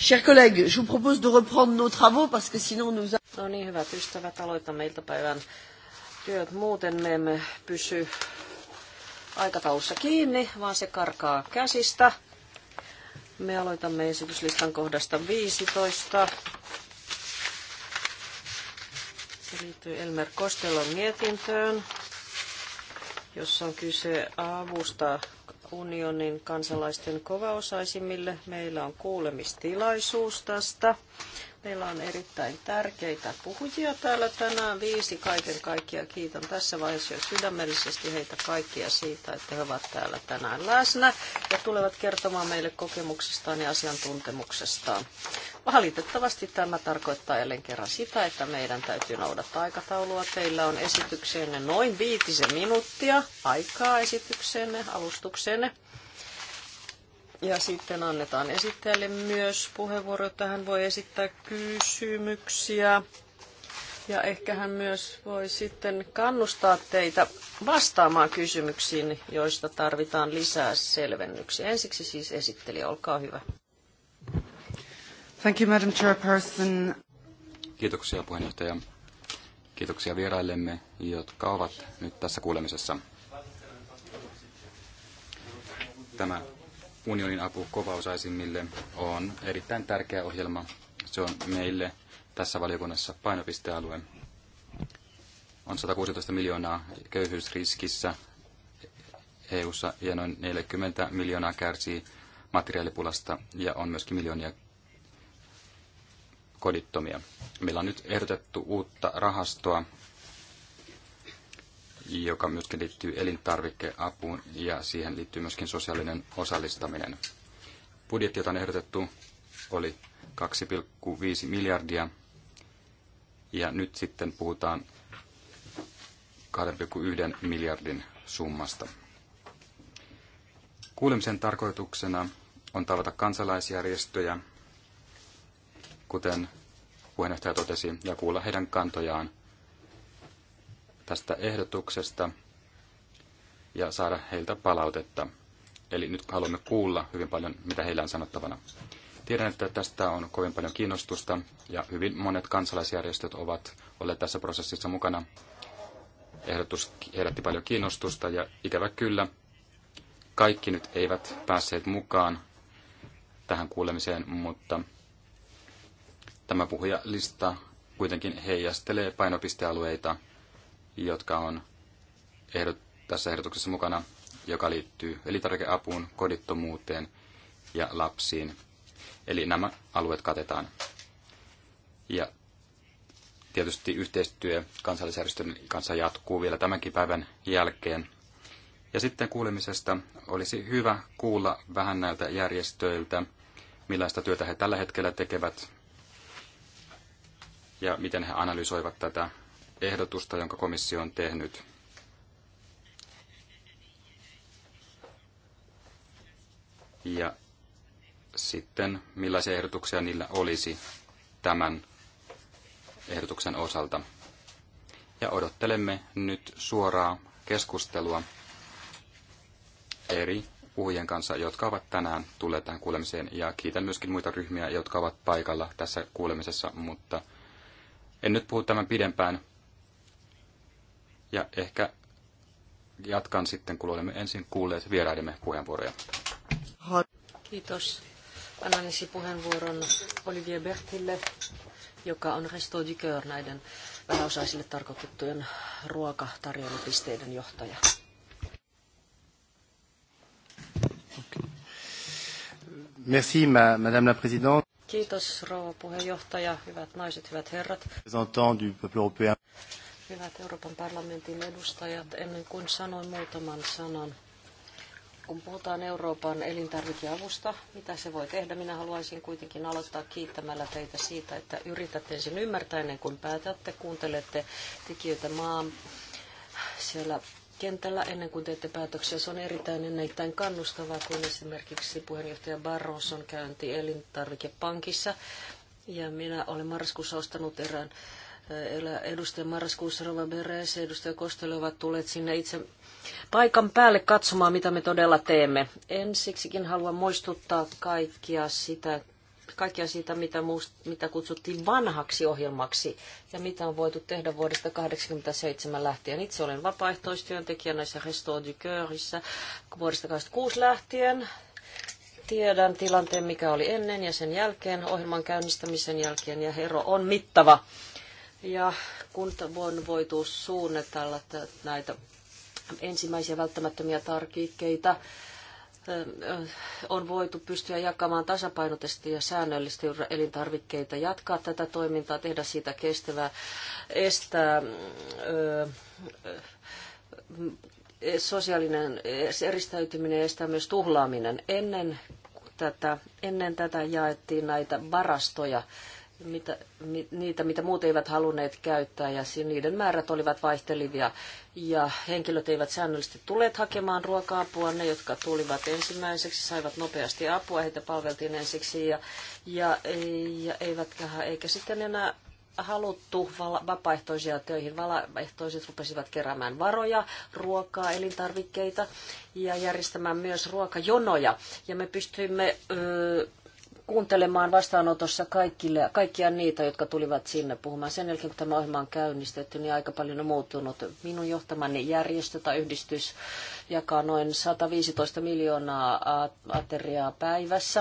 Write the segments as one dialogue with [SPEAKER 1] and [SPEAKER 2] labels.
[SPEAKER 1] Chers collègues, je vous propose de reprendre nos travaux parce que sinon nous... No niin, hyvät ystävät, aloitamme iltapäivän työt. Muuten me emme pysy aikataulussa kiinni, vaan se karkaa käsistä. Me aloitamme esityslistan kohdasta 15. Se liittyy Elmer Kostelon mietintöön, jossa on kyse avusta unionin kansalaisten kovaosaisimmille. Meillä on kuulemistilaisuus tästä Meillä on erittäin tärkeitä puhujia täällä tänään, viisi kaiken kaikkiaan. Kiitän tässä vaiheessa jo sydämellisesti heitä kaikkia siitä, että he ovat täällä tänään läsnä ja tulevat kertomaan meille kokemuksistaan ja asiantuntemuksestaan. Valitettavasti tämä tarkoittaa jälleen kerran sitä, että meidän täytyy noudattaa aikataulua. Teillä on esitykseenne noin viitisen minuuttia aikaa esitykseenne, alustukseenne. Ja sitten annetaan esittäjälle myös puheenvuoro, että hän voi esittää kysymyksiä. Ja ehkä hän myös voi sitten kannustaa teitä vastaamaan kysymyksiin, joista tarvitaan lisää selvennyksiä. Ensiksi siis esittelijä, olkaa hyvä.
[SPEAKER 2] Thank you, Madam Chairperson.
[SPEAKER 3] Kiitoksia puheenjohtaja. Kiitoksia vieraillemme, jotka ovat nyt tässä kuulemisessa. Tämä unionin apu kovaosaisimmille on erittäin tärkeä ohjelma. Se on meille tässä valiokunnassa painopistealue. On 116 miljoonaa köyhyysriskissä EU:ssa ja noin 40 miljoonaa kärsii materiaalipulasta ja on myöskin miljoonia kodittomia. Meillä on nyt ehdotettu uutta rahastoa, joka myöskin liittyy elintarvikeapuun ja siihen liittyy myöskin sosiaalinen osallistaminen. Budjetti, jota on ehdotettu, oli 2,5 miljardia ja nyt sitten puhutaan 2,1 miljardin summasta. Kuulemisen tarkoituksena on tavata kansalaisjärjestöjä, kuten puheenjohtaja totesi, ja kuulla heidän kantojaan tästä ehdotuksesta ja saada heiltä palautetta. Eli nyt haluamme kuulla hyvin paljon, mitä heillä on sanottavana. Tiedän, että tästä on kovin paljon kiinnostusta ja hyvin monet kansalaisjärjestöt ovat olleet tässä prosessissa mukana. Ehdotus herätti paljon kiinnostusta ja ikävä kyllä kaikki nyt eivät päässeet mukaan tähän kuulemiseen, mutta tämä puhujalista kuitenkin heijastelee painopistealueita, jotka on ehdot, tässä ehdotuksessa mukana, joka liittyy elintarvikeapuun, kodittomuuteen ja lapsiin. Eli nämä alueet katetaan. Ja tietysti yhteistyö kansallisjärjestön kanssa jatkuu vielä tämänkin päivän jälkeen. Ja sitten kuulemisesta olisi hyvä kuulla vähän näiltä järjestöiltä, millaista työtä he tällä hetkellä tekevät ja miten he analysoivat tätä ehdotusta, jonka komissio on tehnyt. Ja sitten millaisia ehdotuksia niillä olisi tämän ehdotuksen osalta. Ja odottelemme nyt suoraa keskustelua eri puhujien kanssa, jotka ovat tänään tulleet tähän kuulemiseen. Ja kiitän myöskin muita ryhmiä, jotka ovat paikalla tässä kuulemisessa, mutta en nyt puhu tämän pidempään. Ja ehkä jatkan sitten, kun olemme ensin kuulleet vieraidemme puheenvuoroja.
[SPEAKER 1] Kiitos. Annan ensin puheenvuoron Olivier Bertille, joka on Resto du Coeur näiden vähäosaisille tarkoitettujen ruokatarjoilupisteiden johtaja.
[SPEAKER 2] Merci, madame la présidente.
[SPEAKER 1] Kiitos, rouva puheenjohtaja, hyvät naiset, hyvät herrat. Hyvät Euroopan parlamentin edustajat, ennen kuin sanoin muutaman sanan, kun puhutaan Euroopan elintarvikeavusta, mitä se voi tehdä, minä haluaisin kuitenkin aloittaa kiittämällä teitä siitä, että yritätte ensin ymmärtää ennen kuin päätätte, kuuntelette tekijöitä maan siellä kentällä ennen kuin teette päätöksiä. Se on erittäin ennäittäin kannustavaa kuin esimerkiksi puheenjohtaja Barroson käynti elintarvikepankissa. Ja minä olen marraskuussa ostanut erään edustaja Marraskuussa Rova Beres ja edustaja Kostele ovat tulleet sinne itse paikan päälle katsomaan, mitä me todella teemme. Ensiksikin haluan muistuttaa kaikkia sitä, kaikkia siitä, mitä, muust, mitä kutsuttiin vanhaksi ohjelmaksi ja mitä on voitu tehdä vuodesta 1987 lähtien. Itse olen vapaaehtoistyöntekijä näissä Restaurant du Coeurissa vuodesta 1986 lähtien. Tiedän tilanteen, mikä oli ennen ja sen jälkeen, ohjelman käynnistämisen jälkeen, ja hero on mittava ja kun on voitu suunnitella näitä ensimmäisiä välttämättömiä tarkiikkeita. on voitu pystyä jakamaan tasapainotesti ja säännöllisesti elintarvikkeita, jatkaa tätä toimintaa, tehdä siitä kestävää, estää ö, sosiaalinen eristäytyminen ja estää myös tuhlaaminen. Ennen tätä, ennen tätä jaettiin näitä varastoja mitä, niitä, mitä muut eivät halunneet käyttää, ja niiden määrät olivat vaihtelivia Ja henkilöt eivät säännöllisesti tulleet hakemaan ruoka-apua. Ne, jotka tulivat ensimmäiseksi, saivat nopeasti apua, heitä palveltiin ensiksi, ja, ja, ja eivätkä, eikä sitten enää haluttu vapaaehtoisia töihin. Vapaaehtoiset rupesivat keräämään varoja, ruokaa, elintarvikkeita ja järjestämään myös ruokajonoja. Ja me pystyimme kuuntelemaan vastaanotossa kaikille, kaikkia niitä, jotka tulivat sinne puhumaan. Sen jälkeen, kun tämä ohjelma on käynnistetty, niin aika paljon on muuttunut. Minun johtamani järjestö tai yhdistys jakaa noin 115 miljoonaa ateriaa päivässä.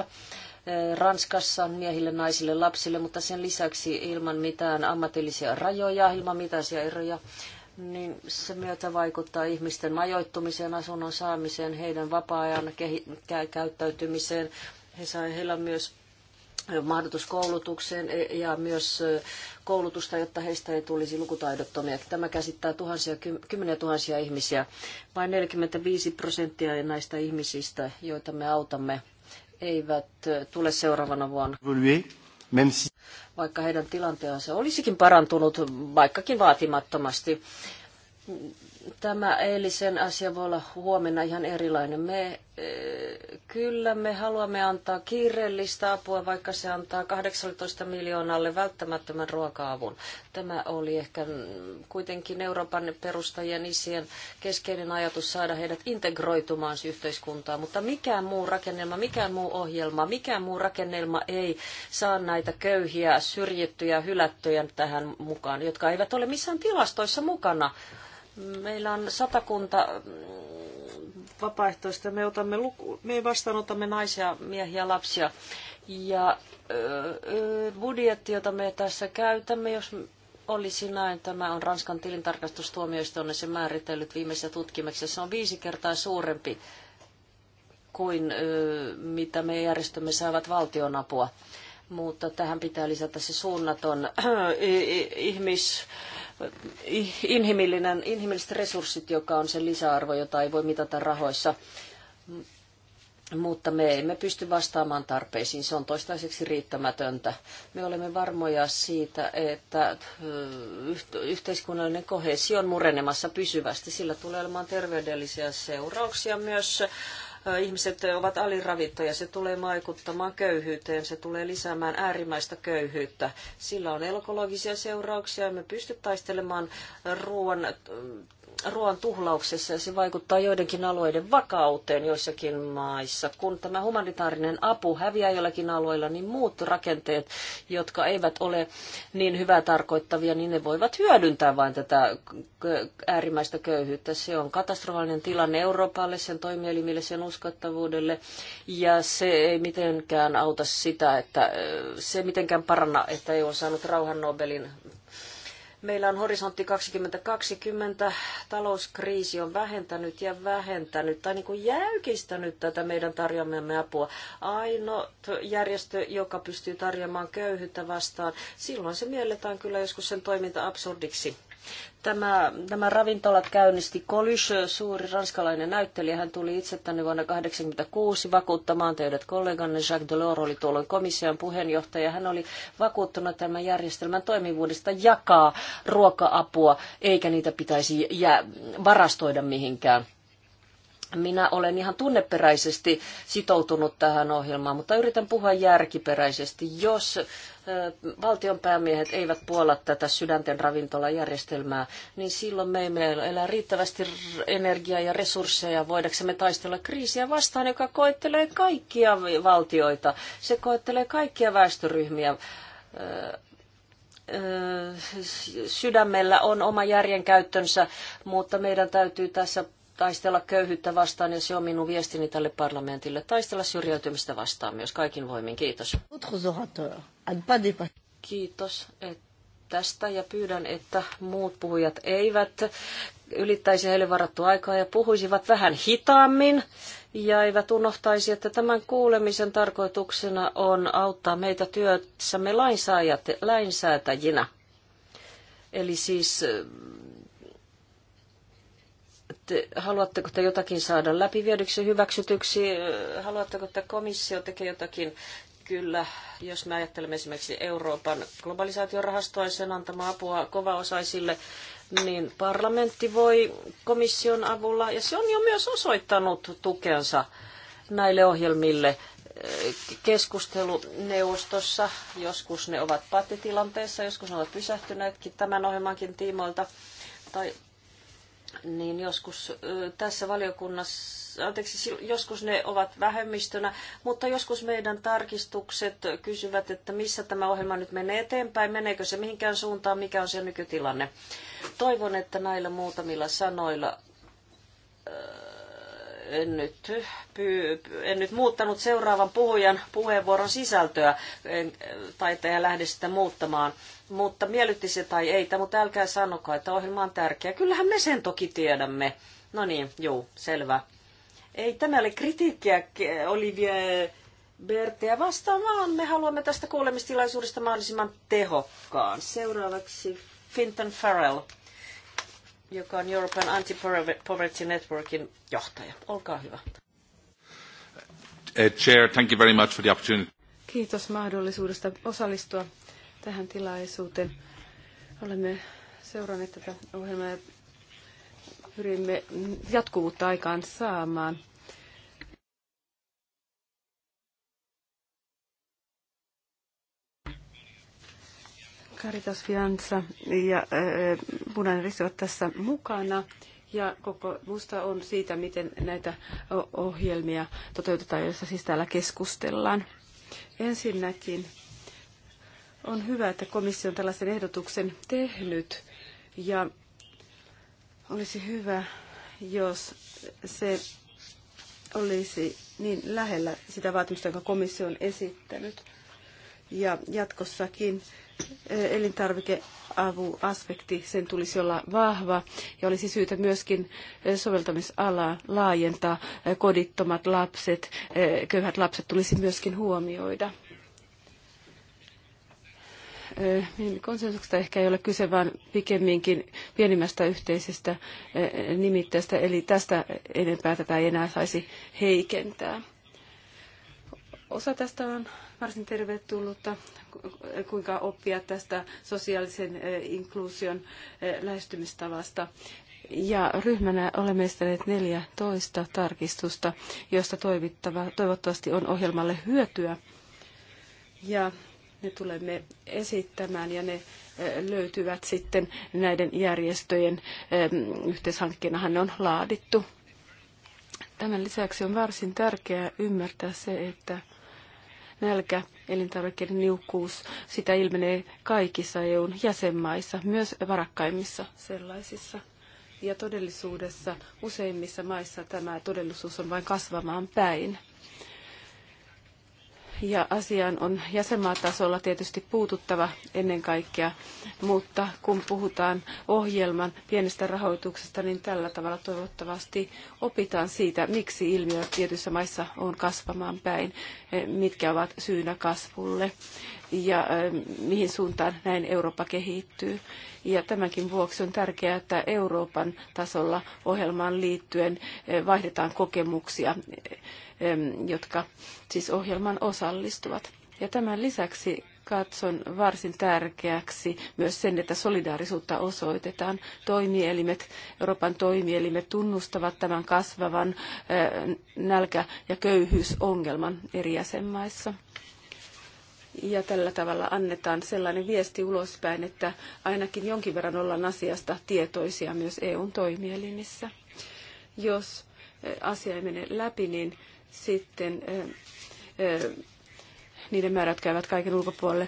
[SPEAKER 1] Eh, Ranskassa miehille, naisille, lapsille, mutta sen lisäksi ilman mitään ammatillisia rajoja, ilman mitään eroja niin se myötä vaikuttaa ihmisten majoittumiseen, asunnon saamiseen, heidän vapaa-ajan käyttäytymiseen. He saa, heillä on myös mahdollisuus koulutukseen ja myös koulutusta, jotta heistä ei tulisi lukutaidottomia. Tämä käsittää tuhansia, kymmeniä tuhansia ihmisiä. Vain 45 prosenttia näistä ihmisistä, joita me autamme, eivät tule seuraavana vuonna. Vaikka heidän tilanteensa olisikin parantunut, vaikkakin vaatimattomasti tämä eilisen asia voi olla huomenna ihan erilainen. Me eh, kyllä me haluamme antaa kiireellistä apua, vaikka se antaa 18 miljoonalle välttämättömän ruoka-avun. Tämä oli ehkä kuitenkin Euroopan perustajien isien keskeinen ajatus saada heidät integroitumaan yhteiskuntaan, mutta mikään muu rakennelma, mikään muu ohjelma, mikään muu rakennelma ei saa näitä köyhiä, syrjittyjä, hylättyjä tähän mukaan, jotka eivät ole missään tilastoissa mukana. Meillä on satakunta mm, vapaaehtoista. Me, otamme luku, me vastaanotamme naisia, miehiä, lapsia. Ja budjetti, jota me tässä käytämme, jos olisi näin, tämä on Ranskan se määritellyt viimeisessä tutkimuksessa, se on viisi kertaa suurempi kuin mitä me järjestömme saavat valtionapua. Mutta tähän pitää lisätä se suunnaton ihmis inhimillinen, inhimilliset resurssit, joka on se lisäarvo, jota ei voi mitata rahoissa. Mutta me emme pysty vastaamaan tarpeisiin, se on toistaiseksi riittämätöntä. Me olemme varmoja siitä, että yhteiskunnallinen kohesio on murenemassa pysyvästi. Sillä tulee olemaan terveydellisiä seurauksia myös ihmiset ovat aliravittuja. Se tulee vaikuttamaan köyhyyteen, se tulee lisäämään äärimmäistä köyhyyttä. Sillä on ekologisia seurauksia emme me pysty taistelemaan ruoan ruoan tuhlauksessa ja se vaikuttaa joidenkin alueiden vakauteen joissakin maissa. Kun tämä humanitaarinen apu häviää jollakin alueilla, niin muut rakenteet, jotka eivät ole niin hyvää tarkoittavia, niin ne voivat hyödyntää vain tätä äärimmäistä köyhyyttä. Se on katastrofaalinen tilanne Euroopalle, sen toimielimille, sen uskottavuudelle ja se ei mitenkään auta sitä, että se ei mitenkään paranna, että ei ole saanut rauhan Nobelin Meillä on horisontti 2020, talouskriisi on vähentänyt ja vähentänyt tai niin kuin jäykistänyt tätä meidän tarjoamme apua. Ainoa järjestö, joka pystyy tarjoamaan köyhyyttä vastaan, silloin se mielletään kyllä joskus sen toiminta absurdiksi. Tämä, nämä ravintolat käynnisti Kolys, suuri ranskalainen näyttelijä. Hän tuli itse tänne vuonna 1986 vakuuttamaan teidät kolleganne. Jacques Delors oli tuolloin komission puheenjohtaja. Hän oli vakuuttunut tämän järjestelmän toimivuudesta jakaa ruoka-apua, eikä niitä pitäisi jää, varastoida mihinkään. Minä olen ihan tunneperäisesti sitoutunut tähän ohjelmaan, mutta yritän puhua järkiperäisesti. Jos valtion päämiehet eivät puolla tätä sydänten ravintolajärjestelmää, niin silloin me emme elää riittävästi energiaa ja resursseja voidaksemme taistella kriisiä vastaan, joka koettelee kaikkia valtioita. Se koettelee kaikkia väestöryhmiä sydämellä on oma järjenkäyttönsä, mutta meidän täytyy tässä taistella köyhyyttä vastaan ja se on minun viestini tälle parlamentille. Taistella syrjäytymistä vastaan myös kaikin voimin. Kiitos. Kiitos tästä ja pyydän, että muut puhujat eivät ylittäisi heille varattua aikaa ja puhuisivat vähän hitaammin ja eivät unohtaisi, että tämän kuulemisen tarkoituksena on auttaa meitä työssämme lainsäätäjinä. Eli siis te, haluatteko te jotakin saada läpiviedyksi, hyväksytyksi? Haluatteko, että komissio tekee jotakin? Kyllä, jos me ajattelemme esimerkiksi Euroopan globalisaatiorahastoa ja sen antamaa apua kovaosaisille, niin parlamentti voi komission avulla, ja se on jo myös osoittanut tukensa näille ohjelmille keskusteluneuvostossa. Joskus ne ovat pattitilanteessa, joskus ne ovat pysähtyneetkin tämän ohjelmankin tiimoilta. Tai niin joskus tässä valiokunnassa, anteeksi, joskus ne ovat vähemmistönä, mutta joskus meidän tarkistukset kysyvät, että missä tämä ohjelma nyt menee eteenpäin, meneekö se mihinkään suuntaan, mikä on se nykytilanne. Toivon, että näillä muutamilla sanoilla en nyt, en nyt muuttanut seuraavan puhujan puheenvuoron sisältöä, tai en lähde sitä muuttamaan mutta miellytti se tai ei, mutta älkää sanoko, että ohjelma on tärkeä. Kyllähän me sen toki tiedämme. No niin, juu, selvä. Ei tämä ole kritiikkiä Olivier Berteä vastaan, vaan me haluamme tästä kuulemistilaisuudesta mahdollisimman tehokkaan. Seuraavaksi Finton Farrell, joka on European Anti-Poverty Networkin johtaja. Olkaa hyvä. Eh, Chair, thank you very much for the opportunity.
[SPEAKER 2] Kiitos mahdollisuudesta osallistua tähän tilaisuuteen. Olemme seuranneet tätä ohjelmaa ja pyrimme jatkuvuutta aikaan saamaan. Karitas Fianza ja äh, Punainen Risti ovat tässä mukana. Ja koko musta on siitä, miten näitä ohjelmia toteutetaan, joissa siis täällä keskustellaan. Ensinnäkin on hyvä, että komissio on tällaisen ehdotuksen tehnyt ja olisi hyvä, jos se olisi niin lähellä sitä vaatimusta, jonka komissio on esittänyt. Ja jatkossakin e, elintarvikeavuaspekti, sen tulisi olla vahva ja olisi syytä myöskin e, soveltamisalaa laajentaa. E, kodittomat lapset, köyhät lapset tulisi myöskin huomioida. Eh, niin konsensuksesta ehkä ei ole kyse, vaan pikemminkin pienimmästä yhteisestä eh, nimittäjästä, eli tästä enempää tätä ei enää saisi heikentää. Osa tästä on varsin tervetullutta, kuinka oppia tästä sosiaalisen eh, inkluusion lähestymistavasta. Ja ryhmänä olemme esittäneet 14 tarkistusta, joista toivottavasti on ohjelmalle hyötyä. Ja ne tulemme esittämään ja ne löytyvät sitten näiden järjestöjen yhteishankkeenahan ne on laadittu. Tämän lisäksi on varsin tärkeää ymmärtää se, että nälkä, elintarvikkeiden niukkuus, sitä ilmenee kaikissa EUn jäsenmaissa, myös varakkaimmissa sellaisissa. Ja todellisuudessa useimmissa maissa tämä todellisuus on vain kasvamaan päin ja asiaan on jäsenmaatasolla tietysti puututtava ennen kaikkea, mutta kun puhutaan ohjelman pienestä rahoituksesta, niin tällä tavalla toivottavasti opitaan siitä, miksi ilmiö tietyissä maissa on kasvamaan päin, mitkä ovat syynä kasvulle ja mihin suuntaan näin Eurooppa kehittyy. Ja tämänkin vuoksi on tärkeää, että Euroopan tasolla ohjelmaan liittyen vaihdetaan kokemuksia, jotka siis ohjelman osallistuvat. Ja tämän lisäksi katson varsin tärkeäksi myös sen, että solidaarisuutta osoitetaan. Toimielimet, Euroopan toimielimet tunnustavat tämän kasvavan nälkä- ja köyhyysongelman eri jäsenmaissa. Ja tällä tavalla annetaan sellainen viesti ulospäin, että ainakin jonkin verran ollaan asiasta tietoisia myös EUn toimielimissä. Jos eh, asia ei mene läpi, niin sitten eh, eh, niiden määrät käyvät kaiken ulkopuolelle,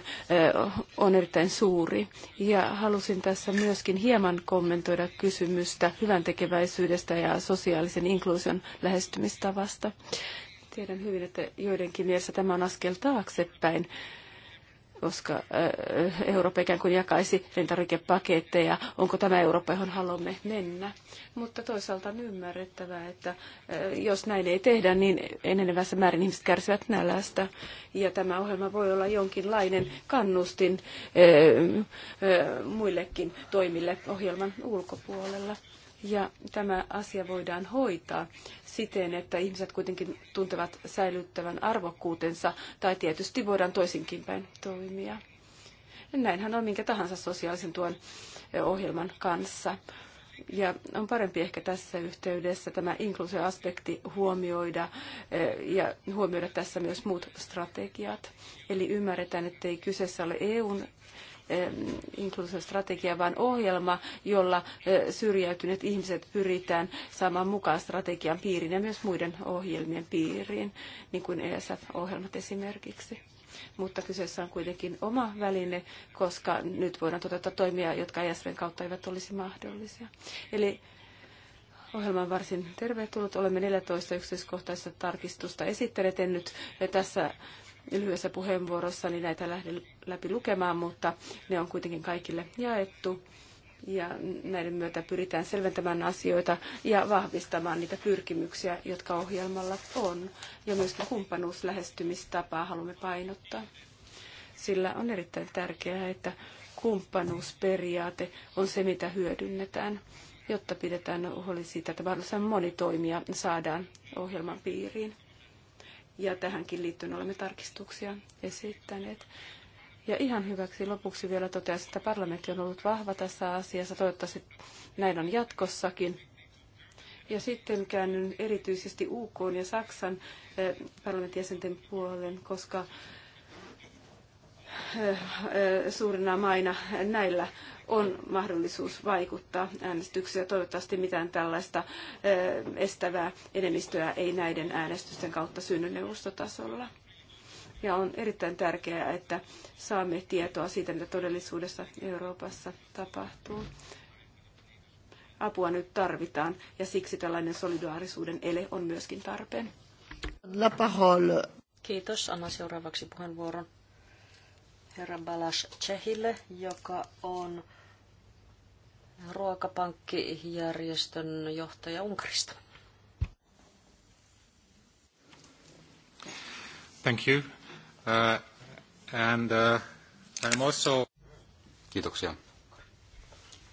[SPEAKER 2] on erittäin suuri. Ja halusin tässä myöskin hieman kommentoida kysymystä hyvän tekeväisyydestä ja sosiaalisen inkluusion lähestymistavasta. Tiedän hyvin, että joidenkin mielessä tämä on askel taaksepäin, koska Eurooppa ikään kuin jakaisi elintarvikepaketteja, onko tämä Eurooppa, johon haluamme mennä. Mutta toisaalta on ymmärrettävää, että jos näin ei tehdä, niin enenevässä määrin ihmiset kärsivät nälästä. Ja tämä ohjelma voi olla jonkinlainen kannustin muillekin toimille ohjelman ulkopuolella. Ja tämä asia voidaan hoitaa siten, että ihmiset kuitenkin tuntevat säilyttävän arvokkuutensa, tai tietysti voidaan toisinkin päin toimia. Näinhän on minkä tahansa sosiaalisen tuon ohjelman kanssa. Ja on parempi ehkä tässä yhteydessä tämä inkluusioaspekti huomioida ja huomioida tässä myös muut strategiat. Eli ymmärretään, että ei kyseessä ole EUn inkluusiostrategia, vaan ohjelma, jolla eh, syrjäytyneet ihmiset pyritään saamaan mukaan strategian piiriin ja myös muiden ohjelmien piiriin, niin kuin ESF-ohjelmat esimerkiksi mutta kyseessä on kuitenkin oma väline, koska nyt voidaan toteuttaa toimia, jotka ESVn kautta eivät olisi mahdollisia. Eli ohjelma on varsin tervetullut. Olemme 14 yksityiskohtaista tarkistusta esittäneet. En nyt tässä lyhyessä niin näitä lähden läpi lukemaan, mutta ne on kuitenkin kaikille jaettu. Ja näiden myötä pyritään selventämään asioita ja vahvistamaan niitä pyrkimyksiä, jotka ohjelmalla on. Ja myöskin kumppanuuslähestymistapaa haluamme painottaa. Sillä on erittäin tärkeää, että kumppanuusperiaate on se, mitä hyödynnetään, jotta pidetään huoli siitä, että mahdollisimman moni toimija saadaan ohjelman piiriin ja tähänkin liittyen olemme tarkistuksia esittäneet. Ja ihan hyväksi lopuksi vielä toteaisin, että parlamentti on ollut vahva tässä asiassa. Toivottavasti näin on jatkossakin. Ja sitten käännyn erityisesti UK ja Saksan eh, parlamentin jäsenten puolen, koska Eh, eh, suurina maina näillä on mahdollisuus vaikuttaa äänestyksiä. Toivottavasti mitään tällaista eh, estävää enemmistöä ei näiden äänestysten kautta synny neuvostotasolla. Ja on erittäin tärkeää, että saamme tietoa siitä, mitä todellisuudessa Euroopassa tapahtuu. Apua nyt tarvitaan ja siksi tällainen solidaarisuuden ele on myöskin tarpeen.
[SPEAKER 1] La Kiitos. Anna seuraavaksi puheenvuoron herra Balas Tsehille, joka on ruokapankkijärjestön johtaja Unkarista.
[SPEAKER 3] Thank you. Uh, and uh, I'm also... Kiitoksia.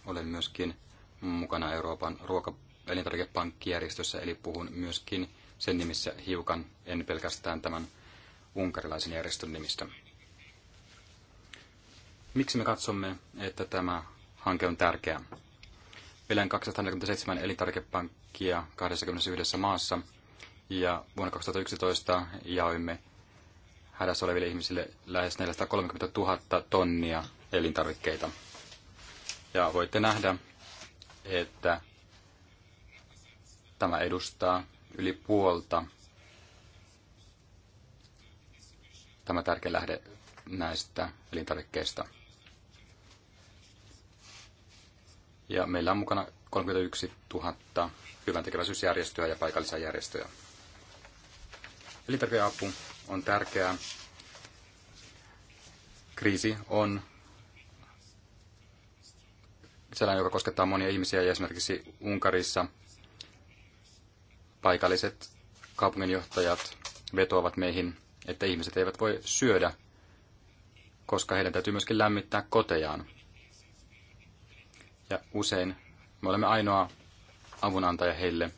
[SPEAKER 3] Olen myöskin mukana Euroopan ruoka- elintarvikepankkijärjestössä, eli puhun myöskin sen nimissä hiukan, en pelkästään tämän unkarilaisen järjestön nimistä. Miksi me katsomme, että tämä hanke on tärkeä? Meillä on 247 elintarvikepankkia 21 maassa ja vuonna 2011 jaoimme hädässä oleville ihmisille lähes 430 000 tonnia elintarvikkeita. Ja voitte nähdä, että tämä edustaa yli puolta tämä tärkeä lähde näistä elintarvikkeista. Ja meillä on mukana 31 000 hyväntekeväisyysjärjestöä ja paikallisia järjestöjä. Elintarvikeapu on tärkeää. Kriisi on sellainen, joka koskettaa monia ihmisiä ja esimerkiksi Unkarissa paikalliset kaupunginjohtajat vetoavat meihin, että ihmiset eivät voi syödä, koska heidän täytyy myöskin lämmittää kotejaan. Ja usein me olemme ainoa avunantaja heille.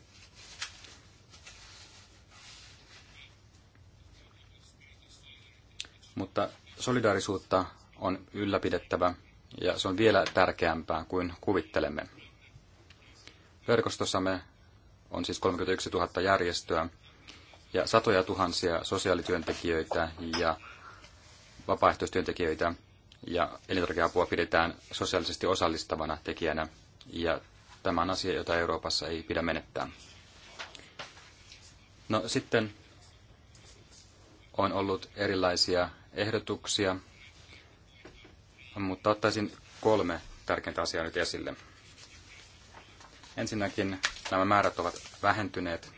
[SPEAKER 3] Mutta solidaarisuutta on ylläpidettävä ja se on vielä tärkeämpää kuin kuvittelemme. Verkostossamme on siis 31 000 järjestöä ja satoja tuhansia sosiaalityöntekijöitä ja vapaaehtoistyöntekijöitä, ja elintarvikeapua pidetään sosiaalisesti osallistavana tekijänä, ja tämä on asia, jota Euroopassa ei pidä menettää. No sitten on ollut erilaisia ehdotuksia, mutta ottaisin kolme tärkeintä asiaa nyt esille. Ensinnäkin nämä määrät ovat vähentyneet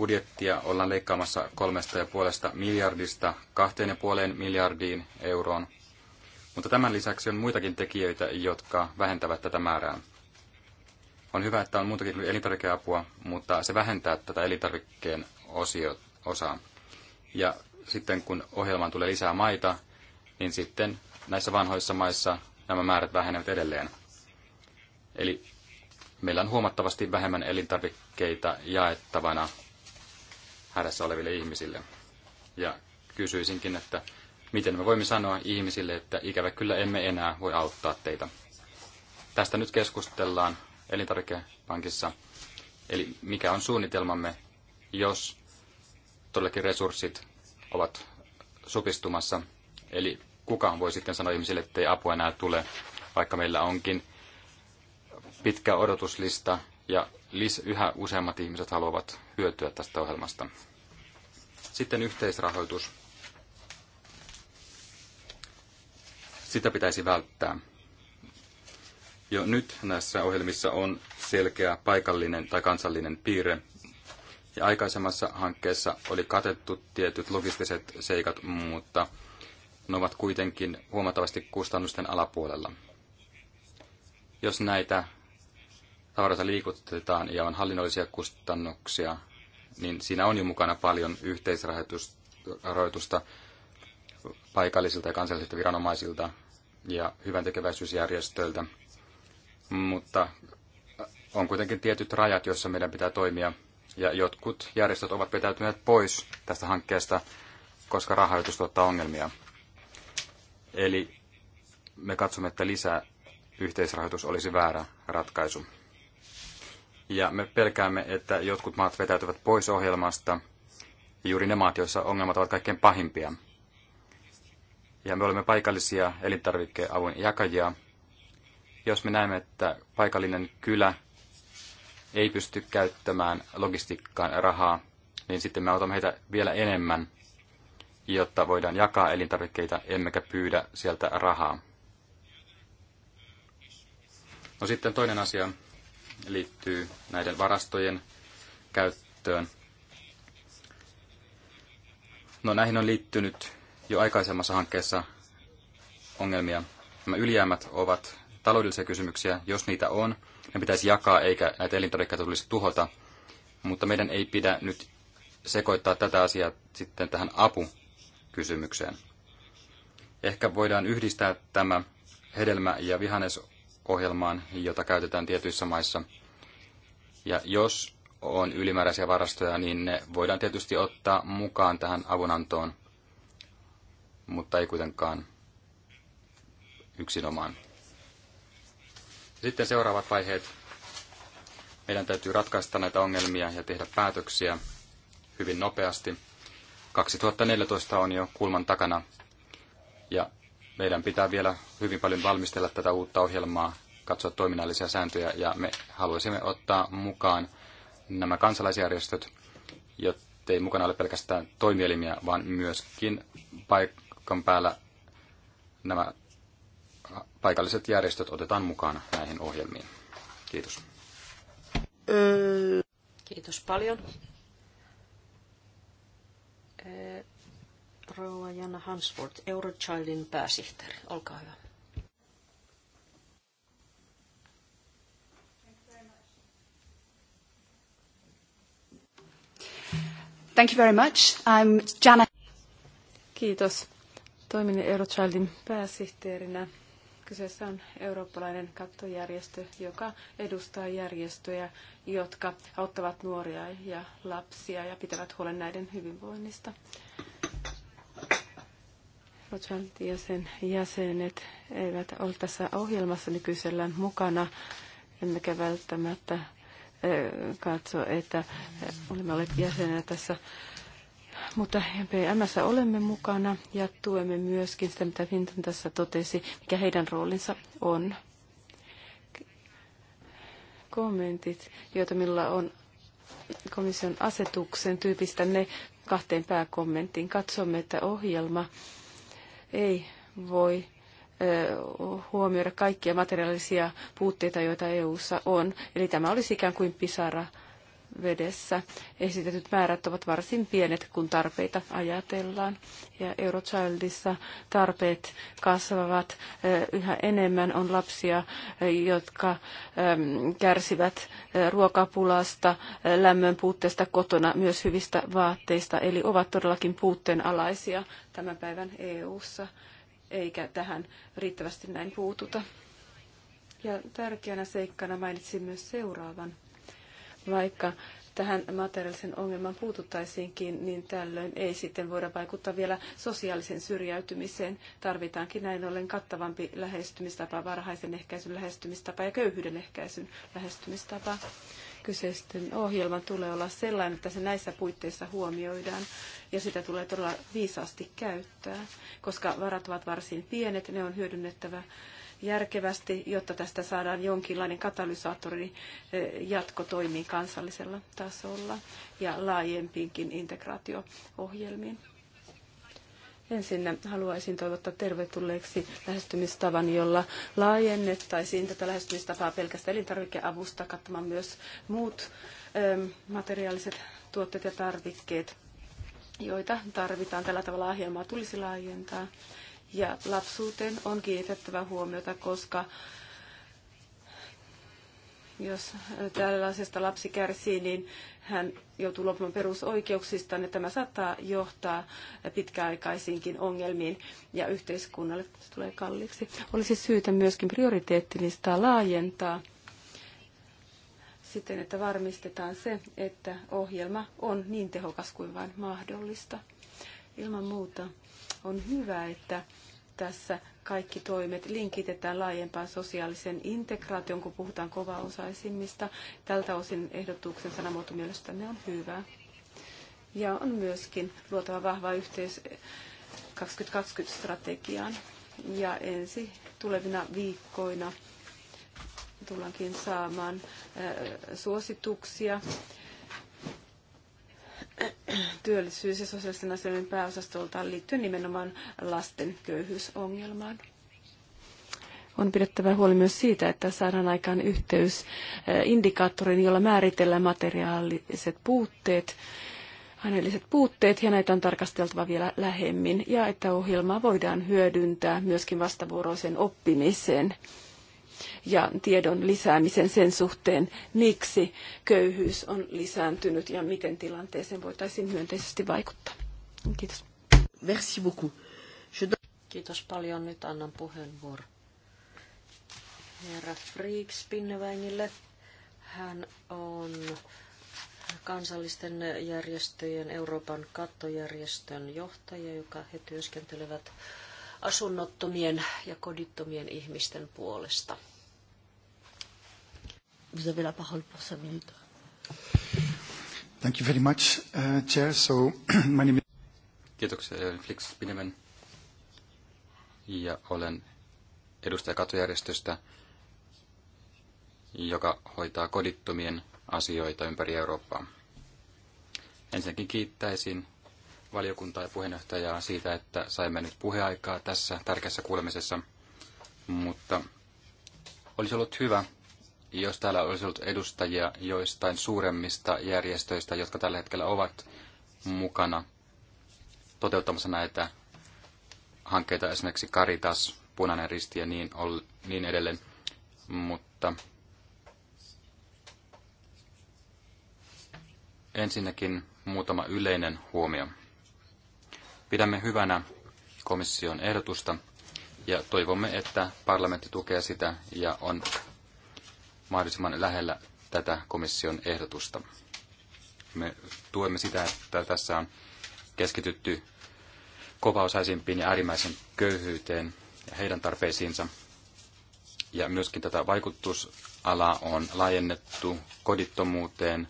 [SPEAKER 3] budjettia ollaan leikkaamassa kolmesta ja puolesta miljardista kahteen ja puoleen miljardiin euroon. Mutta tämän lisäksi on muitakin tekijöitä, jotka vähentävät tätä määrää. On hyvä, että on muutakin elintarvikeapua, mutta se vähentää tätä elintarvikkeen osio, osaa. Ja sitten kun ohjelmaan tulee lisää maita, niin sitten näissä vanhoissa maissa nämä määrät vähenevät edelleen. Eli meillä on huomattavasti vähemmän elintarvikkeita jaettavana hädässä oleville ihmisille. Ja kysyisinkin, että miten me voimme sanoa ihmisille, että ikävä kyllä emme enää voi auttaa teitä. Tästä nyt keskustellaan elintarvikepankissa. Eli mikä on suunnitelmamme, jos todellakin resurssit ovat supistumassa. Eli kukaan voi sitten sanoa ihmisille, että ei apua enää tule, vaikka meillä onkin pitkä odotuslista ja yhä useammat ihmiset haluavat hyötyä tästä ohjelmasta. Sitten yhteisrahoitus. Sitä pitäisi välttää. Jo nyt näissä ohjelmissa on selkeä paikallinen tai kansallinen piirre, ja aikaisemmassa hankkeessa oli katettu tietyt logistiset seikat, mutta ne ovat kuitenkin huomattavasti kustannusten alapuolella. Jos näitä tavaroita liikutetaan ja on hallinnollisia kustannuksia niin siinä on jo mukana paljon yhteisrahoitusta paikallisilta ja kansallisilta viranomaisilta ja hyvän tekeväisyysjärjestöiltä. Mutta on kuitenkin tietyt rajat, joissa meidän pitää toimia. Ja jotkut järjestöt ovat vetäytyneet pois tästä hankkeesta, koska rahoitus tuottaa ongelmia. Eli me katsomme, että lisää yhteisrahoitus olisi väärä ratkaisu ja me pelkäämme, että jotkut maat vetäytyvät pois ohjelmasta, ja juuri ne maat, joissa ongelmat ovat kaikkein pahimpia. Ja me olemme paikallisia elintarvikkeavun jakajia. Jos me näemme, että paikallinen kylä ei pysty käyttämään logistiikkaan rahaa, niin sitten me autamme heitä vielä enemmän, jotta voidaan jakaa elintarvikkeita, emmekä pyydä sieltä rahaa. No sitten toinen asia, liittyy näiden varastojen käyttöön. No näihin on liittynyt jo aikaisemmassa hankkeessa ongelmia. Nämä ylijäämät ovat taloudellisia kysymyksiä. Jos niitä on, ne pitäisi jakaa eikä näitä elintarvikkeita tulisi tuhota. Mutta meidän ei pidä nyt sekoittaa tätä asiaa sitten tähän apukysymykseen. Ehkä voidaan yhdistää tämä hedelmä- ja vihannes ohjelmaan, jota käytetään tietyissä maissa. Ja jos on ylimääräisiä varastoja, niin ne voidaan tietysti ottaa mukaan tähän avunantoon, mutta ei kuitenkaan yksinomaan. Sitten seuraavat vaiheet. Meidän täytyy ratkaista näitä ongelmia ja tehdä päätöksiä hyvin nopeasti. 2014 on jo kulman takana ja meidän pitää vielä hyvin paljon valmistella tätä uutta ohjelmaa, katsoa toiminnallisia sääntöjä ja me haluaisimme ottaa mukaan nämä kansalaisjärjestöt, ei mukana ole pelkästään toimielimiä, vaan myöskin paikan päällä nämä paikalliset järjestöt otetaan mukaan näihin ohjelmiin. Kiitos.
[SPEAKER 1] Kiitos paljon. Rouva Jana Hansford, Eurochildin pääsihteeri. Olkaa hyvä.
[SPEAKER 2] Thank you very much. I'm Jana. Kiitos. Toimin Eurochildin pääsihteerinä. Kyseessä on eurooppalainen kattojärjestö, joka edustaa järjestöjä, jotka auttavat nuoria ja lapsia ja pitävät huolen näiden hyvinvoinnista. Botswanti ja sen jäsenet eivät ole tässä ohjelmassa nykyisellään mukana, emmekä välttämättä eh, katso, että eh, olemme olleet jäsenenä tässä. Mutta MPMS olemme mukana ja tuemme myöskin sitä, mitä Vinton tässä totesi, mikä heidän roolinsa on. Kommentit, joita minulla on komission asetuksen tyypistä, ne kahteen pääkommenttiin. Katsomme, että ohjelma ei voi huomioida kaikkia materiaalisia puutteita, joita EU:ssa on. Eli tämä olisi ikään kuin pisara vedessä esitetyt määrät ovat varsin pienet, kun tarpeita ajatellaan. Ja Eurochildissa tarpeet kasvavat. Yhä enemmän on lapsia, jotka kärsivät ruokapulasta, lämmön puutteesta kotona, myös hyvistä vaatteista, eli ovat todellakin puutteenalaisia tämän päivän EU-ssa, eikä tähän riittävästi näin puututa. Ja tärkeänä seikkana mainitsin myös seuraavan vaikka tähän materiaalisen ongelmaan puututtaisiinkin, niin tällöin ei sitten voida vaikuttaa vielä sosiaalisen syrjäytymiseen. Tarvitaankin näin ollen kattavampi lähestymistapa, varhaisen ehkäisyn lähestymistapa ja köyhyyden ehkäisyn lähestymistapa. Kyseisten ohjelman tulee olla sellainen, että se näissä puitteissa huomioidaan ja sitä tulee todella viisaasti käyttää, koska varat ovat varsin pienet, ne on hyödynnettävä järkevästi, jotta tästä saadaan jonkinlainen katalysaattori eh, jatkotoimiin kansallisella tasolla ja laajempiinkin integraatio-ohjelmiin. Ensin haluaisin toivottaa tervetulleeksi lähestymistavan, jolla laajennettaisiin tätä lähestymistapaa pelkästään elintarvikeavusta kattamaan myös muut materiaaliset tuotteet ja tarvikkeet, joita tarvitaan. Tällä tavalla ohjelmaa tulisi laajentaa ja lapsuuteen on kiinnitettävä huomiota, koska jos tällaisesta lapsi kärsii, niin hän joutuu luopumaan perusoikeuksistaan, niin tämä saattaa johtaa pitkäaikaisiinkin ongelmiin ja yhteiskunnalle se tulee kalliiksi. Olisi syytä myöskin prioriteettilistaa laajentaa siten, että varmistetaan se, että ohjelma on niin tehokas kuin vain mahdollista. Ilman muuta on hyvä, että tässä kaikki toimet linkitetään laajempaan sosiaalisen integraation, kun puhutaan kovaosaisimmista. Tältä osin ehdotuksen sanamuoto mielestäni on hyvä. Ja on myöskin luotava vahva yhteys 2020-strategiaan. Ja ensi tulevina viikkoina tullaankin saamaan suosituksia työllisyys- ja sosiaalisten asioiden pääosastoltaan liittyen nimenomaan lasten köyhyysongelmaan. On pidettävä huoli myös siitä, että saadaan aikaan yhteys indikaattoriin, jolla määritellään materiaaliset puutteet, aineelliset puutteet, ja näitä on tarkasteltava vielä lähemmin, ja että ohjelmaa voidaan hyödyntää myöskin vastavuoroisen oppimiseen ja tiedon lisäämisen sen suhteen, miksi köyhyys on lisääntynyt ja miten tilanteeseen voitaisiin myönteisesti vaikuttaa. Kiitos. Merci beaucoup.
[SPEAKER 1] Kiitos paljon. Nyt annan puheenvuoron herra Friik Spinnevängille. Hän on kansallisten järjestöjen Euroopan kattojärjestön johtaja, joka he työskentelevät asunnottomien ja kodittomien ihmisten puolesta. Vous avez la parole pour cinq minutes.
[SPEAKER 3] Thank you very much, uh, Chair. So, my name is... Kiitoksia, Flix Pinemen ja olen edustaja katujärjestöstä, joka hoitaa kodittomien asioita ympäri Eurooppaa. Ensinnäkin kiittäisin valiokuntaa ja puheenjohtajaa siitä, että saimme nyt puheaikaa tässä tärkeässä kuulemisessa, mutta olisi ollut hyvä, jos täällä olisi ollut edustajia joistain suuremmista järjestöistä, jotka tällä hetkellä ovat mukana toteuttamassa näitä hankkeita, esimerkiksi karitas Punainen Risti ja niin, ol, niin edelleen, mutta ensinnäkin muutama yleinen huomio. Pidämme hyvänä komission ehdotusta ja toivomme, että parlamentti tukee sitä ja on mahdollisimman lähellä tätä komission ehdotusta. Me tuemme sitä, että tässä on keskitytty kovaosaisimpiin ja äärimmäisen köyhyyteen ja heidän tarpeisiinsa. Ja myöskin tätä vaikutusalaa on laajennettu kodittomuuteen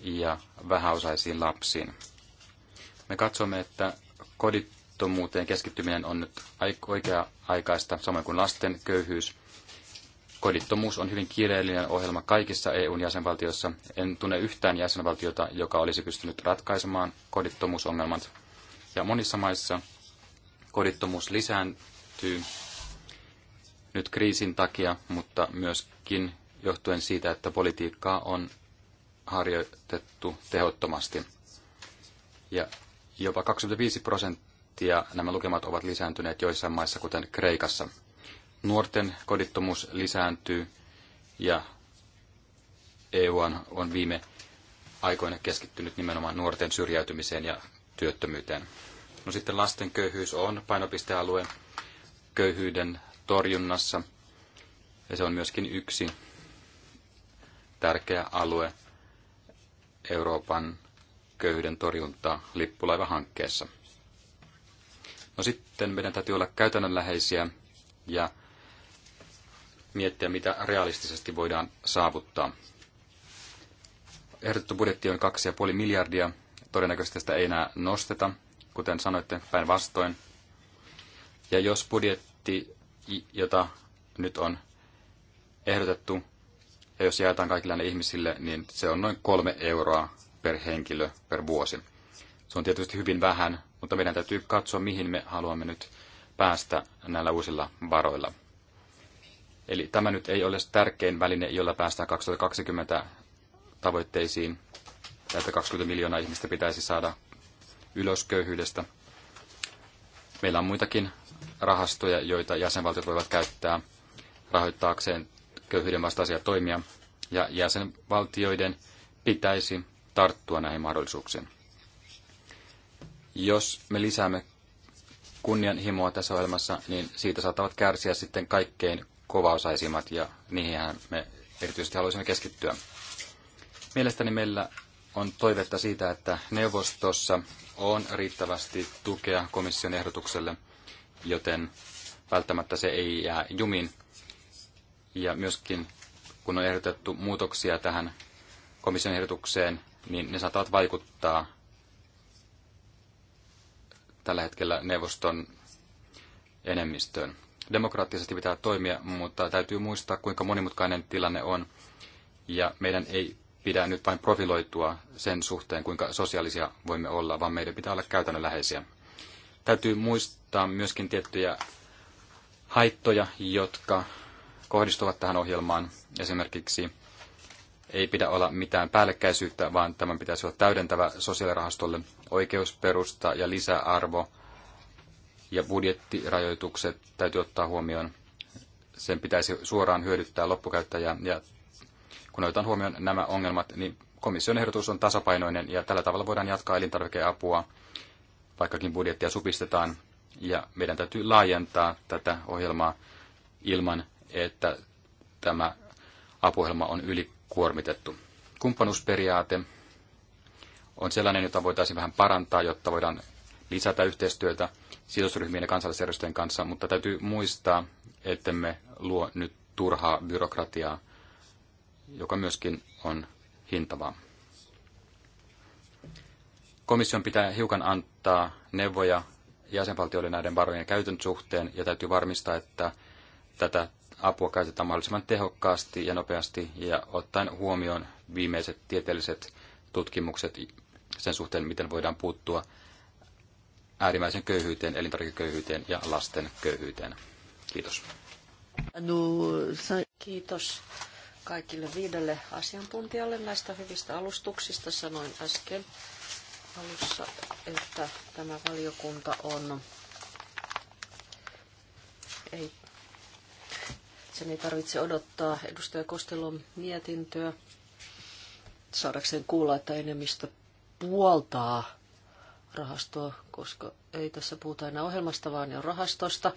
[SPEAKER 3] ja vähäosaisiin lapsiin. Me katsomme, että kodittomuuteen keskittyminen on nyt oikea-aikaista, samoin kuin lasten köyhyys – Kodittomuus on hyvin kiireellinen ohjelma kaikissa EUn jäsenvaltioissa. En tunne yhtään jäsenvaltiota, joka olisi pystynyt ratkaisemaan kodittomuusongelmat. Ja monissa maissa kodittomuus lisääntyy nyt kriisin takia, mutta myöskin johtuen siitä, että politiikkaa on harjoitettu tehottomasti. Ja jopa 25 prosenttia nämä lukemat ovat lisääntyneet joissain maissa, kuten Kreikassa nuorten kodittomuus lisääntyy ja EU on, on viime aikoina keskittynyt nimenomaan nuorten syrjäytymiseen ja työttömyyteen. No sitten lasten köyhyys on painopistealue köyhyyden torjunnassa ja se on myöskin yksi tärkeä alue Euroopan köyhyyden torjuntaa lippulaivahankkeessa. No sitten meidän täytyy olla käytännönläheisiä ja miettiä, mitä realistisesti voidaan saavuttaa. Ehdotettu budjetti on 2,5 miljardia. Todennäköisesti sitä ei enää nosteta, kuten sanoitte, päinvastoin. Ja jos budjetti, jota nyt on ehdotettu, ja jos jaetaan kaikille näille ihmisille, niin se on noin kolme euroa per henkilö per vuosi. Se on tietysti hyvin vähän, mutta meidän täytyy katsoa, mihin me haluamme nyt päästä näillä uusilla varoilla. Eli tämä nyt ei ole tärkein väline, jolla päästään 2020 tavoitteisiin, ja että 20 miljoonaa ihmistä pitäisi saada ylös köyhyydestä. Meillä on muitakin rahastoja, joita jäsenvaltiot voivat käyttää rahoittaakseen köyhyyden vastaisia toimia, ja jäsenvaltioiden pitäisi tarttua näihin mahdollisuuksiin. Jos me lisäämme kunnianhimoa tässä ohjelmassa, niin siitä saattavat kärsiä sitten kaikkein kovaosaisimmat ja niihin me erityisesti haluaisimme keskittyä. Mielestäni meillä on toivetta siitä, että neuvostossa on riittävästi tukea komission ehdotukselle, joten välttämättä se ei jää jumin. Ja myöskin kun on ehdotettu muutoksia tähän komission ehdotukseen, niin ne saattavat vaikuttaa tällä hetkellä neuvoston enemmistöön demokraattisesti pitää toimia, mutta täytyy muistaa, kuinka monimutkainen tilanne on. Ja meidän ei pidä nyt vain profiloitua sen suhteen, kuinka sosiaalisia voimme olla, vaan meidän pitää olla käytännönläheisiä. Täytyy muistaa myöskin tiettyjä haittoja, jotka kohdistuvat tähän ohjelmaan. Esimerkiksi ei pidä olla mitään päällekkäisyyttä, vaan tämän pitäisi olla täydentävä sosiaalirahastolle oikeusperusta ja lisäarvo ja budjettirajoitukset täytyy ottaa huomioon. Sen pitäisi suoraan hyödyttää loppukäyttäjää ja kun otetaan huomioon nämä ongelmat, niin komission ehdotus on tasapainoinen ja tällä tavalla voidaan jatkaa elintarvikeapua, vaikkakin budjettia supistetaan ja meidän täytyy laajentaa tätä ohjelmaa ilman, että tämä apuohjelma on ylikuormitettu. Kumppanuusperiaate on sellainen, jota voitaisiin vähän parantaa, jotta voidaan lisätä yhteistyötä sidosryhmien ja kansallisjärjestöjen kanssa, mutta täytyy muistaa, ettemme luo nyt turhaa byrokratiaa, joka myöskin on hintavaa. Komission pitää hiukan antaa neuvoja jäsenvaltioille näiden varojen käytön suhteen ja täytyy varmistaa, että tätä apua käytetään mahdollisimman tehokkaasti ja nopeasti ja ottaen huomioon viimeiset tieteelliset tutkimukset sen suhteen, miten voidaan puuttua äärimmäisen köyhyyteen, elintarvikeköyhyyteen ja lasten köyhyyteen. Kiitos.
[SPEAKER 1] Kiitos kaikille viidelle asiantuntijalle näistä hyvistä alustuksista. Sanoin äsken alussa, että tämä valiokunta on, ei, sen ei tarvitse odottaa edustaja Kostelon mietintöä saadakseen kuulla, että enemmistö puoltaa rahastoa, koska ei tässä puhuta enää ohjelmasta, vaan jo rahastosta.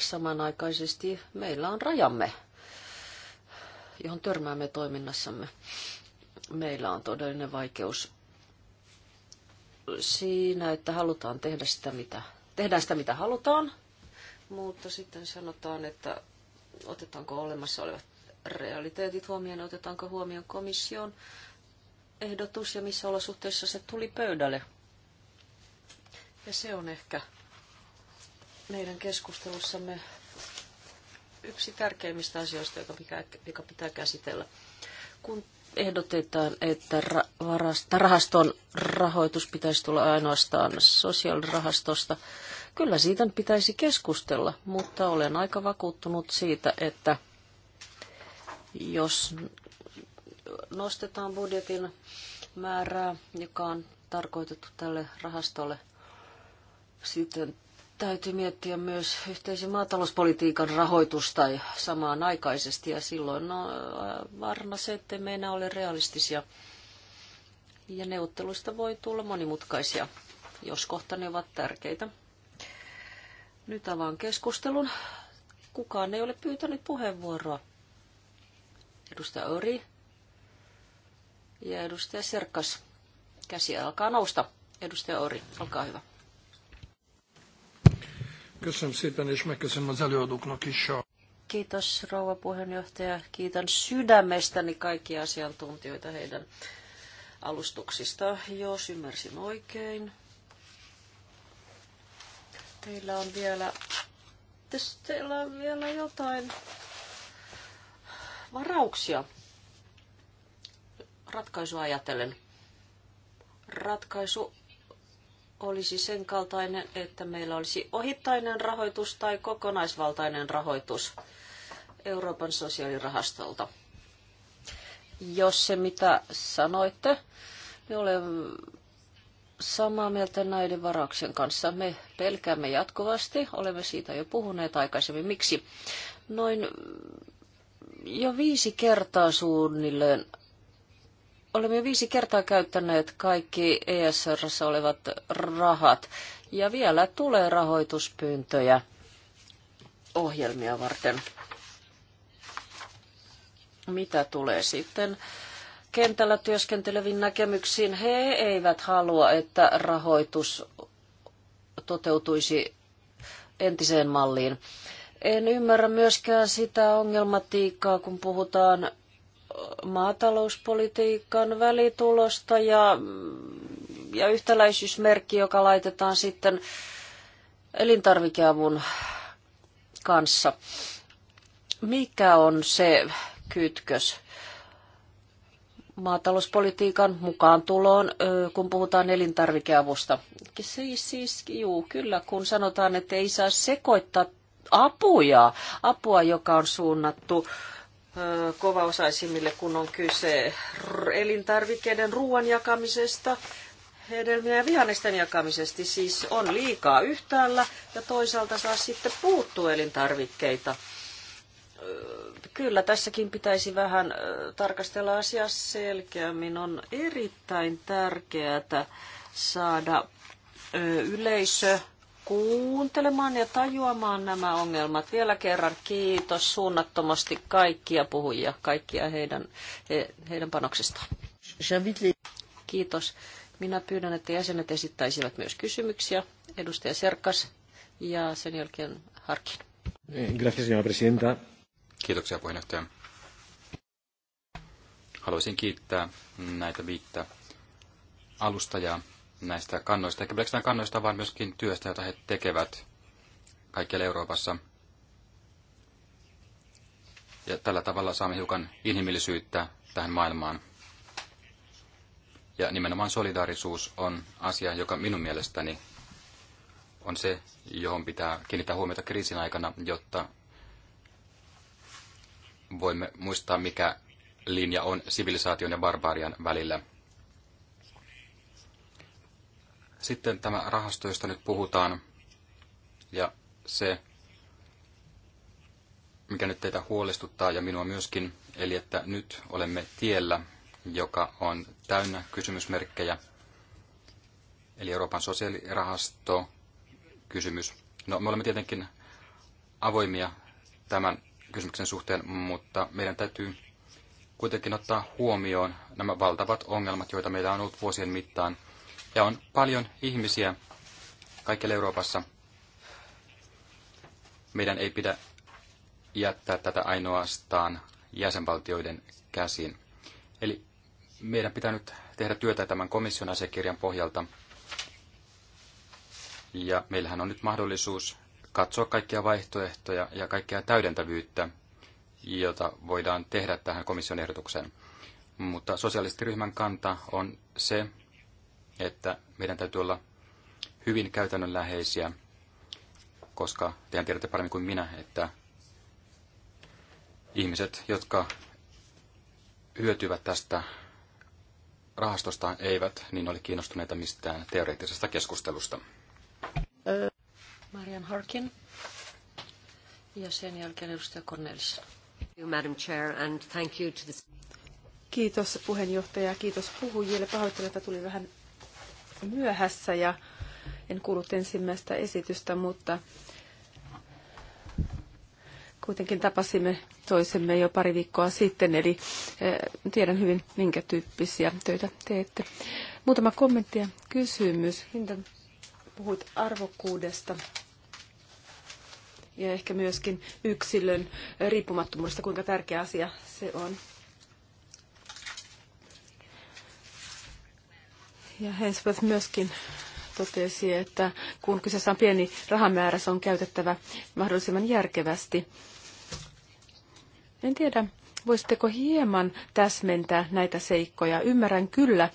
[SPEAKER 1] Samanaikaisesti meillä on rajamme, johon törmäämme toiminnassamme. Meillä on todellinen vaikeus siinä, että halutaan tehdä sitä, mitä, tehdään sitä, mitä halutaan, mutta sitten sanotaan, että otetaanko olemassa olevat realiteetit huomioon, otetaanko huomioon komission ehdotus ja missä olosuhteissa se tuli pöydälle. Ja se on ehkä meidän keskustelussamme yksi tärkeimmistä asioista, joka, mikä, joka pitää käsitellä. Kun ehdotetaan, että rahaston rahoitus pitäisi tulla ainoastaan sosiaalirahastosta, kyllä siitä pitäisi keskustella, mutta olen aika vakuuttunut siitä, että jos nostetaan budjetin määrää, joka on tarkoitettu tälle rahastolle. Sitten täytyy miettiä myös yhteisen maatalouspolitiikan rahoitusta samaan aikaisesti ja silloin no, varma se, että me enää ole realistisia. Ja neuvotteluista voi tulla monimutkaisia, jos kohta ne ovat tärkeitä. Nyt avaan keskustelun. Kukaan ei ole pyytänyt puheenvuoroa. Edustaja Ori, ja edustaja Serkkas, käsi alkaa nousta. Edustaja Ori, olkaa hyvä. Kiitos rouva puheenjohtaja. Kiitän sydämestäni kaikkia asiantuntijoita heidän alustuksista. Jos ymmärsin oikein, teillä on vielä, teillä on vielä jotain varauksia ratkaisua ajatellen. Ratkaisu olisi sen kaltainen, että meillä olisi ohittainen rahoitus tai kokonaisvaltainen rahoitus Euroopan sosiaalirahastolta. Jos se mitä sanoitte, niin olen samaa mieltä näiden varauksen kanssa. Me pelkäämme jatkuvasti, olemme siitä jo puhuneet aikaisemmin. Miksi? Noin jo viisi kertaa suunnilleen Olemme jo viisi kertaa käyttäneet kaikki ESRssä olevat rahat ja vielä tulee rahoituspyyntöjä ohjelmia varten. Mitä tulee sitten kentällä työskentelevin näkemyksiin? He eivät halua, että rahoitus toteutuisi entiseen malliin. En ymmärrä myöskään sitä ongelmatiikkaa, kun puhutaan maatalouspolitiikan välitulosta ja, ja yhtäläisyysmerkki, joka laitetaan sitten elintarvikeavun kanssa. Mikä on se kytkös? maatalouspolitiikan mukaan tuloon, kun puhutaan elintarvikeavusta. Siis, siis juu, kyllä, kun sanotaan, että ei saa sekoittaa apuja, apua, joka on suunnattu kovaosaisimmille, kun on kyse elintarvikkeiden ruoan jakamisesta, hedelmien ja vihannesten jakamisesta. Siis on liikaa yhtäällä ja toisaalta saa sitten puuttua elintarvikkeita. Kyllä tässäkin pitäisi vähän tarkastella asiaa selkeämmin. On erittäin tärkeää saada yleisö kuuntelemaan ja tajuamaan nämä ongelmat. Vielä kerran kiitos suunnattomasti kaikkia puhujia, kaikkia heidän, he, heidän panoksistaan. Kiitos. Minä pyydän, että jäsenet esittäisivät myös kysymyksiä. Edustaja Serkas ja sen jälkeen Harkin. presidenta.
[SPEAKER 3] Kiitoksia puheenjohtaja. Haluaisin kiittää näitä viittä alustajaa näistä kannoista, eikä pelkästään kannoista, vaan myöskin työstä, jota he tekevät kaikkialla Euroopassa. Ja tällä tavalla saamme hiukan inhimillisyyttä tähän maailmaan. Ja nimenomaan solidaarisuus on asia, joka minun mielestäni on se, johon pitää kiinnittää huomiota kriisin aikana, jotta voimme muistaa, mikä linja on sivilisaation ja barbaarian välillä – Sitten tämä rahasto, josta nyt puhutaan, ja se, mikä nyt teitä huolestuttaa ja minua myöskin, eli että nyt olemme tiellä, joka on täynnä kysymysmerkkejä, eli Euroopan sosiaalirahasto kysymys. No, me olemme tietenkin avoimia tämän kysymyksen suhteen, mutta meidän täytyy kuitenkin ottaa huomioon nämä valtavat ongelmat, joita meillä on ollut vuosien mittaan – ja on paljon ihmisiä kaikkialla Euroopassa. Meidän ei pidä jättää tätä ainoastaan jäsenvaltioiden käsiin. Eli meidän pitää nyt tehdä työtä tämän komission asiakirjan pohjalta. Ja meillähän on nyt mahdollisuus katsoa kaikkia vaihtoehtoja ja kaikkia täydentävyyttä, jota voidaan tehdä tähän komission ehdotukseen. Mutta sosialistiryhmän kanta on se, että meidän täytyy olla hyvin käytännönläheisiä, koska tehän tiedätte paremmin kuin minä, että ihmiset, jotka hyötyvät tästä rahastosta, eivät niin ole kiinnostuneita mistään teoreettisesta keskustelusta.
[SPEAKER 1] Marian Harkin ja sen jälkeen edustaja Cornelis. Madam
[SPEAKER 2] Kiitos puheenjohtaja ja kiitos puhujille. Pahoittelen, että tuli vähän myöhässä ja en kuullut ensimmäistä esitystä, mutta kuitenkin tapasimme toisemme jo pari viikkoa sitten, eli eh, tiedän hyvin, minkä tyyppisiä töitä teette. Muutama kommentti ja kysymys. Hintan puhuit arvokkuudesta ja ehkä myöskin yksilön riippumattomuudesta, kuinka tärkeä asia se on. Ja Hensworth myöskin totesi, että kun kyseessä on pieni rahamäärä, se on käytettävä mahdollisimman järkevästi. En tiedä, voisitteko hieman täsmentää näitä seikkoja? Ymmärrän kyllä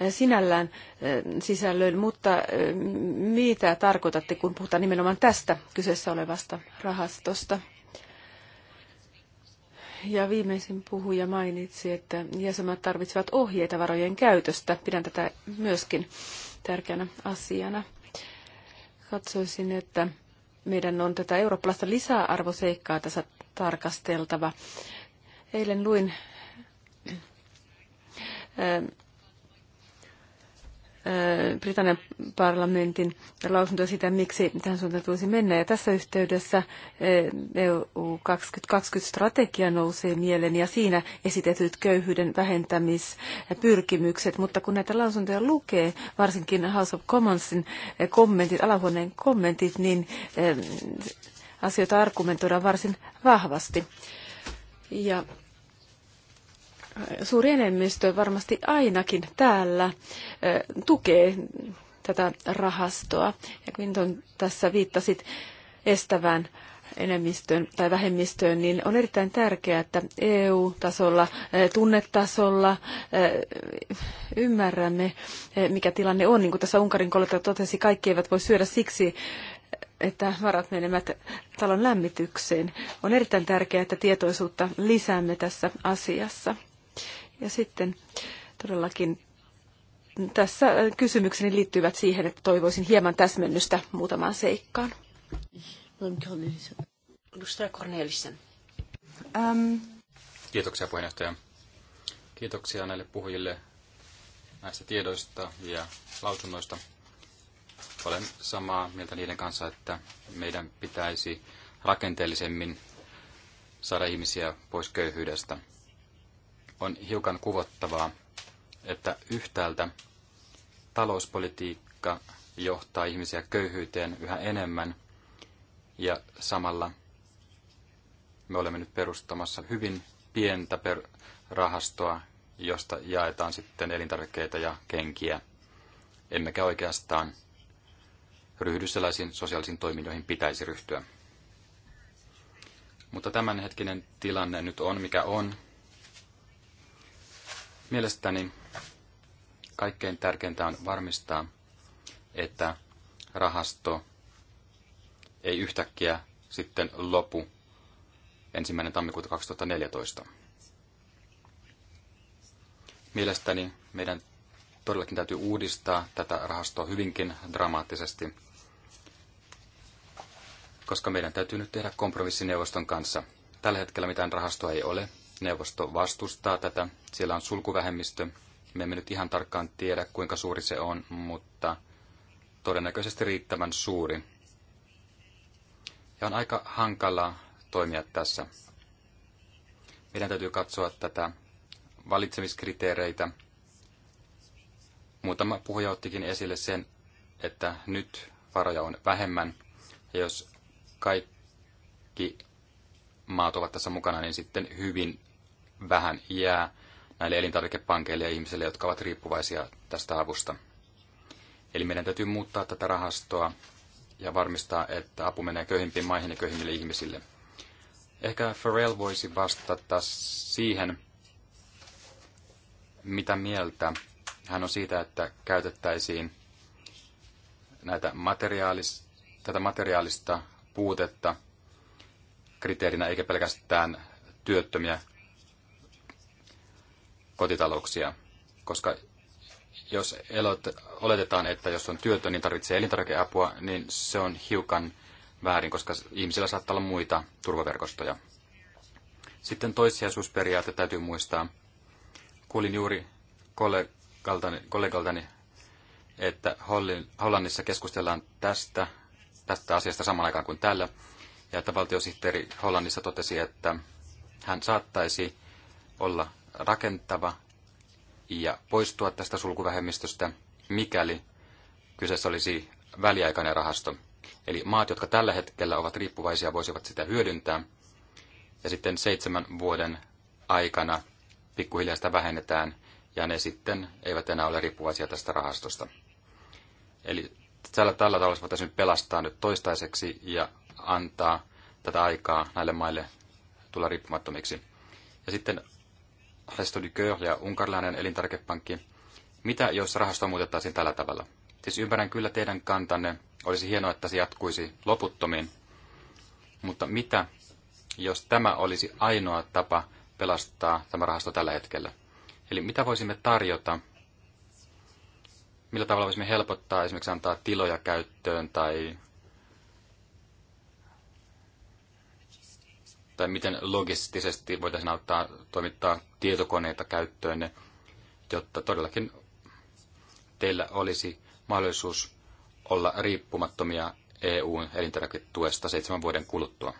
[SPEAKER 2] eh, sinällään eh, sisällön, mutta eh, mitä tarkoitatte, kun puhutaan nimenomaan tästä kyseessä olevasta rahastosta? Ja viimeisin puhuja mainitsi, että jäsenmaat tarvitsevat ohjeita varojen käytöstä. Pidän tätä myöskin tärkeänä asiana. Katsoisin, että meidän on tätä eurooppalaista lisäarvoseikkaa tässä tarkasteltava. Eilen luin Britannian parlamentin lausuntoa siitä, miksi tähän suuntaan tulisi mennä. Ja tässä yhteydessä EU 2020-strategia nousee mieleen ja siinä esitetyt köyhyyden vähentämispyrkimykset. Mutta kun näitä lausuntoja lukee, varsinkin House of Commonsin kommentit, alahuoneen kommentit, niin asioita argumentoidaan varsin vahvasti. Ja suuri enemmistö varmasti ainakin täällä tukee tätä rahastoa. Ja Quinton tässä viittasit estävään enemmistöön tai vähemmistöön, niin on erittäin tärkeää, että EU-tasolla, tunnetasolla ymmärrämme, mikä tilanne on. Niin kuin tässä Unkarin kollega totesi, kaikki eivät voi syödä siksi, että varat menevät talon lämmitykseen. On erittäin tärkeää, että tietoisuutta lisäämme tässä asiassa. Ja sitten todellakin tässä kysymykseni liittyvät siihen, että toivoisin hieman täsmennystä muutamaan seikkaan.
[SPEAKER 1] Edustaja Cornelissen. Ähm.
[SPEAKER 3] Kiitoksia puheenjohtaja. Kiitoksia näille puhujille näistä tiedoista ja lausunnoista. Olen samaa mieltä niiden kanssa, että meidän pitäisi rakenteellisemmin saada ihmisiä pois köyhyydestä on hiukan kuvottavaa, että yhtäältä talouspolitiikka johtaa ihmisiä köyhyyteen yhä enemmän ja samalla me olemme nyt perustamassa hyvin pientä per rahastoa, josta jaetaan sitten elintarvikkeita ja kenkiä. Emmekä oikeastaan ryhdy sellaisiin sosiaalisiin toimiin, joihin pitäisi ryhtyä. Mutta tämänhetkinen tilanne nyt on mikä on, Mielestäni kaikkein tärkeintä on varmistaa, että rahasto ei yhtäkkiä sitten lopu ensimmäinen tammikuuta 2014. Mielestäni meidän todellakin täytyy uudistaa tätä rahastoa hyvinkin dramaattisesti, koska meidän täytyy nyt tehdä kompromissineuvoston kanssa. Tällä hetkellä mitään rahastoa ei ole, neuvosto vastustaa tätä. Siellä on sulkuvähemmistö. Me emme nyt ihan tarkkaan tiedä, kuinka suuri se on, mutta todennäköisesti riittävän suuri. Ja on aika hankala toimia tässä. Meidän täytyy katsoa tätä valitsemiskriteereitä. Muutama puhuja ottikin esille sen, että nyt varoja on vähemmän. Ja jos kaikki maat ovat tässä mukana, niin sitten hyvin vähän jää näille elintarvikepankeille ja ihmisille, jotka ovat riippuvaisia tästä avusta. Eli meidän täytyy muuttaa tätä rahastoa ja varmistaa, että apu menee köyhimpiin maihin ja köyhimmille ihmisille. Ehkä Pharrell voisi vastata siihen, mitä mieltä hän on siitä, että käytettäisiin näitä materiaalis, tätä materiaalista puutetta kriteerinä eikä pelkästään työttömiä kotitalouksia, koska jos oletetaan, että jos on työtön, niin tarvitsee elintarvikeapua, niin se on hiukan väärin, koska ihmisillä saattaa olla muita turvaverkostoja. Sitten toissijaisuusperiaate täytyy muistaa. Kuulin juuri kollegaltani, kollegaltani että Hollannissa keskustellaan tästä, tästä asiasta samaan aikaan kuin täällä, ja että valtiosihteeri Hollannissa totesi, että hän saattaisi olla rakentava ja poistua tästä sulkuvähemmistöstä, mikäli kyseessä olisi väliaikainen rahasto. Eli maat, jotka tällä hetkellä ovat riippuvaisia, voisivat sitä hyödyntää. Ja sitten seitsemän vuoden aikana pikkuhiljaa sitä vähennetään, ja ne sitten eivät enää ole riippuvaisia tästä rahastosta. Eli tällä, tällä tavalla voitaisiin pelastaa nyt toistaiseksi ja antaa tätä aikaa näille maille tulla riippumattomiksi. Ja sitten Resto du Coeur ja unkarilainen elintarkepankki. Mitä jos rahasto muutettaisiin tällä tavalla? Siis ymmärrän kyllä teidän kantanne. Olisi hienoa, että se jatkuisi loputtomiin. Mutta mitä, jos tämä olisi ainoa tapa pelastaa tämä rahasto tällä hetkellä? Eli mitä voisimme tarjota? Millä tavalla voisimme helpottaa esimerkiksi antaa tiloja käyttöön tai tai miten logistisesti voitaisiin auttaa toimittaa tietokoneita käyttöön, jotta todellakin teillä olisi mahdollisuus olla riippumattomia EUn elintarviketuesta seitsemän vuoden kuluttua.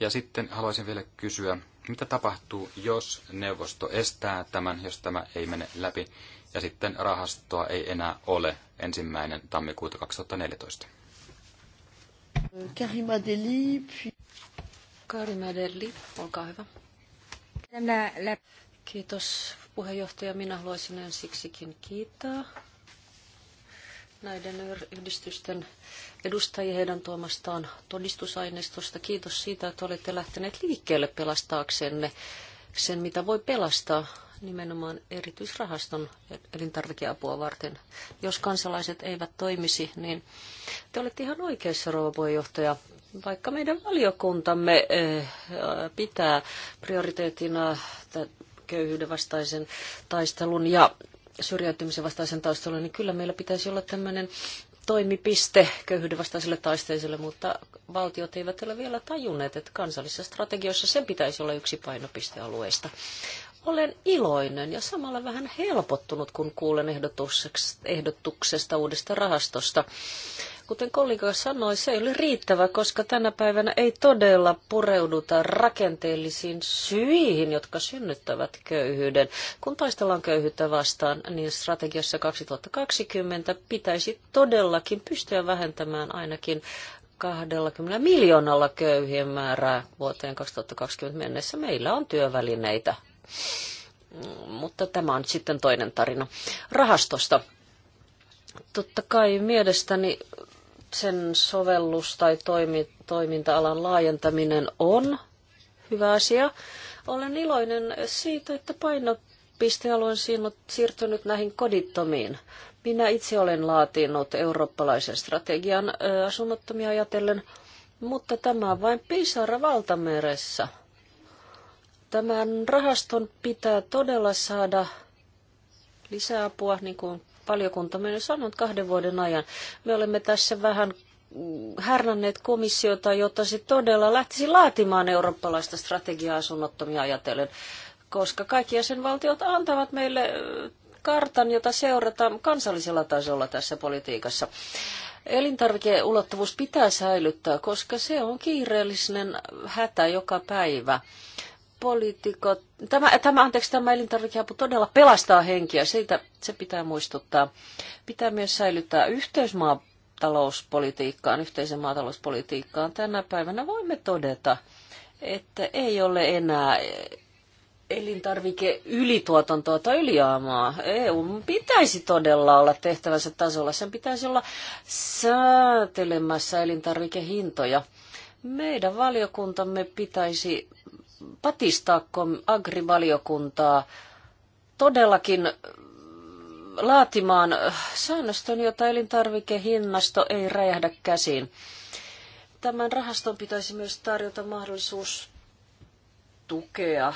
[SPEAKER 3] Ja sitten haluaisin vielä kysyä, mitä tapahtuu, jos neuvosto estää tämän, jos tämä ei mene läpi, ja sitten rahastoa ei enää ole ensimmäinen tammikuuta 2014?
[SPEAKER 1] Karima Deli, puis... Kari Derli, olkaa hyvä. Kiitos puheenjohtaja. Minä haluaisin ensiksikin kiittää näiden yhdistysten edustajia heidän tuomastaan todistusaineistosta. Kiitos siitä, että olette lähteneet liikkeelle pelastaaksenne sen, mitä voi pelastaa nimenomaan erityisrahaston elintarvikeapua varten. Jos kansalaiset eivät toimisi, niin te olette ihan oikeassa, rouva puheenjohtaja vaikka meidän valiokuntamme eh, pitää prioriteettina köyhyyden vastaisen taistelun ja syrjäytymisen vastaisen taistelun, niin kyllä meillä pitäisi olla tämmöinen toimipiste köyhyyden vastaiselle taisteiselle, mutta valtiot eivät ole vielä tajunneet, että kansallisessa strategioissa sen pitäisi olla yksi painopistealueista. Olen iloinen ja samalla vähän helpottunut, kun kuulen ehdotuksesta uudesta rahastosta. Kuten kollega sanoi, se ei ole riittävä, koska tänä päivänä ei todella pureuduta rakenteellisiin syihin, jotka synnyttävät köyhyyden. Kun taistellaan köyhyyttä vastaan, niin strategiassa 2020 pitäisi todellakin pystyä vähentämään ainakin 20 miljoonalla köyhien määrää vuoteen 2020 mennessä. Meillä on työvälineitä Mm, mutta tämä on sitten toinen tarina. Rahastosta. Totta kai mielestäni sen sovellus tai toimi, toiminta-alan laajentaminen on hyvä asia. Olen iloinen siitä, että painopistealue on siirtynyt näihin kodittomiin. Minä itse olen laatinut eurooppalaisen strategian asunnottomia ajatellen, mutta tämä on vain pisara valtameressä – Tämän rahaston pitää todella saada lisäapua, niin kuin valiokunta on sanonut kahden vuoden ajan. Me olemme tässä vähän härnänneet komissiota, jotta se todella lähtisi laatimaan eurooppalaista strategiaa asunnottomia ajatellen, koska kaikki jäsenvaltiot antavat meille kartan, jota seurataan kansallisella tasolla tässä politiikassa. Elintarvikeulottuvuus pitää säilyttää, koska se on kiireellinen hätä joka päivä poliitikot, tämä, tämä, anteeksi, tämä elintarvikeapu todella pelastaa henkiä, siitä se pitää muistuttaa. Pitää myös säilyttää yhteys maatalouspolitiikkaan, yhteisen maatalouspolitiikkaan. Tänä päivänä voimme todeta, että ei ole enää elintarvikeylituotantoa tai yliaamaa. EU pitäisi todella olla tehtävänsä tasolla. Sen pitäisi olla säätelemässä elintarvikehintoja. Meidän valiokuntamme pitäisi patistaa agrivaliokuntaa todellakin laatimaan säännöstön, jota elintarvikehinnasto ei räjähdä käsiin. Tämän rahaston pitäisi myös tarjota mahdollisuus tukea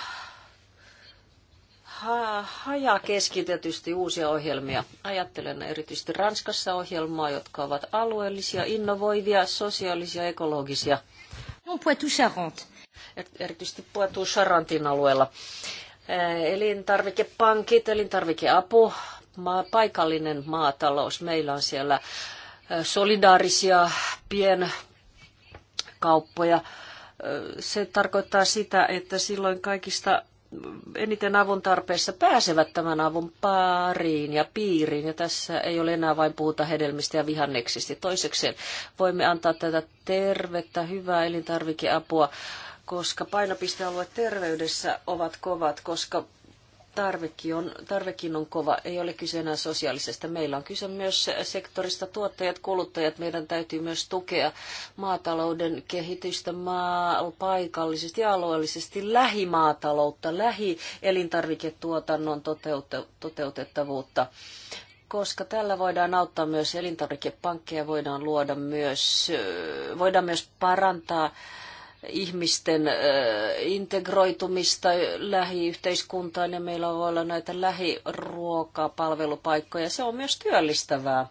[SPEAKER 1] ha- hajakeskitetysti uusia ohjelmia. Ajattelen erityisesti Ranskassa ohjelmaa, jotka ovat alueellisia, innovoivia, sosiaalisia, ekologisia. On poitou erityisesti Puetu Charantin alueella. Elintarvikepankit, elintarvikeapu, maa, paikallinen maatalous. Meillä on siellä solidaarisia pienkauppoja. Se tarkoittaa sitä, että silloin kaikista eniten avun tarpeessa pääsevät tämän avun pariin ja piiriin. Ja tässä ei ole enää vain puhuta hedelmistä ja vihanneksista. Toisekseen voimme antaa tätä tervettä, hyvää elintarvikeapua koska painopistealueet terveydessä ovat kovat, koska tarvekin on, tarvekin on kova. Ei ole kyse enää sosiaalisesta. Meillä on kyse myös sektorista tuottajat, kuluttajat. Meidän täytyy myös tukea maatalouden kehitystä maa, paikallisesti ja alueellisesti lähimaataloutta, lähielintarviketuotannon toteutettavuutta koska tällä voidaan auttaa myös elintarvikepankkeja, voidaan luoda myös, voidaan myös parantaa ihmisten integroitumista lähiyhteiskuntaan ja meillä voi olla näitä lähiruokapalvelupaikkoja. Se on myös työllistävää.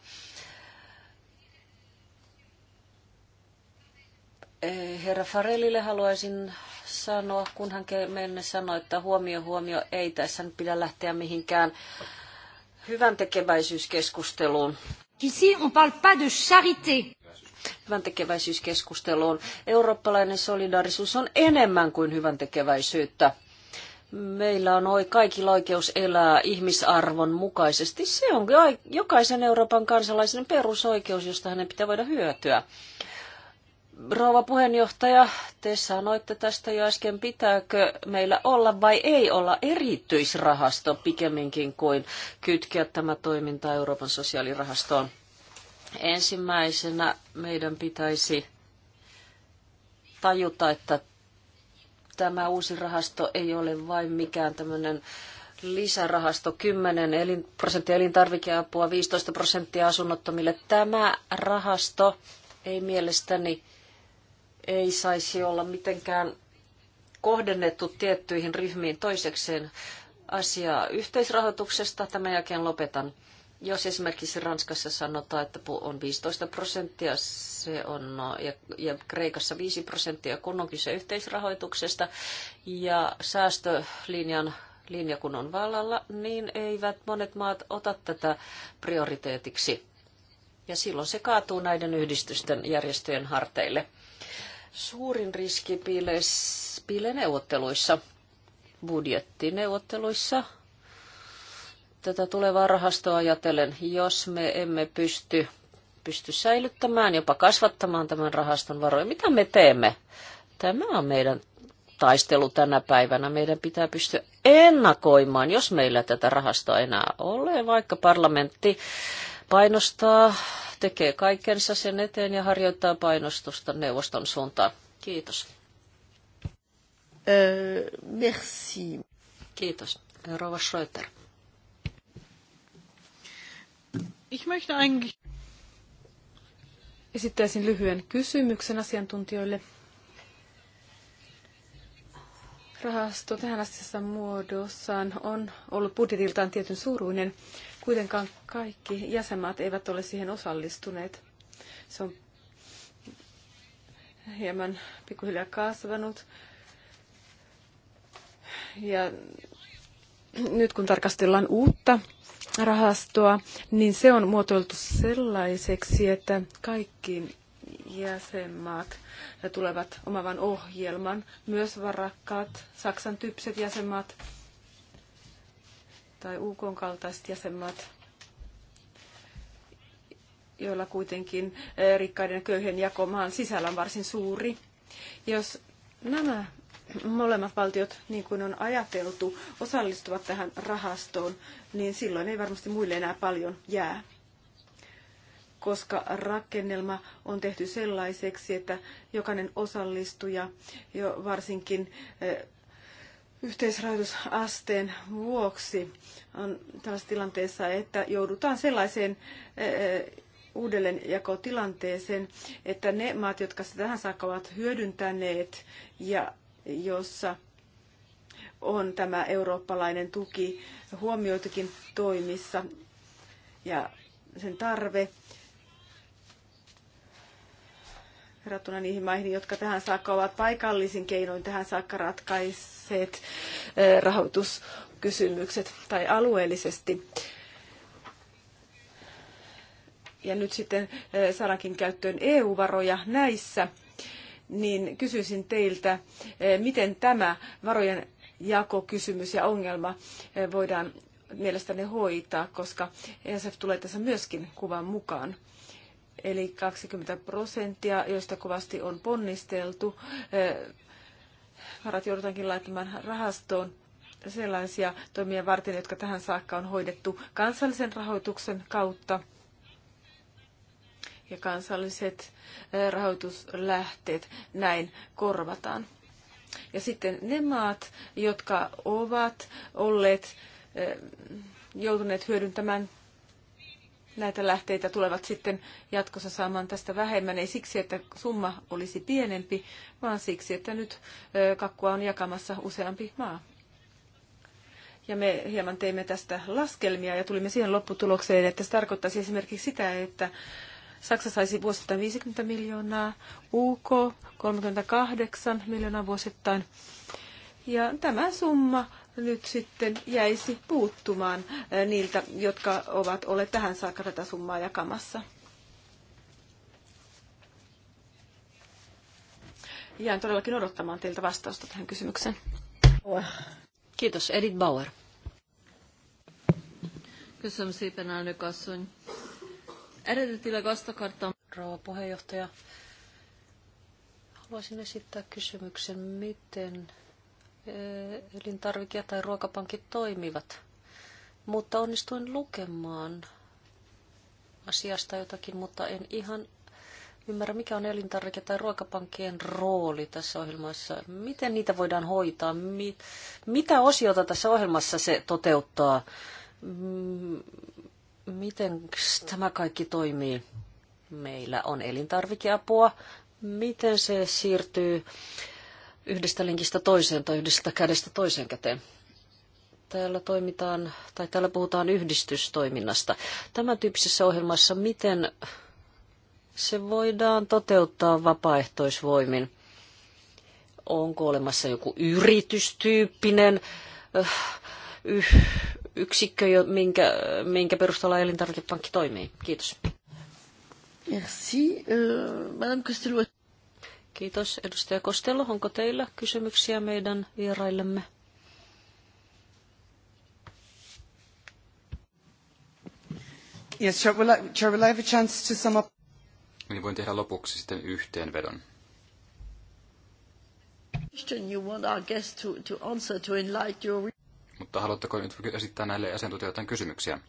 [SPEAKER 1] E, herra Farellille haluaisin sanoa, kun hän meille sanoi, että huomio, huomio, ei tässä nyt pidä lähteä mihinkään hyvän tekeväisyyskeskusteluun. Ici, on parle pas de charité hyvän Eurooppalainen solidaarisuus on enemmän kuin hyvän Meillä on kaikilla oikeus elää ihmisarvon mukaisesti. Se on jokaisen Euroopan kansalaisen perusoikeus, josta hänen pitää voida hyötyä. Rouva puheenjohtaja, te sanoitte tästä jo äsken, pitääkö meillä olla vai ei olla erityisrahasto pikemminkin kuin kytkeä tämä toiminta Euroopan sosiaalirahastoon. Ensimmäisenä meidän pitäisi tajuta, että tämä uusi rahasto ei ole vain mikään tämmöinen lisärahasto 10 prosenttia elintarvikeapua, 15 prosenttia asunnottomille. Tämä rahasto ei mielestäni ei saisi olla mitenkään kohdennettu tiettyihin ryhmiin toisekseen asiaa yhteisrahoituksesta. Tämän jälkeen lopetan. Jos esimerkiksi Ranskassa sanotaan, että on 15 prosenttia se on, no, ja, ja Kreikassa 5 prosenttia, kun on kyse yhteisrahoituksesta ja säästölinjan linja kun on vallalla, niin eivät monet maat ota tätä prioriteetiksi. Ja silloin se kaatuu näiden yhdistysten järjestöjen harteille. Suurin riski piilee neuvotteluissa, budjettineuvotteluissa, tätä tulevaa rahastoa ajatellen, jos me emme pysty, pysty säilyttämään, jopa kasvattamaan tämän rahaston varoja, mitä me teemme? Tämä on meidän taistelu tänä päivänä. Meidän pitää pystyä ennakoimaan, jos meillä tätä rahastoa enää ole, vaikka parlamentti painostaa, tekee kaikensa sen eteen ja harjoittaa painostusta neuvoston suuntaan. Kiitos. merci. Kiitos. Rova Schröter.
[SPEAKER 2] Ich möchte eigentlich... Esittäisin lyhyen kysymyksen asiantuntijoille. Rahasto tähän asiassa muodossaan on ollut budjetiltaan tietyn suuruinen. Kuitenkaan kaikki jäsenmaat eivät ole siihen osallistuneet. Se on hieman pikkuhiljaa kasvanut. Ja nyt kun tarkastellaan uutta rahastoa, niin se on muotoiltu sellaiseksi, että kaikki jäsenmaat tulevat omavan ohjelman, myös varakkaat Saksan tyyppiset jäsenmaat tai UK kaltaiset jäsenmaat, joilla kuitenkin eh, rikkaiden ja köyhien jako maan sisällä on varsin suuri. Jos nämä molemmat valtiot, niin kuin on ajateltu, osallistuvat tähän rahastoon, niin silloin ei varmasti muille enää paljon jää. Koska rakennelma on tehty sellaiseksi, että jokainen osallistuja, jo varsinkin eh, yhteisrahoitusasteen vuoksi, on tällaisessa tilanteessa, että joudutaan sellaiseen eh, uudelleenjakotilanteeseen, että ne maat, jotka se tähän saakka ovat hyödyntäneet ja jossa on tämä eurooppalainen tuki huomioitukin toimissa ja sen tarve verrattuna niihin maihin, jotka tähän saakka ovat paikallisin keinoin tähän saakka ratkaiseet rahoituskysymykset tai alueellisesti. Ja nyt sitten saadaankin käyttöön EU-varoja näissä niin kysyisin teiltä, eh, miten tämä varojen jakokysymys ja ongelma eh, voidaan mielestäni hoitaa, koska ESF tulee tässä myöskin kuvan mukaan. Eli 20 prosenttia, joista kovasti on ponnisteltu, eh, varat joudutaankin laittamaan rahastoon sellaisia toimia varten, jotka tähän saakka on hoidettu kansallisen rahoituksen kautta – ja kansalliset rahoituslähteet näin korvataan. Ja sitten ne maat, jotka ovat olleet joutuneet hyödyntämään näitä lähteitä tulevat sitten jatkossa saamaan tästä vähemmän. Ei siksi, että summa olisi pienempi, vaan siksi, että nyt kakkua on jakamassa useampi maa. Ja me hieman teimme tästä laskelmia ja tulimme siihen lopputulokseen, että se tarkoittaisi esimerkiksi sitä, että Saksa saisi vuosittain 50 miljoonaa, UK 38 miljoonaa vuosittain. Ja tämä summa nyt sitten jäisi puuttumaan niiltä, jotka ovat olleet tähän saakka tätä summaa jakamassa. Jään
[SPEAKER 1] todellakin odottamaan teiltä vastausta tähän kysymykseen. Kiitos, Edith Bauer. Kysymys szépen, elnök Eredetileg azt akartam... Rouva puheenjohtaja, haluaisin esittää kysymyksen, miten eh, elintarvike- tai ruokapankit toimivat. Mutta onnistuin lukemaan asiasta jotakin, mutta en ihan ymmärrä, mikä on elintarvike- tai ruokapankkien rooli tässä ohjelmassa. Miten niitä voidaan hoitaa? Mit, mitä osiota tässä ohjelmassa se toteuttaa? Mm, Miten tämä kaikki toimii? Meillä on elintarvikeapua. Miten se siirtyy yhdestä linkistä toiseen tai yhdestä kädestä toiseen käteen? Täällä toimitaan, tai täällä puhutaan yhdistystoiminnasta. Tämän tyyppisessä ohjelmassa, miten se voidaan toteuttaa vapaaehtoisvoimin? Onko olemassa joku yritystyyppinen äh, yksikkö, minkä, minkä perustalla elintarvikepankki toimii. Kiitos. Merci. Euh, Madame Costello. Kiitos. Edustaja Costello, onko teillä kysymyksiä meidän vieraillemme?
[SPEAKER 2] Yes, shall we have a chance to sum up?
[SPEAKER 3] Niin voin tehdä lopuksi sitten yhteenvedon.
[SPEAKER 1] you want our to, to answer to enlighten your...
[SPEAKER 3] Mutta haluatteko nyt esittää näille asiantuntijoille kysymyksiä?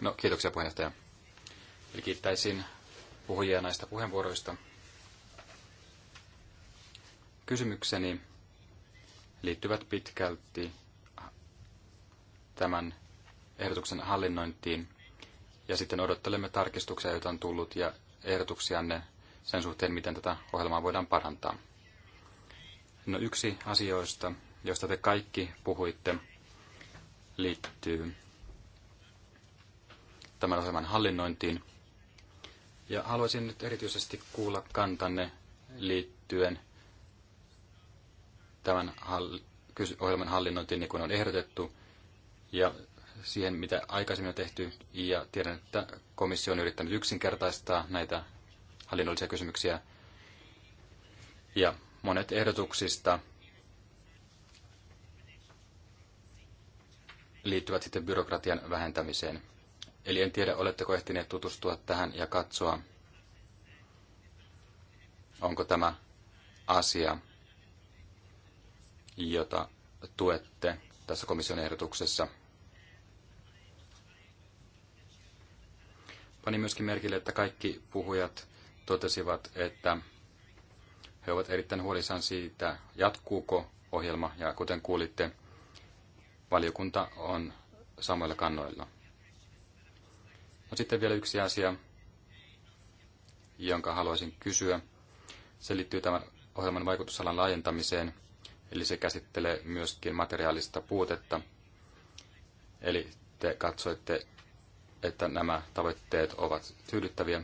[SPEAKER 3] No, kiitoksia puheenjohtaja. Eli kiittäisin puhujia näistä puheenvuoroista. Kysymykseni liittyvät pitkälti tämän ehdotuksen hallinnointiin. Ja sitten odottelemme tarkistuksia, joita on tullut, ja ehdotuksianne sen suhteen, miten tätä ohjelmaa voidaan parantaa. No yksi asioista, josta te kaikki puhuitte, liittyy tämän ohjelman hallinnointiin. Ja haluaisin nyt erityisesti kuulla kantanne liittyen tämän ohjelman hallinnointiin, niin kuin on ehdotettu, ja siihen, mitä aikaisemmin on tehty, ja tiedän, että komissio on yrittänyt yksinkertaistaa näitä hallinnollisia kysymyksiä, ja monet ehdotuksista liittyvät sitten byrokratian vähentämiseen. Eli en tiedä, oletteko ehtineet tutustua tähän ja katsoa, onko tämä asia, jota tuette tässä komission ehdotuksessa. Panin myöskin merkille, että kaikki puhujat totesivat, että he ovat erittäin huolissaan siitä, jatkuuko ohjelma, ja kuten kuulitte, valiokunta on samoilla kannoilla. No sitten vielä yksi asia, jonka haluaisin kysyä. Se liittyy tämän ohjelman vaikutusalan laajentamiseen, eli se käsittelee myöskin materiaalista puutetta. Eli te katsoitte, että nämä tavoitteet ovat tyydyttäviä.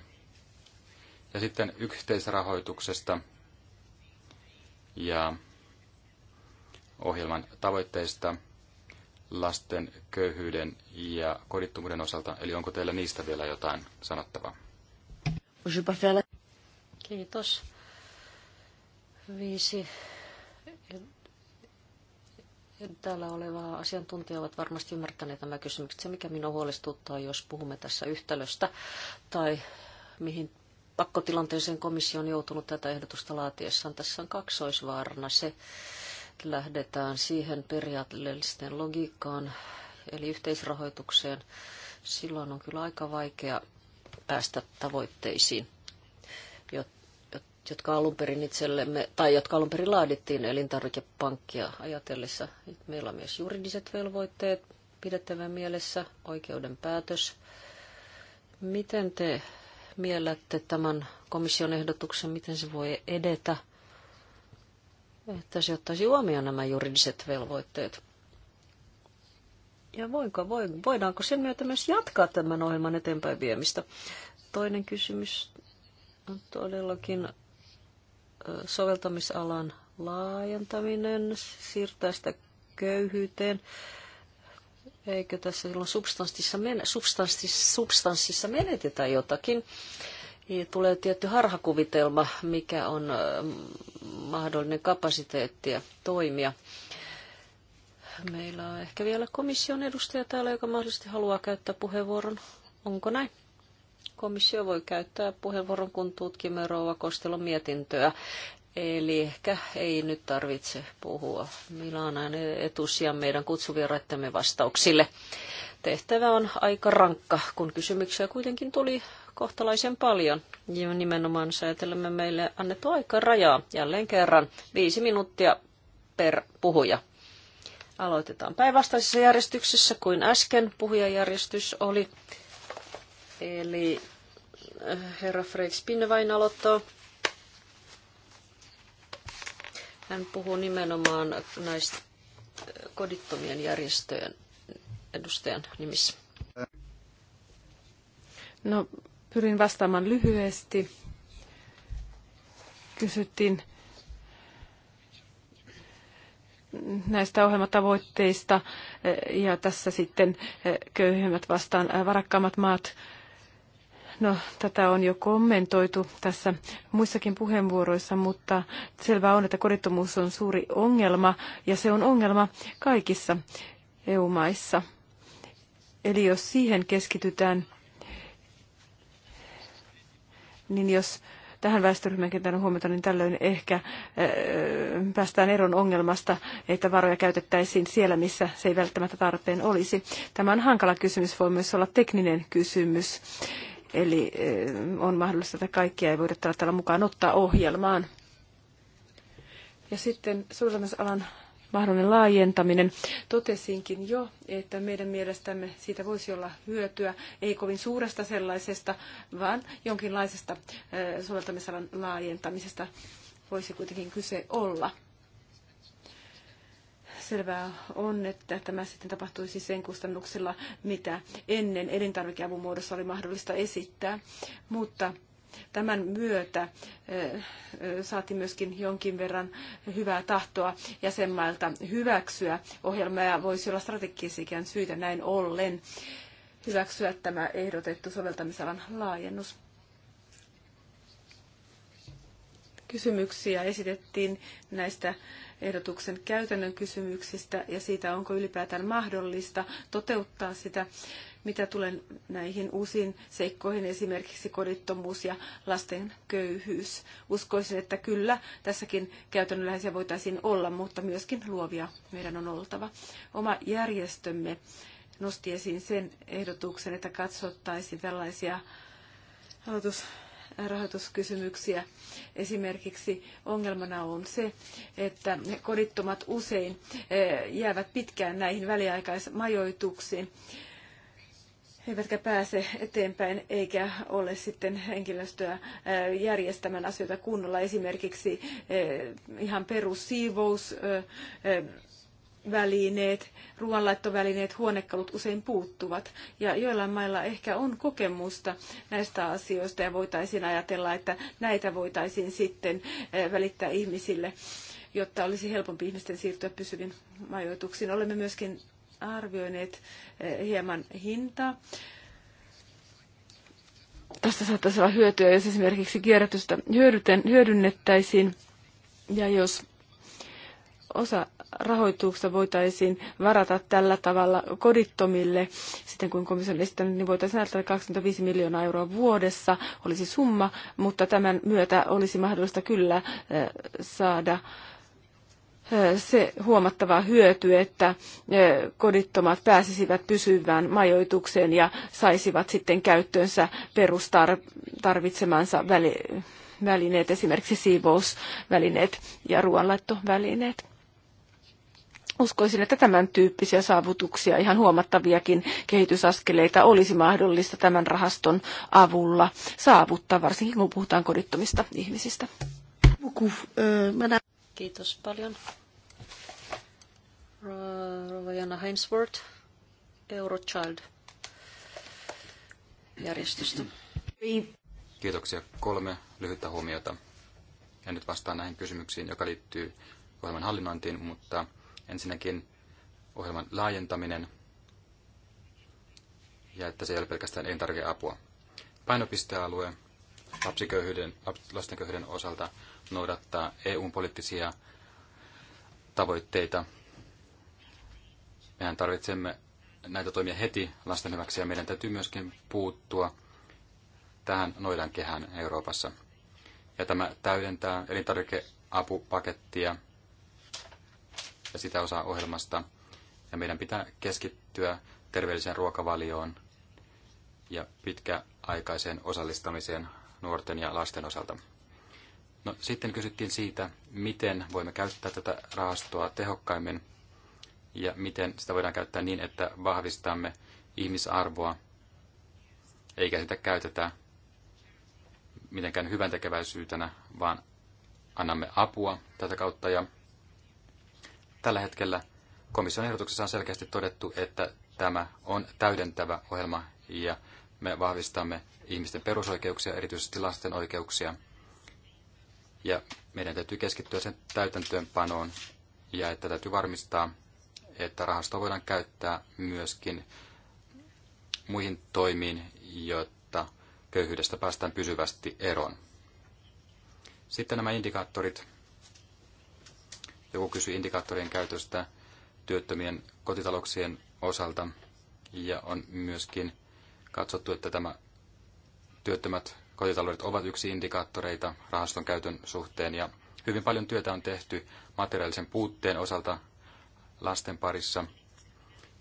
[SPEAKER 3] Ja sitten yhteisrahoituksesta ja ohjelman tavoitteista – lasten köyhyyden ja kodittomuuden osalta, eli onko teillä niistä vielä jotain sanottavaa?
[SPEAKER 1] Kiitos. Viisi täällä olevaa asiantuntijaa ovat varmasti ymmärtäneet nämä kysymykset. Se, mikä minua huolestuttaa, jos puhumme tässä yhtälöstä tai mihin pakkotilanteeseen komissio on joutunut tätä ehdotusta laatiessaan, tässä on kaksoisvaarana se, lähdetään siihen periaatteellisten logiikkaan, eli yhteisrahoitukseen, silloin on kyllä aika vaikea päästä tavoitteisiin, jotka alun perin itsellemme, tai jotka alun perin laadittiin elintarvikepankkia ajatellessa. Meillä on myös juridiset velvoitteet pidettävä mielessä, oikeuden päätös. Miten te miellätte tämän komission ehdotuksen, miten se voi edetä – että se ottaisi huomioon nämä juridiset velvoitteet. Ja voinko, voidaanko sen myötä myös jatkaa tämän ohjelman eteenpäin viemistä? Toinen kysymys on todellakin soveltamisalan laajentaminen, siirtää sitä köyhyyteen. Eikö tässä silloin substanssissa, men- substanssissa, substanssissa menetetä jotakin? Niin, tulee tietty harhakuvitelma, mikä on mahdollinen kapasiteetti ja toimia. Meillä on ehkä vielä komission edustaja täällä, joka mahdollisesti haluaa käyttää puheenvuoron. Onko näin? Komissio voi käyttää puheenvuoron, kun tutkimme Rouva Kostelon mietintöä. Eli ehkä ei nyt tarvitse puhua. Meillä on aina etusijan meidän kutsuvieraittamme vastauksille. Tehtävä on aika rankka, kun kysymyksiä kuitenkin tuli kohtalaisen paljon. Ja nimenomaan säätelemme meille annettu rajaa. jälleen kerran. Viisi minuuttia per puhuja. Aloitetaan päinvastaisessa järjestyksessä kuin äsken puhujajärjestys oli. Eli äh, herra Freik Spinnevain aloittaa. Hän puhuu nimenomaan näistä äh, kodittomien järjestöjen edustajan nimissä.
[SPEAKER 2] No Pyrin vastaamaan lyhyesti. Kysyttiin näistä ohjelmatavoitteista ja tässä sitten köyhimmät vastaan varakkaammat maat. No, tätä on jo kommentoitu tässä muissakin puheenvuoroissa, mutta selvää on, että kodittomuus on suuri ongelma ja se on ongelma kaikissa EU-maissa. Eli jos siihen keskitytään, niin jos tähän väestöryhmään kiinnittänyt huomiota, niin tällöin ehkä äh, päästään eron ongelmasta, että varoja käytettäisiin siellä, missä se ei välttämättä tarpeen olisi. Tämä on hankala kysymys, voi myös olla tekninen kysymys. Eli äh, on mahdollista, että kaikkia ei voida tällä mukaan ottaa ohjelmaan. Ja sitten soveltamisalan mahdollinen laajentaminen. Totesinkin jo, että meidän mielestämme siitä voisi olla hyötyä, ei kovin suuresta sellaisesta, vaan jonkinlaisesta soveltamisalan laajentamisesta voisi kuitenkin kyse olla selvää on, että tämä sitten tapahtuisi sen kustannuksella, mitä ennen elintarvikeavun muodossa oli mahdollista esittää. Mutta Tämän myötä eh, eh, saatiin myöskin jonkin verran hyvää tahtoa jäsenmailta hyväksyä ohjelmaa ja voisi olla strategisikin syitä näin ollen hyväksyä tämä ehdotettu soveltamisalan laajennus. Kysymyksiä esitettiin näistä ehdotuksen käytännön kysymyksistä ja siitä, onko ylipäätään mahdollista toteuttaa sitä mitä tulee näihin uusiin seikkoihin, esimerkiksi kodittomuus ja lasten köyhyys, uskoisin, että kyllä tässäkin käytännönläheisiä voitaisiin olla, mutta myöskin luovia meidän on oltava. Oma järjestömme nosti esiin sen ehdotuksen, että katsottaisiin tällaisia aloitus rahoituskysymyksiä. Esimerkiksi ongelmana on se, että kodittomat usein eh, jäävät pitkään näihin väliaikaismajoituksiin eivätkä pääse eteenpäin eikä ole sitten henkilöstöä järjestämään asioita kunnolla. Esimerkiksi ihan perussiivousvälineet, ruoanlaittovälineet, huonekalut usein puuttuvat. Ja joillain mailla ehkä on kokemusta näistä asioista ja voitaisiin ajatella, että näitä voitaisiin sitten välittää ihmisille jotta olisi helpompi ihmisten siirtyä pysyviin majoituksiin. Olemme myöskin arvioineet eh, hieman hintaa. Tästä saattaisi olla hyötyä, jos esimerkiksi kierrätystä hyödynnettäisiin ja jos osa rahoituksesta voitaisiin varata tällä tavalla kodittomille, sitten kun komissio on esittänyt, niin voitaisiin näyttää 25 miljoonaa euroa vuodessa olisi summa, mutta tämän myötä olisi mahdollista kyllä eh, saada se huomattava hyöty, että kodittomat pääsisivät pysyvään majoitukseen ja saisivat sitten käyttöönsä perustarvitsemansa välineet, esimerkiksi siivousvälineet ja ruoanlaittovälineet. Uskoisin, että tämän tyyppisiä saavutuksia, ihan huomattaviakin kehitysaskeleita olisi mahdollista tämän rahaston avulla saavuttaa, varsinkin kun puhutaan kodittomista ihmisistä.
[SPEAKER 1] Kiitos paljon. Rovajana Hainsworth, Eurochild järjestöstä.
[SPEAKER 3] Kiitoksia. Kolme lyhyttä huomiota. En nyt vastaa näihin kysymyksiin, joka liittyy ohjelman hallinnointiin, mutta ensinnäkin ohjelman laajentaminen ja että se ei ole pelkästään apua. Painopistealue lapsiköyhyyden, lastenköyhyyden osalta noudattaa eu poliittisia tavoitteita Mehän tarvitsemme näitä toimia heti lasten hyväksi ja meidän täytyy myöskin puuttua tähän noidan kehään Euroopassa. Ja tämä täydentää elintarvikeapupakettia ja sitä osaa ohjelmasta. Ja meidän pitää keskittyä terveelliseen ruokavalioon ja pitkäaikaiseen osallistamiseen nuorten ja lasten osalta. No, sitten kysyttiin siitä, miten voimme käyttää tätä rahastoa tehokkaimmin ja miten sitä voidaan käyttää niin, että vahvistamme ihmisarvoa, eikä sitä käytetä mitenkään hyvän tekeväisyytenä, vaan annamme apua tätä kautta. Ja tällä hetkellä komission ehdotuksessa on selkeästi todettu, että tämä on täydentävä ohjelma ja me vahvistamme ihmisten perusoikeuksia, erityisesti lasten oikeuksia. Ja meidän täytyy keskittyä sen täytäntöönpanoon ja että täytyy varmistaa, että rahastoa voidaan käyttää myöskin muihin toimiin, jotta köyhyydestä päästään pysyvästi eroon. Sitten nämä indikaattorit. Joku kysyi indikaattorien käytöstä työttömien kotitalouksien osalta. Ja on myöskin katsottu, että tämä työttömät kotitaloudet ovat yksi indikaattoreita rahaston käytön suhteen. Ja hyvin paljon työtä on tehty materiaalisen puutteen osalta lasten parissa.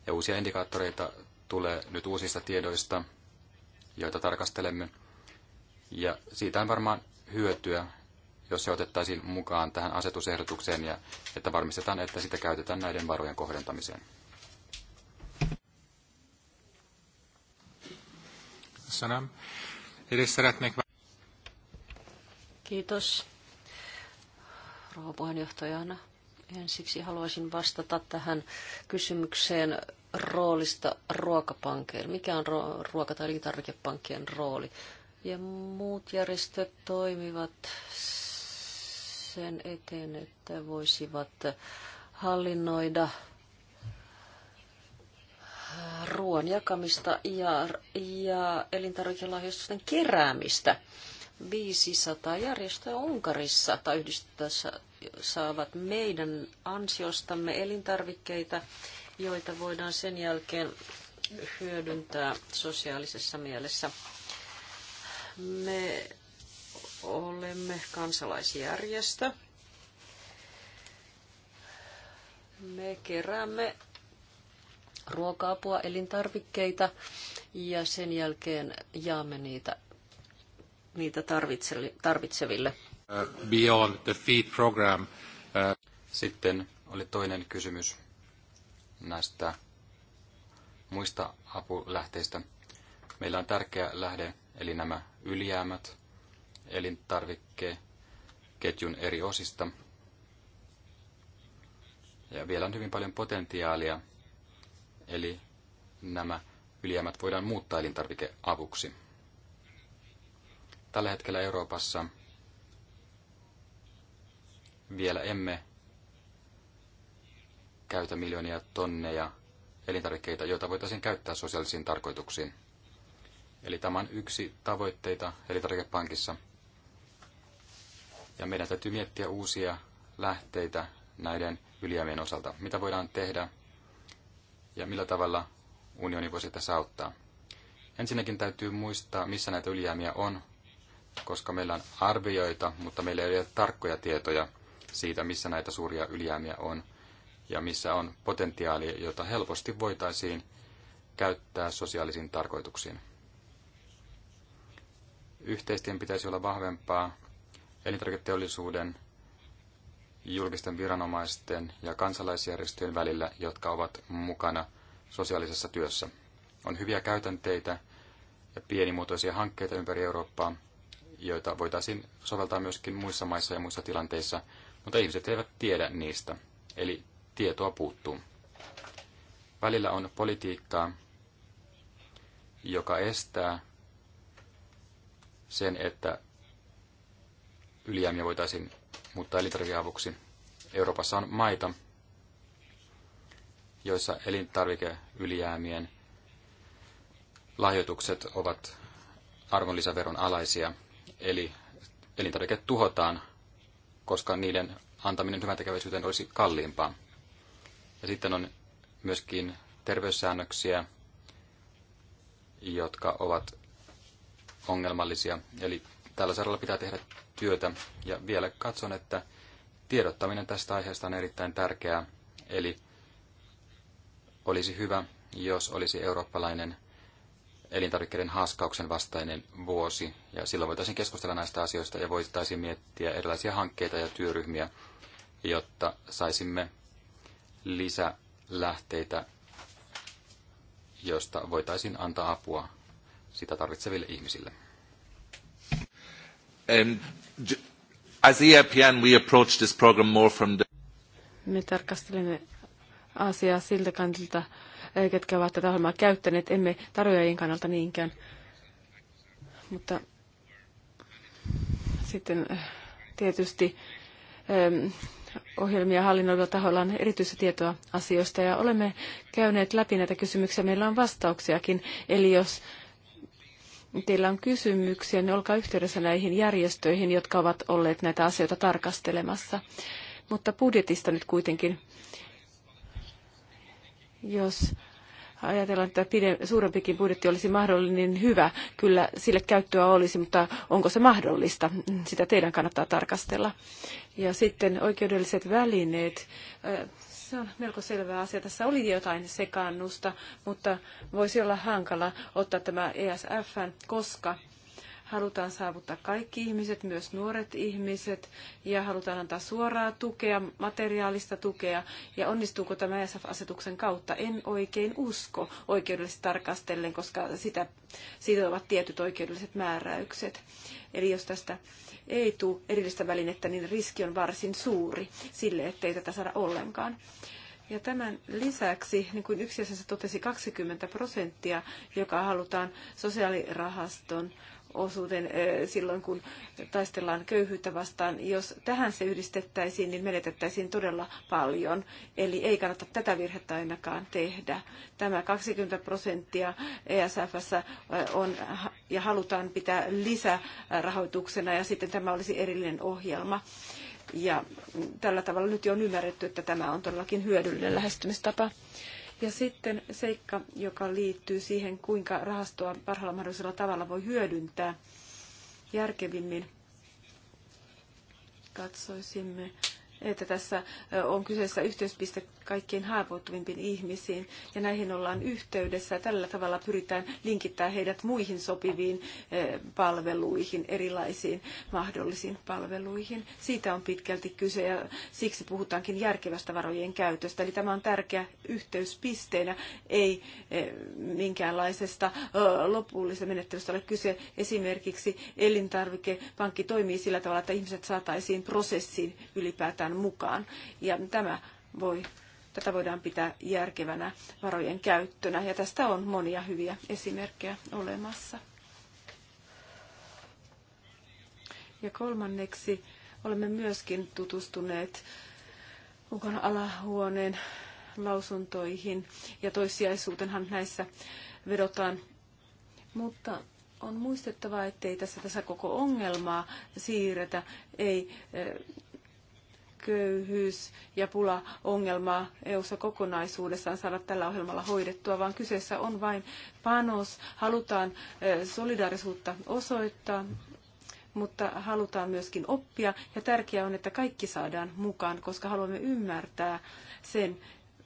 [SPEAKER 3] Ja uusia indikaattoreita tulee nyt uusista tiedoista, joita tarkastelemme. Ja siitä on varmaan hyötyä, jos se otettaisiin mukaan tähän asetusehdotukseen ja että varmistetaan, että sitä käytetään näiden varojen kohdentamiseen.
[SPEAKER 1] Kiitos. Rouva puheenjohtajana Ensiksi haluaisin vastata tähän kysymykseen roolista ruokapankkeilla. Mikä on ruoka- tai elintarvikepankkien rooli? Ja muut järjestöt toimivat sen eteen, että voisivat hallinnoida ruoan jakamista ja, ja elintarvikelahjoitusten keräämistä. 500 järjestöä Unkarissa tai yhdistettäessä saavat meidän ansiostamme elintarvikkeita, joita voidaan sen jälkeen hyödyntää sosiaalisessa mielessä. Me olemme kansalaisjärjestö. Me keräämme ruoka-apua, elintarvikkeita ja sen jälkeen jaamme niitä niitä tarvitseville.
[SPEAKER 3] Uh, beyond the feed program. Uh, Sitten oli toinen kysymys näistä muista apulähteistä. Meillä on tärkeä lähde, eli nämä ylijäämät elintarvikkeketjun eri osista. Ja vielä on hyvin paljon potentiaalia, eli nämä ylijäämät voidaan muuttaa elintarvikeavuksi tällä hetkellä Euroopassa vielä emme käytä miljoonia tonneja elintarvikkeita, joita voitaisiin käyttää sosiaalisiin tarkoituksiin. Eli tämä on yksi tavoitteita elintarvikepankissa. Ja meidän täytyy miettiä uusia lähteitä näiden ylijäämien osalta. Mitä voidaan tehdä ja millä tavalla unioni voisi tässä auttaa? Ensinnäkin täytyy muistaa, missä näitä ylijäämiä on koska meillä on arvioita, mutta meillä ei ole tarkkoja tietoja siitä, missä näitä suuria ylijäämiä on ja missä on potentiaalia, jota helposti voitaisiin käyttää sosiaalisiin tarkoituksiin. Yhteistyön pitäisi olla vahvempaa elintarviketeollisuuden, julkisten viranomaisten ja kansalaisjärjestöjen välillä, jotka ovat mukana sosiaalisessa työssä. On hyviä käytänteitä ja pienimuotoisia hankkeita ympäri Eurooppaa, joita voitaisiin soveltaa myöskin muissa maissa ja muissa tilanteissa, mutta ihmiset eivät tiedä niistä, eli tietoa puuttuu. Välillä on politiikkaa, joka estää sen, että ylijäämiä voitaisiin muuttaa elintarvikeavuksi. Euroopassa on maita, joissa elintarvikeylijäämien lahjoitukset ovat arvonlisäveron alaisia – eli elintarvike tuhotaan, koska niiden antaminen hyväntekeväisyyteen olisi kalliimpaa. Ja sitten on myöskin terveyssäännöksiä, jotka ovat ongelmallisia. Eli tällä saralla pitää tehdä työtä. Ja vielä katson, että tiedottaminen tästä aiheesta on erittäin tärkeää. Eli olisi hyvä, jos olisi eurooppalainen elintarvikkeiden haaskauksen vastainen vuosi. Ja silloin voitaisiin keskustella näistä asioista ja voitaisiin miettiä erilaisia hankkeita ja työryhmiä, jotta saisimme lisälähteitä, josta voitaisiin antaa apua sitä tarvitseville ihmisille.
[SPEAKER 1] Um, as e we approach this program more from the...
[SPEAKER 2] Me tarkastelemme asiaa siltä kantilta, ketkä ovat tätä ohjelmaa käyttäneet, emme tarjoajien kannalta niinkään. Mutta sitten tietysti ohjelmia hallinnoivilla tahoilla on erityistä tietoa asioista ja olemme käyneet läpi näitä kysymyksiä. Meillä on vastauksiakin, eli jos teillä on kysymyksiä, niin olkaa yhteydessä näihin järjestöihin, jotka ovat olleet näitä asioita tarkastelemassa. Mutta budjetista nyt kuitenkin jos ajatellaan, että pide, suurempikin budjetti olisi mahdollinen, niin hyvä. Kyllä sille käyttöä olisi, mutta onko se mahdollista? Sitä teidän kannattaa tarkastella. Ja sitten oikeudelliset välineet. Äh, se on melko selvä asia. Tässä oli jotain sekaannusta, mutta voisi olla hankala ottaa tämä ESF, koska Halutaan saavuttaa kaikki ihmiset, myös nuoret ihmiset, ja halutaan antaa suoraa tukea, materiaalista tukea, ja onnistuuko tämä ESF-asetuksen kautta? En oikein usko oikeudellisesti tarkastellen, koska sitä, siitä ovat tietyt oikeudelliset määräykset. Eli jos tästä ei tule erillistä välinettä, niin riski on varsin suuri sille, ettei tätä saada ollenkaan. Ja tämän lisäksi, niin kuin yksi totesi, 20 prosenttia, joka halutaan sosiaalirahaston osuuden silloin, kun taistellaan köyhyyttä vastaan. Jos tähän se yhdistettäisiin, niin menetettäisiin todella paljon. Eli ei kannata tätä virhettä ainakaan tehdä. Tämä 20 prosenttia ESFssä on ja halutaan pitää lisärahoituksena ja sitten tämä olisi erillinen ohjelma. Ja mm, tällä tavalla nyt jo on ymmärretty, että tämä on todellakin hyödyllinen lähestymistapa. Ja sitten seikka, joka liittyy siihen, kuinka rahastoa parhaalla mahdollisella tavalla voi hyödyntää järkevimmin. Katsoisimme että tässä on kyseessä yhteyspiste kaikkein haavoittuvimpiin ihmisiin ja näihin ollaan yhteydessä. Tällä tavalla pyritään linkittämään heidät muihin sopiviin palveluihin, erilaisiin mahdollisiin palveluihin. Siitä on pitkälti kyse ja siksi puhutaankin järkevästä varojen käytöstä. Eli tämä on tärkeä yhteyspisteenä, ei minkäänlaisesta lopullisesta menettelystä ole kyse. Esimerkiksi elintarvikepankki toimii sillä tavalla, että ihmiset saataisiin prosessiin ylipäätään saadaan mukaan. Ja tämä voi, tätä voidaan pitää järkevänä varojen käyttönä, ja tästä on monia hyviä esimerkkejä olemassa. Ja kolmanneksi olemme myöskin tutustuneet Ukon alahuoneen lausuntoihin ja toissijaisuutenhan näissä vedotaan. Mutta on muistettava, ettei tässä, tässä koko ongelmaa siirretä, ei eh, köyhyys ja pula ongelmaa EU-ssa kokonaisuudessaan saada tällä ohjelmalla hoidettua, vaan kyseessä on vain panos. Halutaan eh, solidaarisuutta osoittaa, mutta halutaan myöskin oppia. Ja tärkeää on, että kaikki saadaan mukaan, koska haluamme ymmärtää sen,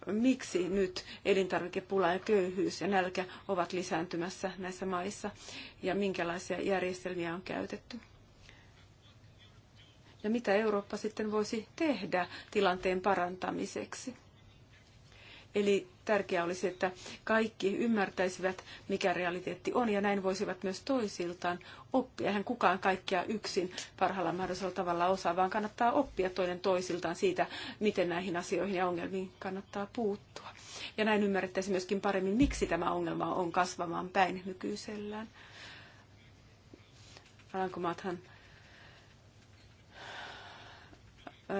[SPEAKER 2] miksi nyt elintarvikepula ja köyhyys ja nälkä ovat lisääntymässä näissä maissa ja minkälaisia järjestelmiä on käytetty ja mitä Eurooppa sitten voisi tehdä tilanteen parantamiseksi. Eli tärkeää olisi, että kaikki ymmärtäisivät, mikä realiteetti on, ja näin voisivat myös toisiltaan oppia. Eihän kukaan kaikkia yksin parhaalla mahdollisella tavalla osaa, vaan kannattaa oppia toinen toisiltaan siitä, miten näihin asioihin ja ongelmiin kannattaa puuttua. Ja näin ymmärrettäisiin myöskin paremmin, miksi tämä ongelma on kasvamaan päin nykyisellään. Alankomaathan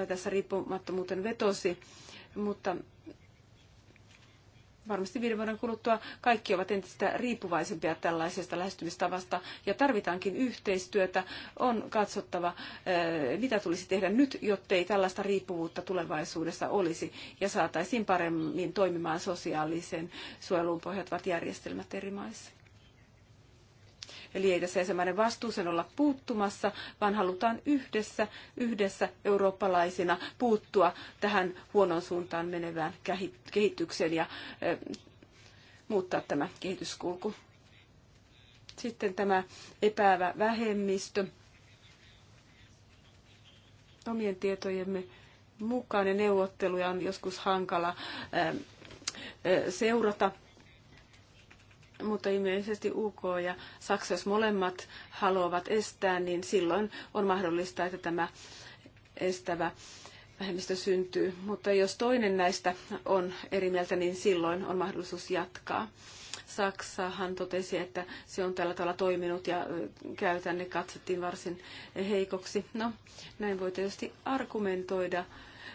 [SPEAKER 2] tässä riippumattomuuteen vetosi, mutta varmasti viiden vuoden kuluttua kaikki ovat entistä riippuvaisempia tällaisesta lähestymistavasta ja tarvitaankin yhteistyötä. On katsottava, mitä tulisi tehdä nyt, jottei tällaista riippuvuutta tulevaisuudessa olisi ja saataisiin paremmin toimimaan sosiaalisen suojeluun pohjautuvat järjestelmät eri maissa. Eli ei tässä jäsenmaiden vastuusen olla puuttumassa, vaan halutaan yhdessä, yhdessä eurooppalaisina puuttua tähän huonon suuntaan menevään kehitykseen ja muuttaa tämä kehityskulku. Sitten tämä epäävä vähemmistö. Omien tietojemme mukaan ja neuvotteluja on joskus hankala seurata mutta ilmeisesti UK ja Saksa, jos molemmat haluavat estää, niin silloin on mahdollista, että tämä estävä vähemmistö syntyy. Mutta jos toinen näistä on eri mieltä, niin silloin on mahdollisuus jatkaa. Saksahan totesi, että se on tällä tavalla toiminut ja käytänne katsottiin varsin heikoksi. No, näin voi tietysti argumentoida.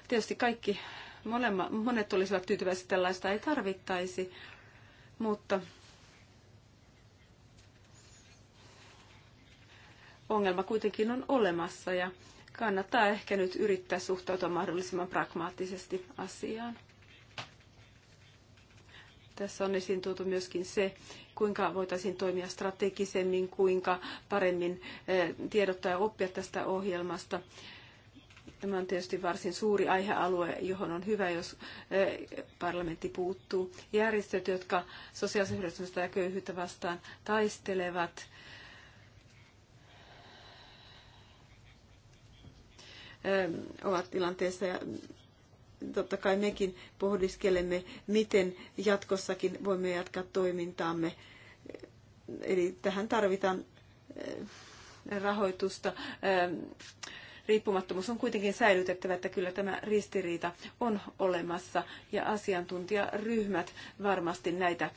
[SPEAKER 2] Tietysti kaikki, molemmat, monet olisivat tyytyväisiä, tällaista ei tarvittaisi, mutta ongelma kuitenkin on olemassa ja kannattaa ehkä nyt yrittää suhtautua mahdollisimman pragmaattisesti asiaan. Tässä on esiin tuotu myöskin se, kuinka voitaisiin toimia strategisemmin, kuinka paremmin eh, tiedottaa ja oppia tästä ohjelmasta. Tämä on tietysti varsin suuri aihealue, johon on hyvä, jos eh, parlamentti puuttuu. Järjestöt, jotka sosiaalisen ja köyhyyttä vastaan taistelevat, ovat tilanteessa ja totta kai mekin pohdiskelemme, miten jatkossakin voimme jatkaa toimintaamme. Eli tähän tarvitaan rahoitusta. Riippumattomuus on kuitenkin säilytettävä, että kyllä tämä ristiriita on olemassa ja asiantuntijaryhmät varmasti näitä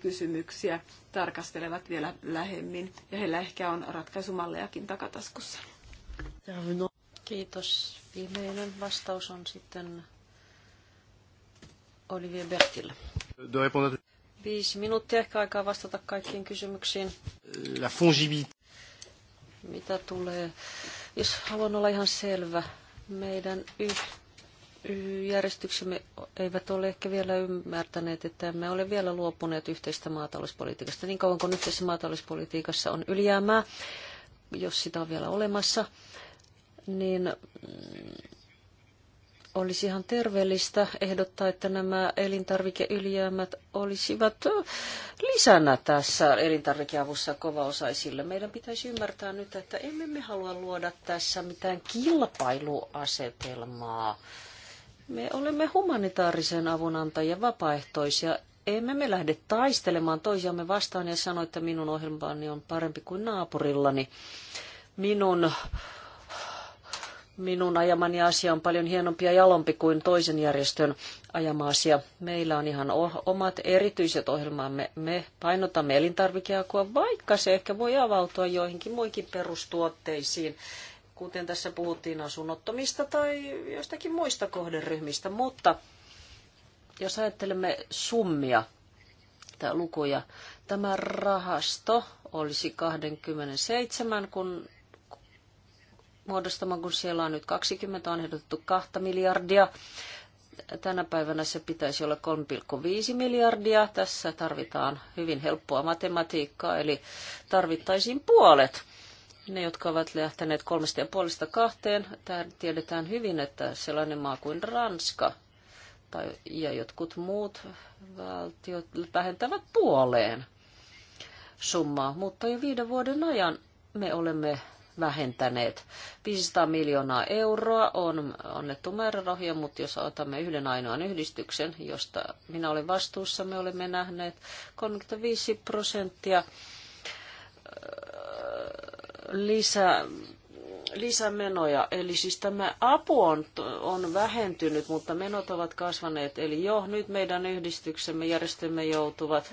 [SPEAKER 2] kysymyksiä tarkastelevat vielä lähemmin ja heillä ehkä
[SPEAKER 1] on ratkaisumallejakin takataskussa. Kiitos. Viimeinen vastaus on sitten Olivier Bertille. Viisi minuuttia ehkä aikaa vastata kaikkiin kysymyksiin. La Mitä tulee? Jos haluan olla ihan selvä, meidän y- järjestyksemme eivät ole ehkä vielä ymmärtäneet, että emme ole vielä luopuneet yhteistä maatalouspolitiikasta. Niin kauan kuin yhteisessä maatalouspolitiikassa on ylijäämää, jos sitä on vielä olemassa, niin mm, olisi ihan terveellistä ehdottaa, että nämä elintarvikeylijäämät olisivat lisänä tässä elintarvikeavussa kovaosaisille. Meidän pitäisi ymmärtää nyt, että emme me halua luoda tässä mitään kilpailuasetelmaa. Me olemme humanitaarisen avunantajia vapaaehtoisia. Emme me lähde taistelemaan toisiamme vastaan ja sano, että minun ohjelmani on parempi kuin naapurillani. Minun minun ajamani asia on paljon hienompi ja jalompi kuin toisen järjestön ajama asia. Meillä on ihan omat erityiset ohjelmamme. Me painotamme elintarvikeakua, vaikka se ehkä voi avautua joihinkin muihinkin perustuotteisiin, kuten tässä puhuttiin asunnottomista tai jostakin muista kohderyhmistä. Mutta jos ajattelemme summia tai lukuja, tämä rahasto olisi 27, kun muodostama, kun siellä on nyt 20, on ehdotettu 2 miljardia. Tänä päivänä se pitäisi olla 3,5 miljardia. Tässä tarvitaan hyvin helppoa matematiikkaa, eli tarvittaisiin puolet. Ne, jotka ovat lähteneet kolmesta ja puolesta kahteen, tiedetään hyvin, että sellainen maa kuin Ranska tai, ja jotkut muut valtiot vähentävät puoleen summaa, mutta jo viiden vuoden ajan me olemme vähentäneet. 500 miljoonaa euroa on annettu määrärahoja, mutta jos otamme yhden ainoan yhdistyksen, josta minä olen vastuussa, me olemme nähneet 35 prosenttia lisää lisämenoja. Eli siis tämä apu on, on vähentynyt, mutta menot ovat kasvaneet. Eli jo nyt meidän yhdistyksemme, järjestömme joutuvat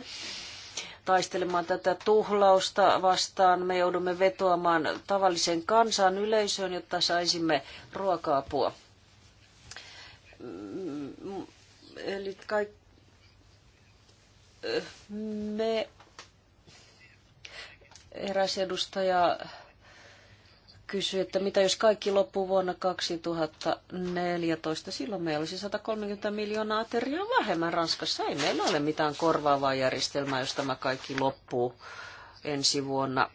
[SPEAKER 1] taistelemaan tätä tuhlausta vastaan. Me joudumme vetoamaan tavallisen kansan yleisöön, jotta saisimme ruoka-apua. Eli kaikki me eräs edustaja kysyi, että mitä jos kaikki loppuu vuonna 2014, silloin meillä olisi 130 miljoonaa ateriaa vähemmän Ranskassa. Ei meillä ole mitään korvaavaa järjestelmää, jos tämä kaikki loppuu ensi vuonna.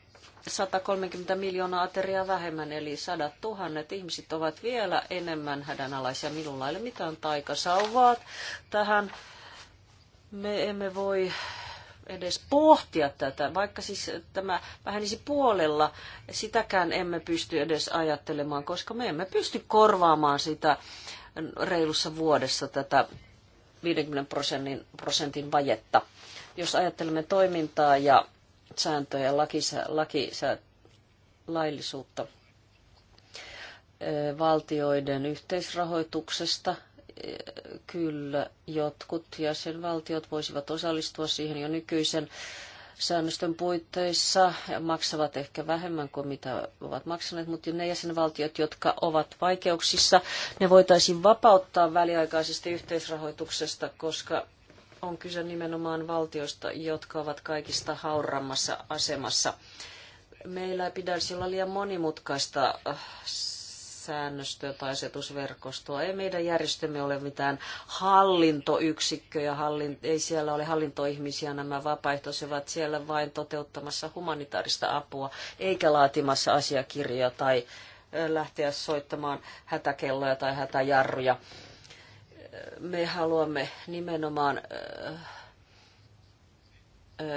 [SPEAKER 1] 130 miljoonaa ateriaa vähemmän, eli sadat tuhannet ihmiset ovat vielä enemmän hädänalaisia. Minulla ei ole mitään taikasauvaa tähän. Me emme voi edes pohtia tätä, vaikka siis tämä vähenisi puolella, sitäkään emme pysty edes ajattelemaan, koska me emme pysty korvaamaan sitä reilussa vuodessa tätä 50 prosentin, prosentin vajetta. Jos ajattelemme toimintaa ja sääntöjä ja lakisä, lakisä, laillisuutta valtioiden yhteisrahoituksesta – kyllä jotkut jäsenvaltiot voisivat osallistua siihen jo nykyisen säännösten puitteissa maksavat ehkä vähemmän kuin mitä ovat maksaneet, mutta ne jäsenvaltiot, jotka ovat vaikeuksissa, ne voitaisiin vapauttaa väliaikaisesti yhteisrahoituksesta, koska on kyse nimenomaan valtioista, jotka ovat kaikista haurammassa asemassa. Meillä ei pitäisi olla liian monimutkaista säännöstöä tai asetusverkostoa. Ei meidän järjestömme ole mitään hallintoyksikköjä, hallin, ei siellä ole hallintoihmisiä. Nämä vapaaehtoiset ovat siellä vain toteuttamassa humanitaarista apua eikä laatimassa asiakirjoja tai lähteä soittamaan hätäkelloja tai hätäjarruja. Me haluamme nimenomaan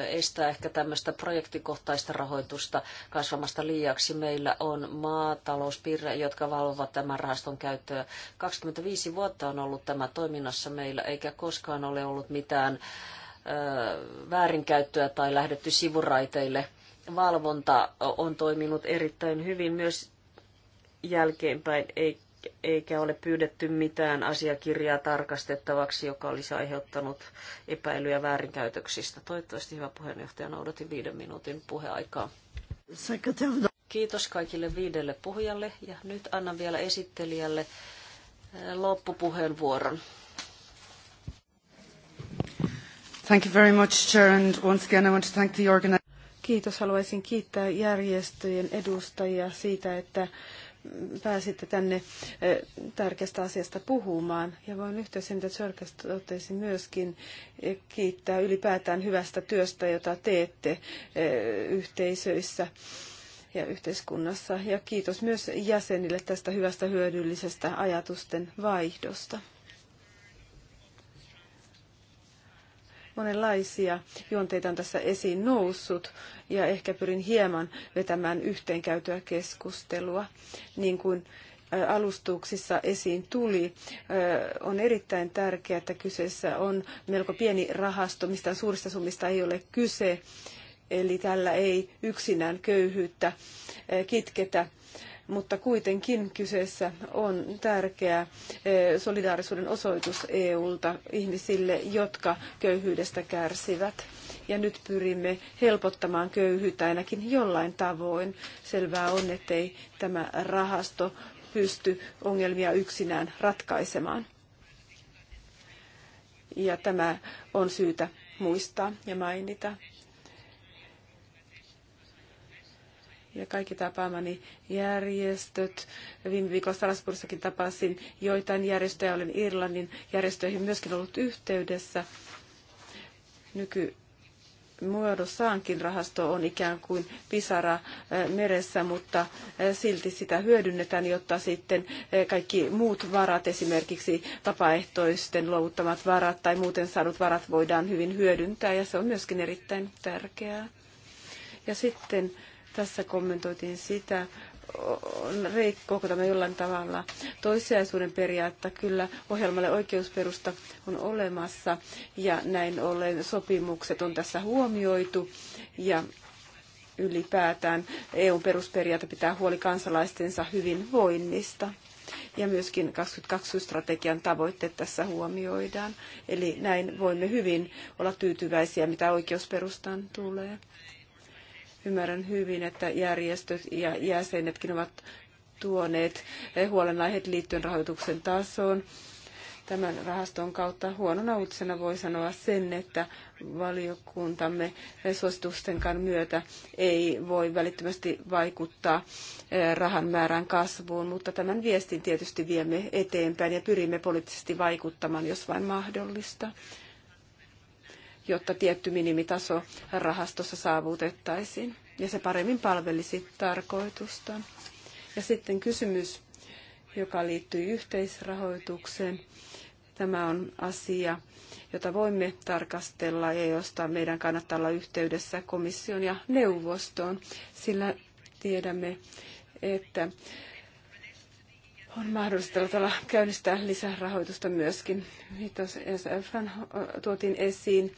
[SPEAKER 1] estää ehkä tämmöistä projektikohtaista rahoitusta kasvamasta liiaksi. Meillä on maatalouspiirre, jotka valvovat tämän rahaston käyttöä. 25 vuotta on ollut tämä toiminnassa meillä, eikä koskaan ole ollut mitään väärinkäyttöä tai lähdetty sivuraiteille. Valvonta on toiminut erittäin hyvin myös jälkeenpäin, ei eikä ole pyydetty mitään asiakirjaa tarkastettavaksi, joka olisi aiheuttanut epäilyjä väärinkäytöksistä. Toivottavasti hyvä puheenjohtaja noudatin viiden minuutin puheaikaa. Kiitos kaikille viidelle puhujalle ja nyt annan vielä esittelijälle eh, loppupuheenvuoron.
[SPEAKER 2] Thank you very much, Chair, and once again I want to thank the organization. Kiitos. Haluaisin kiittää järjestöjen edustajia siitä, että pääsitte tänne tärkeästä asiasta puhumaan. Ja voin yhtä sen, että Sörkäs totesi myöskin, e, kiittää ylipäätään hyvästä työstä, jota teette yhteisöissä ja yhteiskunnassa. Ja kiitos myös jäsenille tästä hyvästä hyödyllisestä ajatusten vaihdosta. Monenlaisia juonteita on tässä esiin noussut ja ehkä pyrin hieman vetämään yhteenkäytyä keskustelua. Niin kuin alustuksissa esiin tuli, on erittäin tärkeää, että kyseessä on melko pieni rahasto, mistä suurista summista ei ole kyse. Eli tällä ei yksinään köyhyyttä kitketä mutta kuitenkin kyseessä on tärkeä eh, solidaarisuuden osoitus EUlta ihmisille, jotka köyhyydestä kärsivät. Ja nyt pyrimme helpottamaan köyhyyttä ainakin jollain tavoin. Selvää on, ettei tämä rahasto pysty ongelmia yksinään ratkaisemaan. Ja tämä on syytä muistaa ja mainita. ja kaikki tapaamani järjestöt. Viime viikolla Strasbourgissakin tapasin joitain järjestöjä, olen Irlannin järjestöihin myöskin ollut yhteydessä. Nyky muodossaankin rahasto on ikään kuin pisara eh, meressä, mutta eh, silti sitä hyödynnetään, jotta sitten eh, kaikki muut varat, esimerkiksi vapaaehtoisten luovuttamat varat tai muuten saadut varat voidaan hyvin hyödyntää, ja se on myöskin erittäin tärkeää. Ja sitten tässä kommentoitiin sitä, rikkooko tämä jollain tavalla toissijaisuuden periaatta. Kyllä ohjelmalle oikeusperusta on olemassa ja näin ollen sopimukset on tässä huomioitu ja ylipäätään EUn perusperiaate pitää huoli kansalaistensa hyvinvoinnista. Ja myöskin 22-strategian tavoitteet tässä huomioidaan. Eli näin voimme hyvin olla tyytyväisiä, mitä oikeusperustaan tulee. Ymmärrän hyvin, että järjestöt ja jäsenetkin ovat tuoneet huolenaiheet liittyen rahoituksen tasoon. Tämän rahaston kautta huonona uutisena voi sanoa sen, että valiokuntamme suositustenkaan myötä ei voi välittömästi vaikuttaa eh, rahan määrän kasvuun, mutta tämän viestin tietysti viemme eteenpäin ja pyrimme poliittisesti vaikuttamaan, jos vain mahdollista jotta tietty minimitaso rahastossa saavutettaisiin ja se paremmin palvelisi tarkoitustaan. Ja sitten kysymys, joka liittyy yhteisrahoitukseen. Tämä on asia, jota voimme tarkastella ja josta meidän kannattaa olla yhteydessä komission ja neuvostoon, sillä tiedämme, että on mahdollista käynnistää lisärahoitusta myöskin. Niin, tuotiin esiin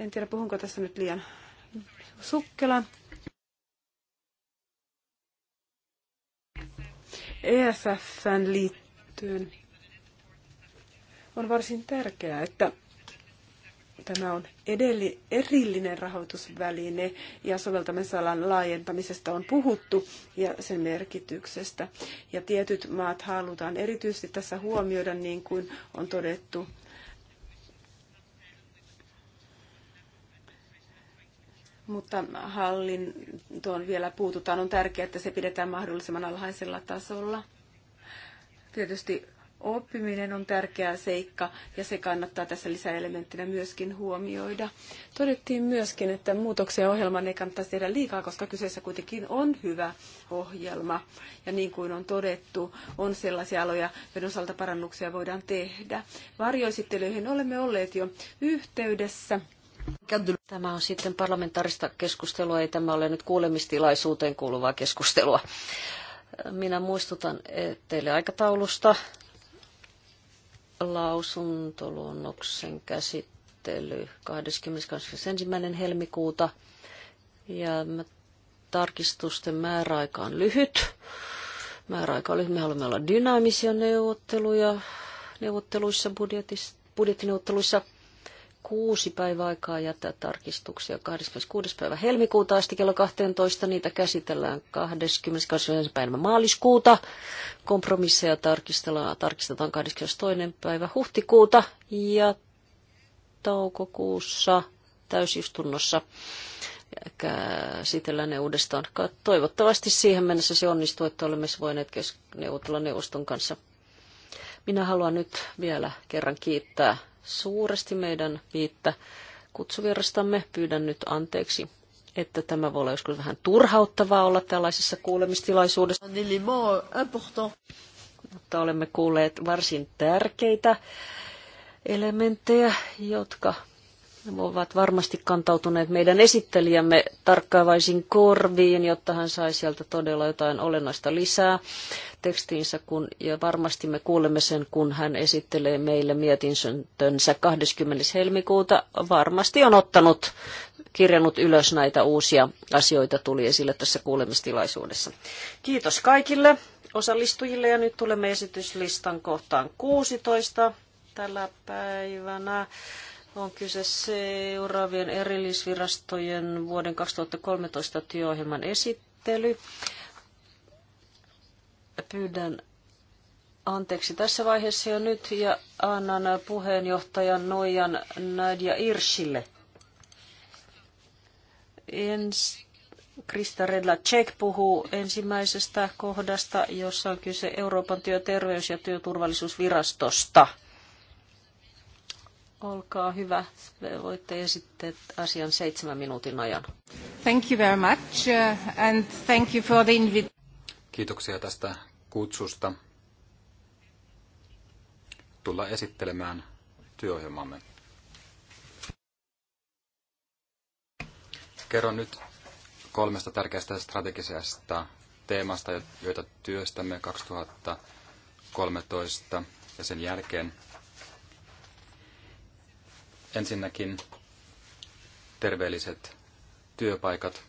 [SPEAKER 2] en tiedä, puhunko tässä nyt liian sukkela. EFFn liittyen on varsin tärkeää, että tämä on edelli, erillinen rahoitusväline ja soveltamisalan laajentamisesta on puhuttu ja sen merkityksestä. Ja tietyt maat halutaan erityisesti tässä huomioida, niin kuin on todettu mutta hallin tuon vielä puututaan. On tärkeää, että se pidetään mahdollisimman alhaisella tasolla. Tietysti oppiminen on tärkeä seikka ja se kannattaa tässä lisäelementtinä myöskin huomioida. Todettiin myöskin, että muutoksia ohjelman ei kannattaisi tehdä liikaa, koska kyseessä kuitenkin on hyvä ohjelma. Ja niin kuin on todettu, on sellaisia aloja, joiden osalta
[SPEAKER 1] parannuksia voidaan tehdä. Varjoesittelyihin olemme olleet jo yhteydessä. Tämä on sitten parlamentaarista keskustelua, ei tämä ole nyt kuulemistilaisuuteen kuuluvaa keskustelua. Minä muistutan teille aikataulusta lausuntoluonnoksen käsittely 21. helmikuuta ja tarkistusten määräaika on lyhyt. Määräaika on lyhyt. Me haluamme olla dynaamisia neuvotteluja neuvotteluissa budjetissa, budjettineuvotteluissa kuusi päivää aikaa jättää tarkistuksia 26. päivä helmikuuta asti kello 12. Niitä käsitellään 22. päivä maaliskuuta. Kompromisseja tarkistellaan, tarkistetaan 22. päivä huhtikuuta ja toukokuussa täysistunnossa käsitellään ne uudestaan. Toivottavasti siihen mennessä se onnistuu, että olemme voineet neuvotella neuvoston kanssa. Minä haluan nyt vielä kerran kiittää suuresti meidän viittä kutsuvirastamme. Pyydän nyt anteeksi, että tämä voi olla joskus vähän turhauttavaa olla tällaisessa kuulemistilaisuudessa. Mutta olemme kuulleet varsin tärkeitä elementtejä, jotka ovat varmasti kantautuneet meidän esittelijämme tarkkaavaisin korviin, jotta hän sai sieltä todella jotain olennaista lisää tekstiinsä, kun, ja varmasti me kuulemme sen, kun hän esittelee meille mietintönsä 20. helmikuuta. Varmasti on ottanut, kirjannut ylös näitä uusia asioita, tuli esille tässä kuulemistilaisuudessa. Kiitos kaikille osallistujille, ja nyt tulemme esityslistan kohtaan 16 tällä päivänä on kyse seuraavien erillisvirastojen vuoden 2013 työohjelman esittely. Pyydän anteeksi tässä vaiheessa jo nyt ja annan puheenjohtajan Noijan Nadia Irsille Ens, Krista Redla Czech puhuu ensimmäisestä kohdasta, jossa on kyse Euroopan työterveys- ja työturvallisuusvirastosta. Olkaa hyvä. Voitte esittää asian seitsemän minuutin ajan. Thank you very much uh, and thank you for the invitation.
[SPEAKER 3] Kiitoksia tästä kutsusta tulla esittelemään työohjelmamme. Kerron nyt kolmesta tärkeästä strategisesta teemasta, joita työstämme 2013 ja sen jälkeen – Ensinnäkin terveelliset työpaikat.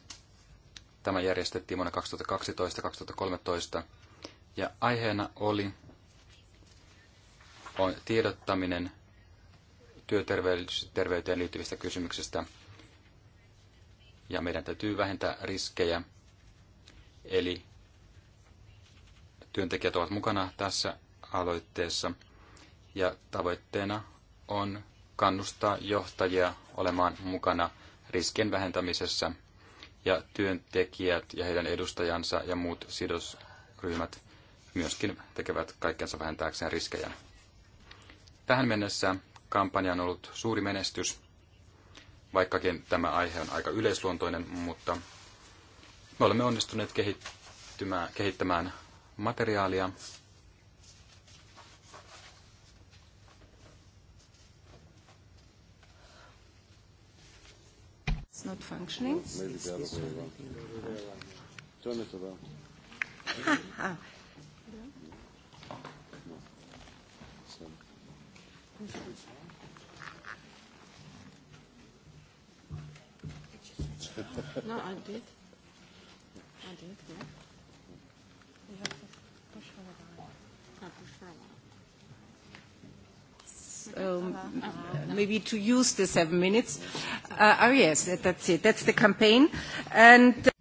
[SPEAKER 3] Tämä järjestettiin vuonna 2012-2013 ja aiheena oli tiedottaminen työterveyteen liittyvistä kysymyksistä ja meidän täytyy vähentää riskejä. Eli työntekijät ovat mukana tässä aloitteessa ja tavoitteena on kannustaa johtajia olemaan mukana riskien vähentämisessä ja työntekijät ja heidän edustajansa ja muut sidosryhmät myöskin tekevät kaikkensa vähentääkseen riskejä. Tähän mennessä kampanja on ollut suuri menestys, vaikkakin tämä aihe on aika yleisluontoinen, mutta me olemme onnistuneet kehittämään materiaalia,
[SPEAKER 2] It's not functioning. Turn it around. no, I did. I did, yeah. You have to push for a while. No, push for a while um, maybe to use the seven minutes. Uh, oh yes, that's it. That's the campaign. And... Uh,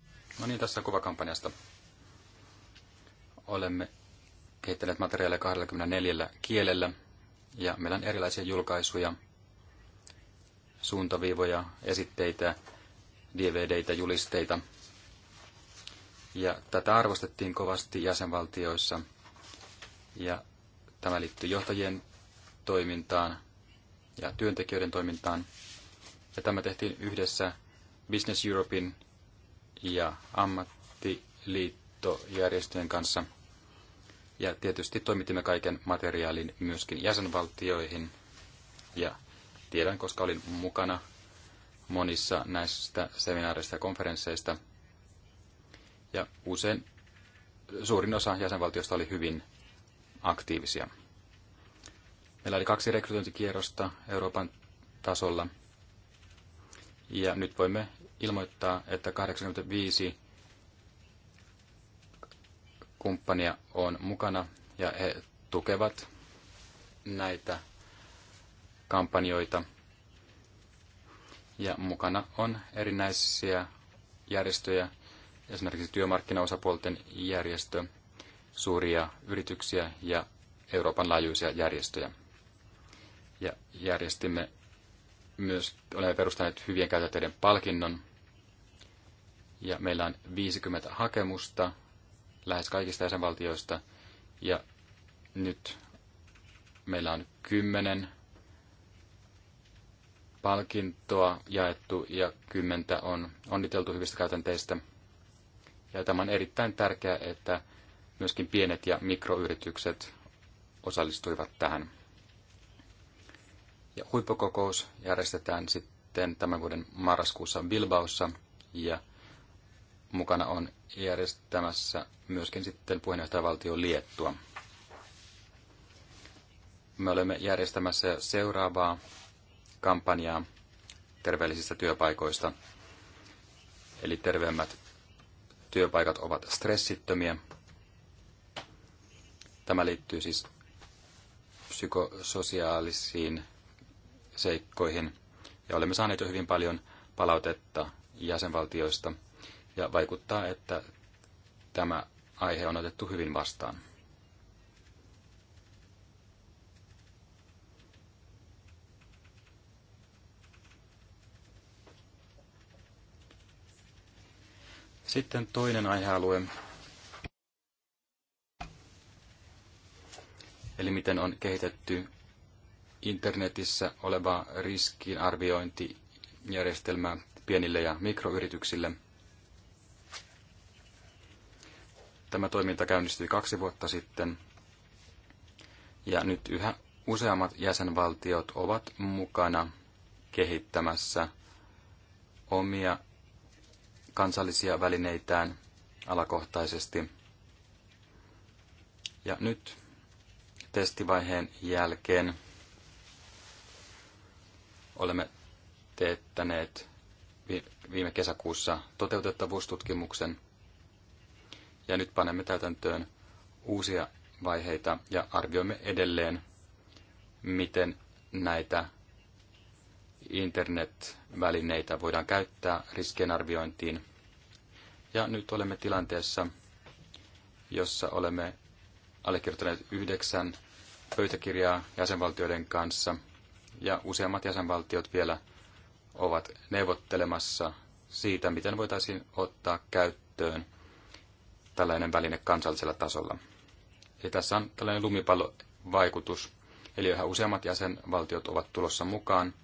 [SPEAKER 3] no niin, tässä kuvakampanjasta. Olemme kehittäneet materiaaleja 24 kielellä ja meillä on erilaisia julkaisuja, suuntaviivoja, esitteitä, DVDitä, julisteita. Ja tätä arvostettiin kovasti jäsenvaltioissa ja tämä liittyy johtajien toimintaan ja työntekijöiden toimintaan. Ja tämä tehtiin yhdessä Business Europein ja ammattiliittojärjestöjen kanssa. Ja tietysti toimitimme kaiken materiaalin myöskin jäsenvaltioihin. Ja tiedän, koska olin mukana monissa näistä seminaareista ja konferensseista. Ja usein suurin osa jäsenvaltioista oli hyvin aktiivisia. Meillä oli kaksi rekrytointikierrosta Euroopan tasolla. Ja nyt voimme ilmoittaa, että 85 kumppania on mukana ja he tukevat näitä kampanjoita. Ja mukana on erinäisiä järjestöjä, esimerkiksi työmarkkinaosapuolten järjestö, suuria yrityksiä ja Euroopan laajuisia järjestöjä ja järjestimme myös, olemme perustaneet hyvien käytäteiden palkinnon. Ja meillä on 50 hakemusta lähes kaikista jäsenvaltioista. Ja nyt meillä on 10 palkintoa jaettu ja kymmentä on onniteltu hyvistä käytänteistä. Ja tämä on erittäin tärkeää, että myöskin pienet ja mikroyritykset osallistuivat tähän. Ja huippukokous järjestetään sitten tämän vuoden marraskuussa Bilbaossa ja mukana on järjestämässä myöskin sitten puheenjohtajavaltio Liettua. Me olemme järjestämässä seuraavaa kampanjaa terveellisistä työpaikoista. Eli terveemmät työpaikat ovat stressittömiä. Tämä liittyy siis psykososiaalisiin seikkoihin. Ja olemme saaneet jo hyvin paljon palautetta jäsenvaltioista ja vaikuttaa, että tämä aihe on otettu hyvin vastaan. Sitten toinen aihealue. Eli miten on kehitetty internetissä oleva riskinarviointijärjestelmä pienille ja mikroyrityksille. Tämä toiminta käynnistyi kaksi vuotta sitten ja nyt yhä useammat jäsenvaltiot ovat mukana kehittämässä omia kansallisia välineitään alakohtaisesti. Ja nyt testivaiheen jälkeen Olemme teettäneet viime kesäkuussa toteutettavuustutkimuksen ja nyt panemme täytäntöön uusia vaiheita ja arvioimme edelleen, miten näitä internetvälineitä voidaan käyttää riskienarviointiin. Ja nyt olemme tilanteessa, jossa olemme allekirjoittaneet yhdeksän pöytäkirjaa jäsenvaltioiden kanssa – ja useammat jäsenvaltiot vielä ovat neuvottelemassa siitä, miten voitaisiin ottaa käyttöön tällainen väline kansallisella tasolla. Eli tässä on tällainen lumipallovaikutus, eli yhä useammat jäsenvaltiot ovat tulossa mukaan.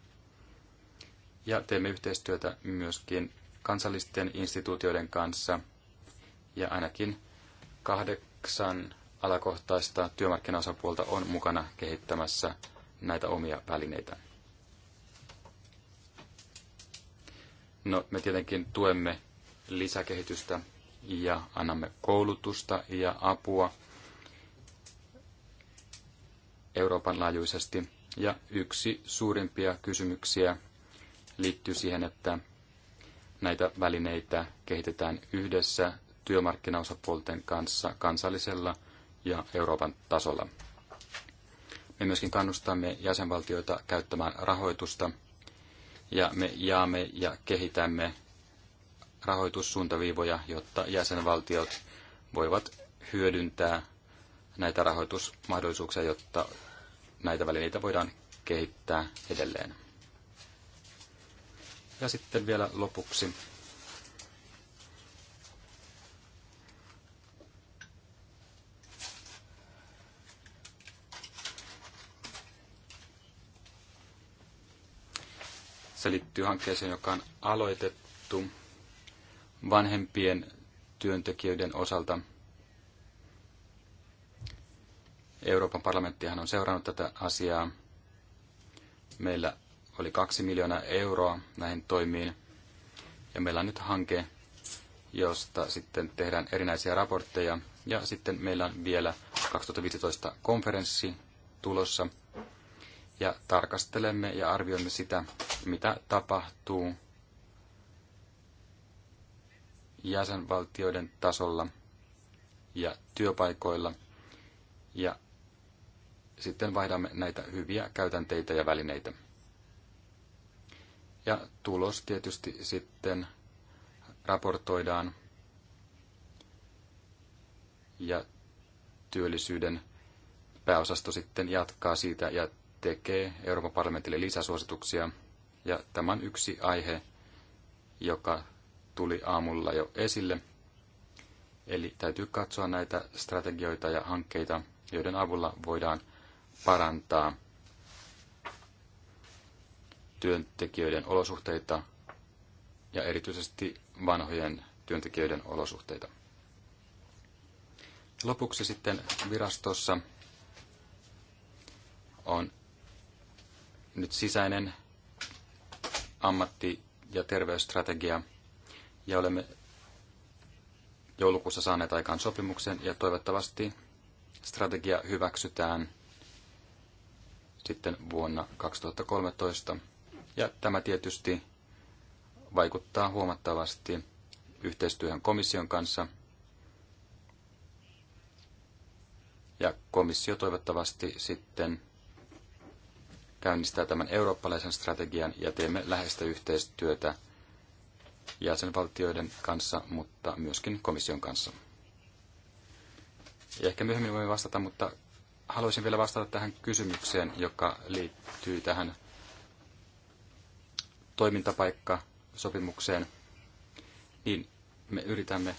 [SPEAKER 3] Ja teemme yhteistyötä myöskin kansallisten instituutioiden kanssa ja ainakin kahdeksan alakohtaista työmarkkinaosapuolta on mukana kehittämässä näitä omia välineitä. No, me tietenkin tuemme lisäkehitystä ja annamme koulutusta ja apua Euroopan laajuisesti. Ja yksi suurimpia kysymyksiä liittyy siihen, että näitä välineitä kehitetään yhdessä työmarkkinaosapuolten kanssa kansallisella ja Euroopan tasolla. Me myöskin kannustamme jäsenvaltioita käyttämään rahoitusta ja me jaamme ja kehitämme rahoitussuuntaviivoja, jotta jäsenvaltiot voivat hyödyntää näitä rahoitusmahdollisuuksia, jotta näitä välineitä voidaan kehittää edelleen. Ja sitten vielä lopuksi Se liittyy hankkeeseen, joka on aloitettu vanhempien työntekijöiden osalta. Euroopan parlamenttihan on seurannut tätä asiaa. Meillä oli kaksi miljoonaa euroa näihin toimiin. Ja meillä on nyt hanke, josta sitten tehdään erinäisiä raportteja. Ja sitten meillä on vielä 2015 konferenssi tulossa, ja tarkastelemme ja arvioimme sitä, mitä tapahtuu jäsenvaltioiden tasolla ja työpaikoilla ja sitten vaihdamme näitä hyviä käytänteitä ja välineitä. Ja tulos tietysti sitten raportoidaan ja työllisyyden pääosasto sitten jatkaa siitä ja tekee Euroopan parlamentille lisäsuosituksia. Ja tämä on yksi aihe, joka tuli aamulla jo esille. Eli täytyy katsoa näitä strategioita ja hankkeita, joiden avulla voidaan parantaa työntekijöiden olosuhteita ja erityisesti vanhojen työntekijöiden olosuhteita. Lopuksi sitten virastossa on nyt sisäinen ammatti- ja terveysstrategia, ja olemme joulukuussa saaneet aikaan sopimuksen, ja toivottavasti strategia hyväksytään sitten vuonna 2013. Ja tämä tietysti vaikuttaa huomattavasti yhteistyöhön komission kanssa. Ja komissio toivottavasti sitten käynnistää tämän eurooppalaisen strategian ja teemme läheistä yhteistyötä jäsenvaltioiden kanssa, mutta myöskin komission kanssa. Ja ehkä myöhemmin voimme vastata, mutta haluaisin vielä vastata tähän kysymykseen, joka liittyy tähän toimintapaikkasopimukseen. Niin me yritämme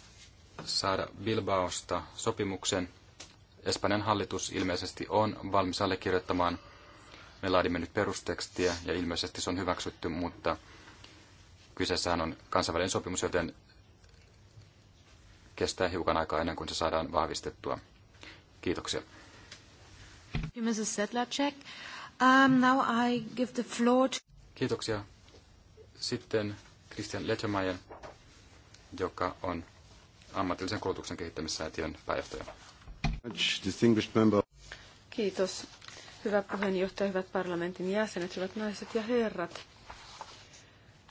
[SPEAKER 3] saada Bilbaosta sopimuksen. Espanjan hallitus ilmeisesti on valmis allekirjoittamaan – me laadimme nyt perustekstiä ja ilmeisesti se on hyväksytty, mutta kyseessähän on kansainvälinen sopimus, joten kestää hiukan aikaa ennen kuin se saadaan vahvistettua. Kiitoksia. Um, Kiitoksia. Sitten Christian Lettermeier, joka on ammatillisen koulutuksen kehittämissäätiön pääjohtaja.
[SPEAKER 2] Kiitos Hyvä puheenjohtaja, hyvät parlamentin jäsenet, hyvät naiset ja herrat.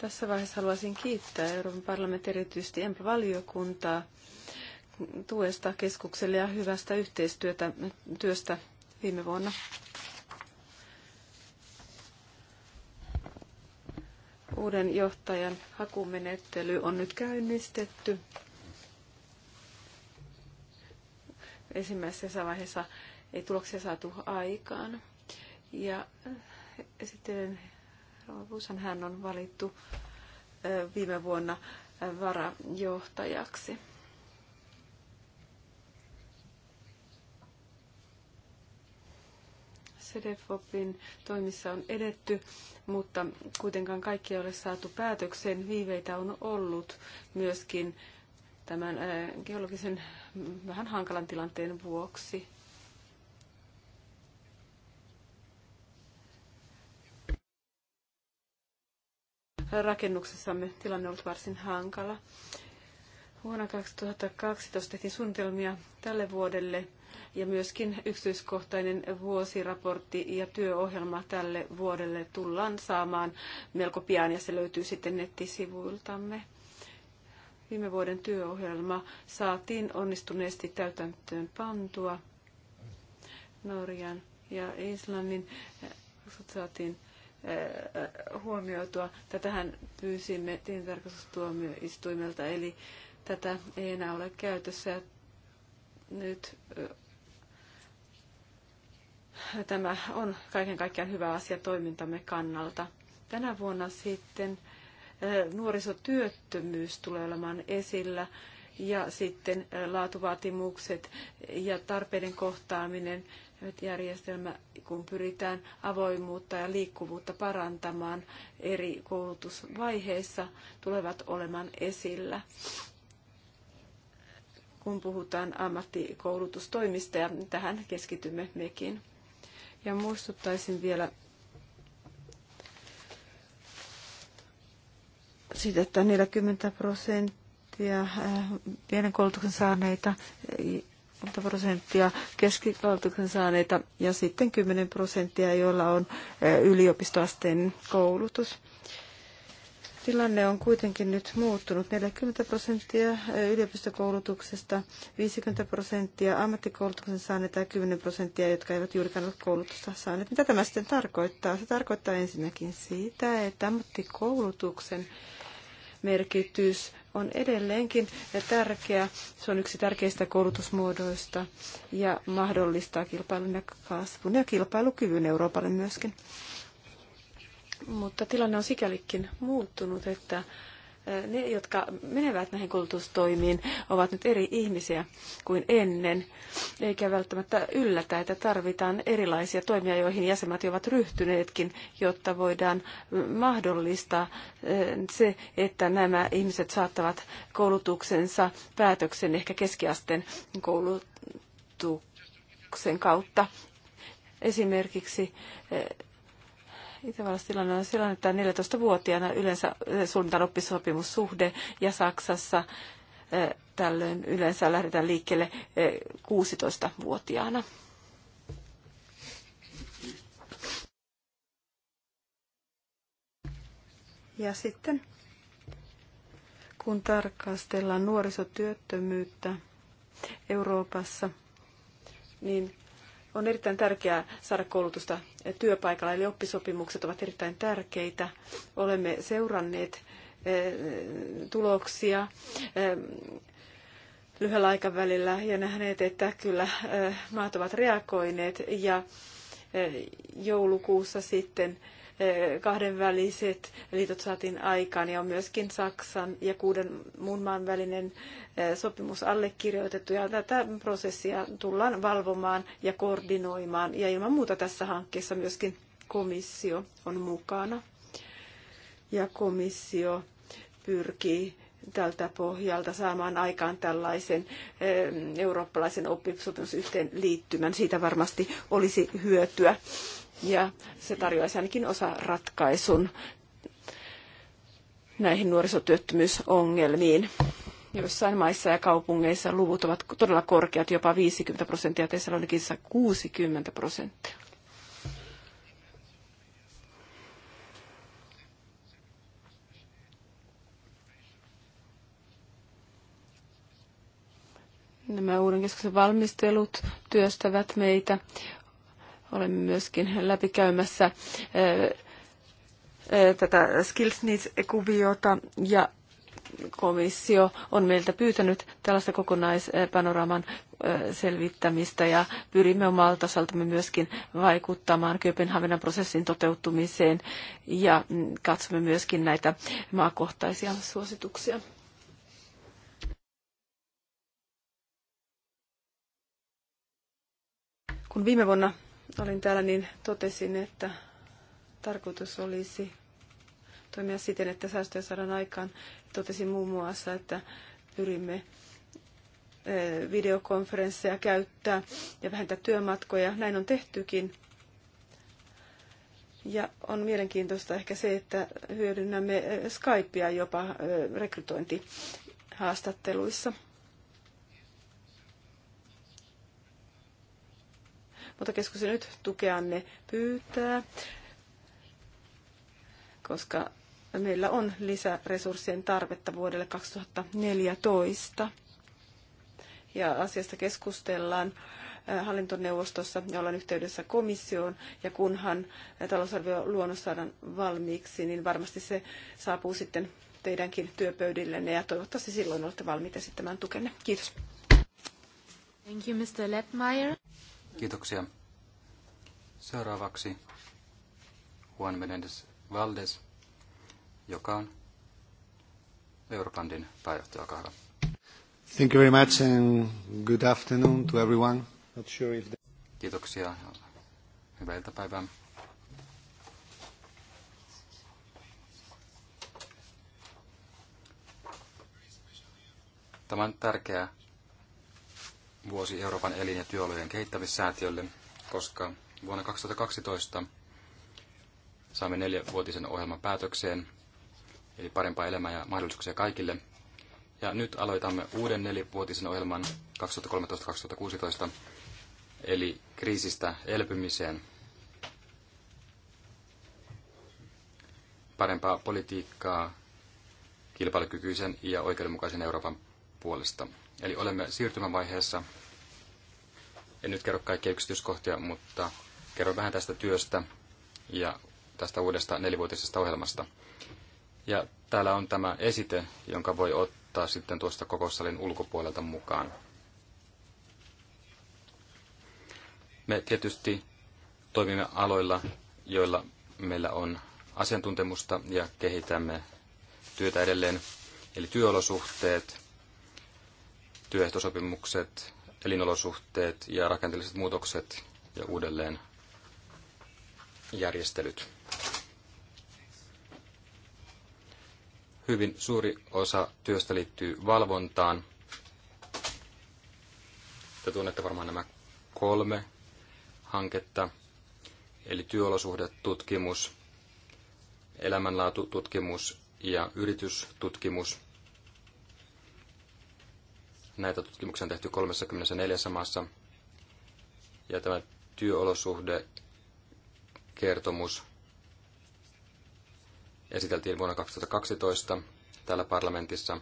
[SPEAKER 2] Tässä vaiheessa haluaisin kiittää Euroopan parlamentin erityisesti EMP-valiokuntaa tuesta keskukselle ja hyvästä yhteistyötä työstä viime vuonna. Uuden johtajan hakumenettely on nyt käynnistetty. Ensimmäisessä vaiheessa ei tuloksia saatu aikaan. Ja eh, sitten Bushan hän on valittu eh, viime vuonna eh, varajohtajaksi. CDFOPin toimissa on edetty, mutta kuitenkaan kaikki ei ole saatu päätökseen. Viiveitä on ollut myöskin tämän geologisen vähän hankalan tilanteen vuoksi. rakennuksessamme tilanne on ollut varsin hankala. Vuonna 2012 tehtiin suunnitelmia tälle vuodelle ja myöskin yksityiskohtainen vuosiraportti ja työohjelma tälle vuodelle tullaan saamaan melko pian ja se löytyy sitten nettisivuiltamme. Viime vuoden työohjelma saatiin onnistuneesti täytäntöön pantua Norjan ja Islannin saatiin Eh, huomioitua. Tätähän pyysimme tilintarkastustuomioistuimelta, eli tätä ei enää ole käytössä. Nyt eh, tämä on kaiken kaikkiaan hyvä asia toimintamme kannalta. Tänä vuonna sitten eh, nuorisotyöttömyys tulee olemaan esillä ja sitten laatuvaatimukset ja tarpeiden kohtaaminen järjestelmä, kun pyritään avoimuutta ja liikkuvuutta parantamaan eri koulutusvaiheissa, tulevat olemaan esillä kun puhutaan ammattikoulutustoimista ja tähän keskitymme mekin. Ja muistuttaisin vielä siitä, että 40 prosenttia äh, pienen koulutuksen saaneita prosenttia keskikoulutuksen saaneita ja sitten 10 prosenttia, joilla on eh, yliopistoasteen koulutus. Tilanne on kuitenkin nyt muuttunut. 40 prosenttia eh, yliopistokoulutuksesta, 50 prosenttia ammattikoulutuksen saaneita ja 10 prosenttia, jotka eivät juurikaan ole koulutusta saaneet. Mitä tämä sitten tarkoittaa? Se tarkoittaa ensinnäkin sitä, että ammattikoulutuksen merkitys on edelleenkin tärkeä. Se on yksi tärkeistä koulutusmuodoista ja mahdollistaa kilpailun ja kasvun ja kilpailukyvyn Euroopalle myöskin. Mutta tilanne on sikälikin muuttunut, että ne, jotka menevät näihin koulutustoimiin, ovat nyt eri ihmisiä kuin ennen, eikä välttämättä yllätä, että tarvitaan erilaisia toimia, joihin jäsenmaat ovat ryhtyneetkin, jotta voidaan mahdollistaa se, että nämä ihmiset saattavat koulutuksensa päätöksen ehkä keskiasteen koulutuksen kautta esimerkiksi Itävallassa tilanne on sellainen, että 14-vuotiaana yleensä suunnitaan oppisopimussuhde ja Saksassa tällöin yleensä lähdetään liikkeelle 16-vuotiaana. Ja sitten kun tarkastellaan nuorisotyöttömyyttä Euroopassa, niin on erittäin tärkeää saada koulutusta työpaikalla, eli oppisopimukset ovat erittäin tärkeitä. Olemme seuranneet eh, tuloksia eh, lyhyellä aikavälillä ja nähneet, että kyllä eh, maat ovat reagoineet ja joulukuussa sitten Eh, kahdenväliset liitot saatiin aikaan ja on myöskin Saksan ja kuuden muun maan välinen eh, sopimus allekirjoitettu ja tätä prosessia tullaan valvomaan ja koordinoimaan ja ilman muuta tässä hankkeessa myöskin komissio on mukana ja komissio pyrkii tältä pohjalta saamaan aikaan tällaisen eh, eurooppalaisen oppisopimusyhteen liittymän. Siitä varmasti olisi hyötyä ja se tarjoaisi ainakin osa ratkaisun näihin nuorisotyöttömyysongelmiin. Joissain maissa ja kaupungeissa luvut ovat todella korkeat, jopa 50 prosenttia, Tessalonikissa 60 prosenttia. Nämä uuden keskuksen valmistelut työstävät meitä. Olemme myöskin läpikäymässä tätä Skills Needs-kuviota ja komissio on meiltä pyytänyt tällaista kokonaispanoraman selvittämistä ja pyrimme omalta osaltamme myöskin vaikuttamaan Kööpenhaminan prosessin toteutumiseen ja mm, katsomme myöskin näitä maakohtaisia suosituksia. Kun viime vuonna olin täällä, niin totesin, että tarkoitus olisi toimia siten, että säästöjä saadaan aikaan. Totesin muun muassa, että pyrimme eh, videokonferensseja käyttää ja vähentää työmatkoja. Näin on tehtykin. Ja on mielenkiintoista ehkä se, että hyödynnämme eh, Skypea jopa eh, rekrytointihaastatteluissa. mutta keskus nyt tukeanne pyytää, koska meillä on lisäresurssien tarvetta vuodelle 2014. Ja asiasta keskustellaan äh, hallintoneuvostossa ja ollaan yhteydessä komissioon. Ja kunhan äh, luonnos saadaan valmiiksi, niin varmasti se saapuu sitten teidänkin työpöydillenne ja toivottavasti silloin olette valmiita esittämään tukenne. Kiitos. Thank you, Mr.
[SPEAKER 3] Kiitoksia. Seuraavaksi Juan Menendez Valdes, joka on Eurobandin pääjohtajakahva.
[SPEAKER 1] Thank you very much and good afternoon to everyone.
[SPEAKER 3] Not sure if the... Kiitoksia hyvää iltapäivää. Tämä on tärkeä vuosi Euroopan elin- ja työolojen kehittämissäätiölle, koska vuonna 2012 saamme neljävuotisen ohjelman päätökseen, eli parempaa elämää ja mahdollisuuksia kaikille. Ja nyt aloitamme uuden nelivuotisen ohjelman 2013-2016, eli kriisistä elpymiseen. Parempaa politiikkaa kilpailukykyisen ja oikeudenmukaisen Euroopan puolesta. Eli olemme siirtymävaiheessa. En nyt kerro kaikkia yksityiskohtia, mutta kerron vähän tästä työstä ja tästä uudesta nelivuotisesta ohjelmasta. Ja täällä on tämä esite, jonka voi ottaa sitten tuosta kokoussalin ulkopuolelta mukaan. Me tietysti toimimme aloilla, joilla meillä on asiantuntemusta ja kehitämme työtä edelleen, eli työolosuhteet, työehtosopimukset, elinolosuhteet ja rakenteelliset muutokset ja uudelleen järjestelyt. Hyvin suuri osa työstä liittyy valvontaan. Te tunnette varmaan nämä kolme hanketta, eli työolosuhdetutkimus, elämänlaatututkimus ja yritystutkimus. Näitä tutkimuksia on tehty 34 maassa. Ja tämä työolosuhdekertomus kertomus esiteltiin vuonna 2012 täällä parlamentissa.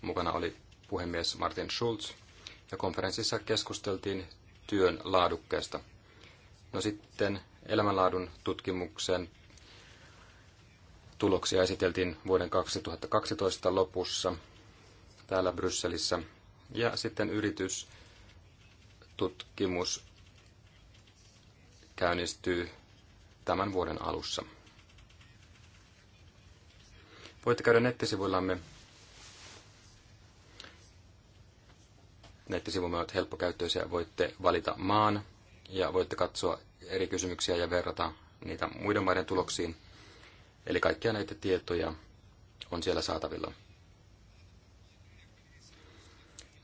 [SPEAKER 3] Mukana oli puhemies Martin Schulz ja konferenssissa keskusteltiin työn laadukkeesta. No sitten elämänlaadun tutkimuksen Tuloksia esiteltiin vuoden 2012 lopussa täällä Brysselissä. Ja sitten yritystutkimus käynnistyy tämän vuoden alussa. Voitte käydä nettisivuillamme. Nettisivumme ovat helppokäyttöisiä. Voitte valita maan ja voitte katsoa eri kysymyksiä ja verrata niitä muiden maiden tuloksiin – Eli kaikkia näitä tietoja on siellä saatavilla.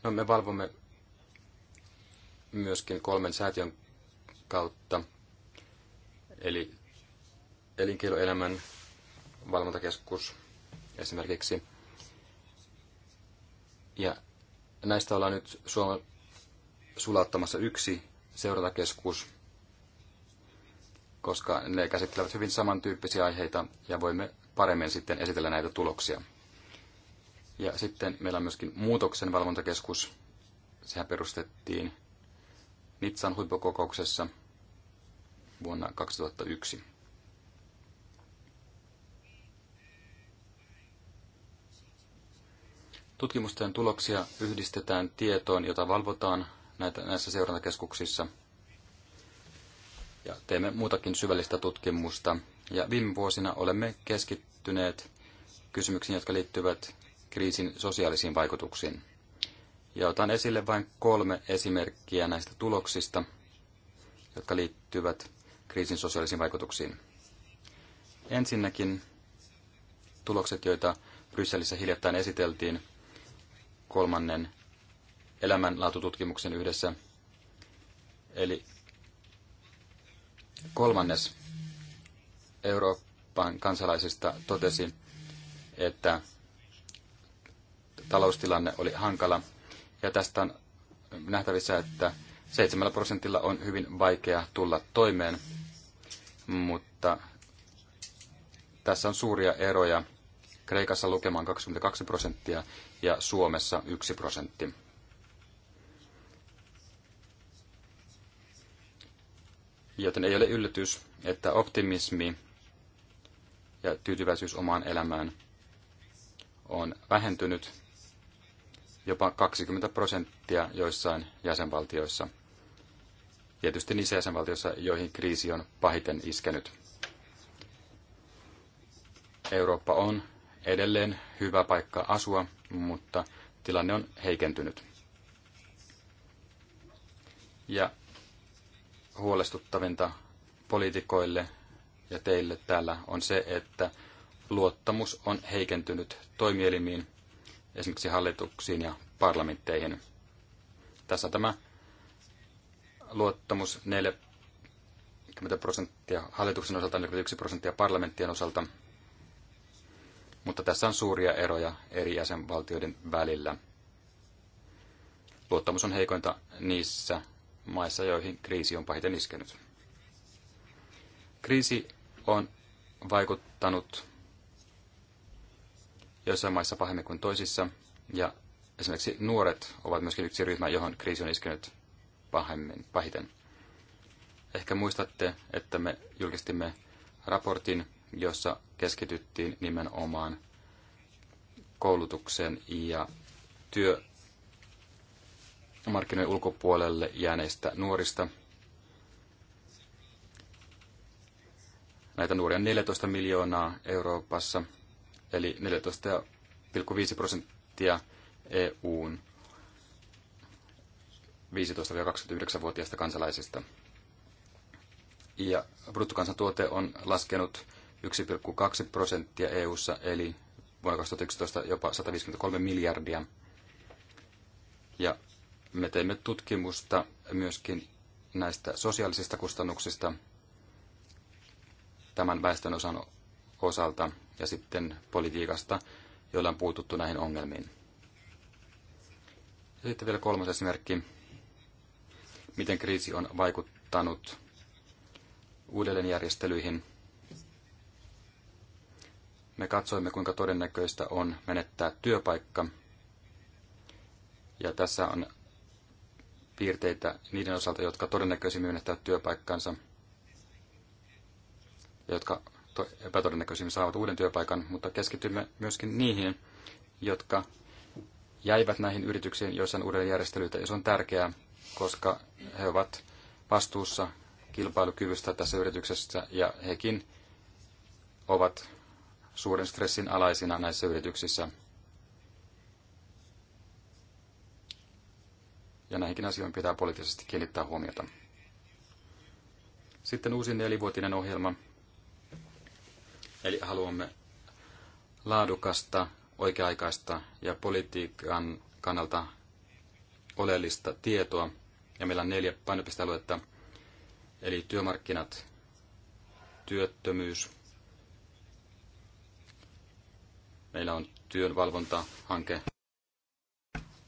[SPEAKER 3] No, me valvomme myöskin kolmen säätiön kautta, eli elinkeinoelämän valvontakeskus esimerkiksi. Ja näistä ollaan nyt Suoma- sulattamassa yksi seurantakeskus, koska ne käsittelevät hyvin samantyyppisiä aiheita ja voimme paremmin sitten esitellä näitä tuloksia. Ja sitten meillä on myöskin muutoksen valvontakeskus. Sehän perustettiin Nitsan huippukokouksessa vuonna 2001. Tutkimusten tuloksia yhdistetään tietoon, jota valvotaan näitä, näissä seurantakeskuksissa – ja teemme muutakin syvällistä tutkimusta. Ja viime vuosina olemme keskittyneet kysymyksiin, jotka liittyvät kriisin sosiaalisiin vaikutuksiin. Ja otan esille vain kolme esimerkkiä näistä tuloksista, jotka liittyvät kriisin sosiaalisiin vaikutuksiin. Ensinnäkin tulokset, joita Brysselissä hiljattain esiteltiin kolmannen elämänlaatututkimuksen yhdessä. Eli Kolmannes Euroopan kansalaisista totesi, että taloustilanne oli hankala. Ja tästä on nähtävissä, että 7 prosentilla on hyvin vaikea tulla toimeen, mutta tässä on suuria eroja. Kreikassa lukemaan 22 prosenttia ja Suomessa 1 prosentti. Joten ei ole yllätys, että optimismi ja tyytyväisyys omaan elämään on vähentynyt jopa 20 prosenttia joissain jäsenvaltioissa. Tietysti niissä jäsenvaltioissa, joihin kriisi on pahiten iskenyt. Eurooppa on edelleen hyvä paikka asua, mutta tilanne on heikentynyt. Ja huolestuttavinta poliitikoille ja teille täällä on se, että luottamus on heikentynyt toimielimiin, esimerkiksi hallituksiin ja parlamentteihin. Tässä tämä luottamus 40 prosenttia hallituksen osalta, 41 prosenttia parlamenttien osalta, mutta tässä on suuria eroja eri jäsenvaltioiden välillä. Luottamus on heikointa niissä maissa, joihin kriisi on pahiten iskenyt. Kriisi on vaikuttanut joissain maissa pahemmin kuin toisissa, ja esimerkiksi nuoret ovat myöskin yksi ryhmä, johon kriisi on iskenyt pahemmin, pahiten. Ehkä muistatte, että me julkistimme raportin, jossa keskityttiin nimenomaan koulutukseen ja työ markkinoiden ulkopuolelle jääneistä nuorista. Näitä nuoria on 14 miljoonaa Euroopassa, eli 14,5 prosenttia EUn 15-29-vuotiaista kansalaisista. Ja bruttokansantuote on laskenut 1,2 prosenttia EU:ssa, eli vuonna 2011 jopa 153 miljardia. Ja me teimme tutkimusta myöskin näistä sosiaalisista kustannuksista tämän väestön osan osalta ja sitten politiikasta, joilla on puututtu näihin ongelmiin. Ja sitten vielä kolmas esimerkki, miten kriisi on vaikuttanut uudelleenjärjestelyihin. Me katsoimme, kuinka todennäköistä on menettää työpaikka. Ja tässä on piirteitä niiden osalta, jotka todennäköisimmin menettävät työpaikkansa, jotka epätodennäköisimmin saavat uuden työpaikan, mutta keskitymme myöskin niihin, jotka jäivät näihin yrityksiin, joissa on uudelleenjärjestelyitä, ja se on tärkeää, koska he ovat vastuussa kilpailukyvystä tässä yrityksessä, ja hekin ovat suuren stressin alaisina näissä yrityksissä. ja näihinkin asioihin pitää poliittisesti kiinnittää huomiota. Sitten uusi nelivuotinen ohjelma, eli haluamme laadukasta, oikea-aikaista ja politiikan kannalta oleellista tietoa. Ja meillä on neljä painopistealuetta, eli työmarkkinat, työttömyys, meillä on työnvalvontahanke,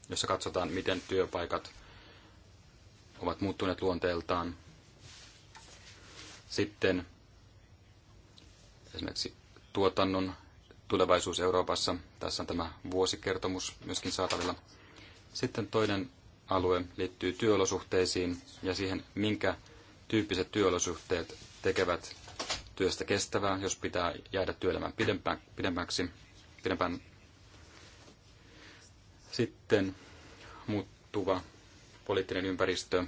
[SPEAKER 3] jossa katsotaan, miten työpaikat ovat muuttuneet luonteeltaan. Sitten esimerkiksi tuotannon tulevaisuus Euroopassa. Tässä on tämä vuosikertomus myöskin saatavilla. Sitten toinen alue liittyy työolosuhteisiin ja siihen, minkä tyyppiset työolosuhteet tekevät työstä kestävää, jos pitää jäädä työelämään pidempään, pidemmäksi, pidempään sitten muuttuva poliittinen ympäristö.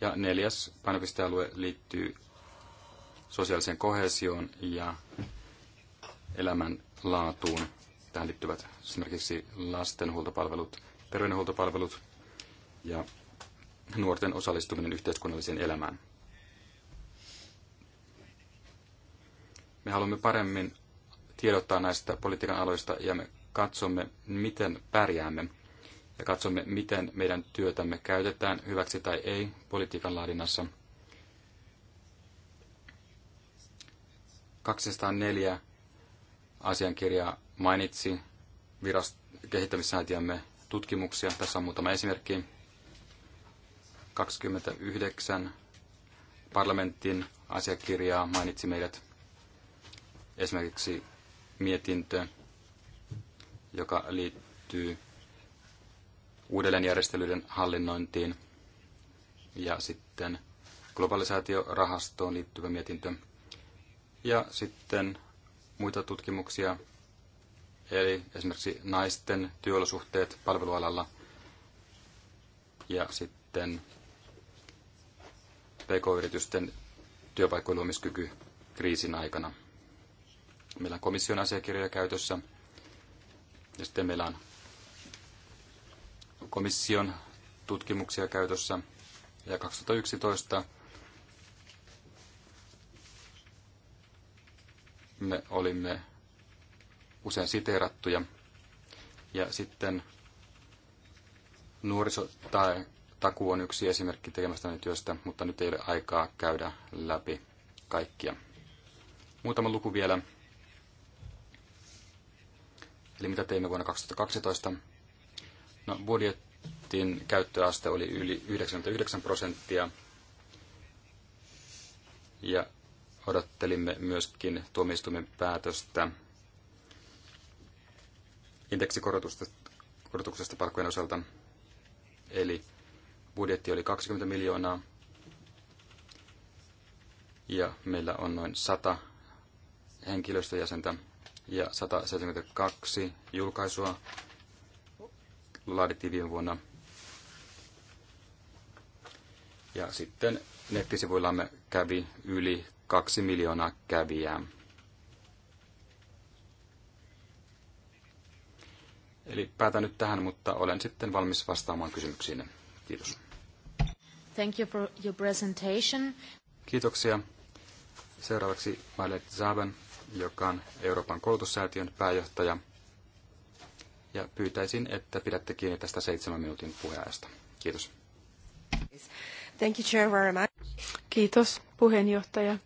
[SPEAKER 3] Ja neljäs painopistealue liittyy sosiaaliseen kohesioon ja elämänlaatuun. Tähän liittyvät esimerkiksi lastenhuoltopalvelut, terveydenhuoltopalvelut ja nuorten osallistuminen yhteiskunnalliseen elämään. Me haluamme paremmin tiedottaa näistä politiikan aloista ja me katsomme, miten pärjäämme ja katsomme, miten meidän työtämme käytetään hyväksi tai ei politiikan laadinnassa. 204 asiankirjaa mainitsi virast- kehittämissäätiömme tutkimuksia. Tässä on muutama esimerkki. 29 parlamentin asiakirjaa mainitsi meidät esimerkiksi mietintö, joka liittyy uudelleenjärjestelyiden hallinnointiin ja sitten globalisaatiorahastoon liittyvä mietintö ja sitten muita tutkimuksia, eli esimerkiksi naisten työolosuhteet palvelualalla ja sitten pk-yritysten työpaikkojen luomiskyky kriisin aikana. Meillä on komission asiakirjoja käytössä. Ja sitten meillä on komission tutkimuksia käytössä. Ja 2011 me olimme usein siteerattuja. Ja sitten nuorisotaku on yksi esimerkki tekemästä työstä, mutta nyt ei ole aikaa käydä läpi kaikkia. Muutama luku vielä Eli mitä teimme vuonna 2012? No, budjetin käyttöaste oli yli 99 prosenttia. Ja odottelimme myöskin tuomioistuimen päätöstä indeksikorotuksesta palkkojen osalta. Eli budjetti oli 20 miljoonaa ja meillä on noin 100 henkilöstöjäsentä ja 172 julkaisua laadittiin viime vuonna. Ja sitten nettisivuillamme kävi yli kaksi miljoonaa kävijää. Eli päätän nyt tähän, mutta olen sitten valmis vastaamaan kysymyksiin. Kiitos.
[SPEAKER 1] Thank you for your presentation.
[SPEAKER 3] Kiitoksia. Seuraavaksi Violet Zaben joka on Euroopan koulutussäätiön pääjohtaja. Ja pyytäisin, että pidätte kiinni tästä seitsemän minuutin puheajasta. Kiitos.
[SPEAKER 2] Thank you, Chair, very much. Kiitos puheenjohtaja.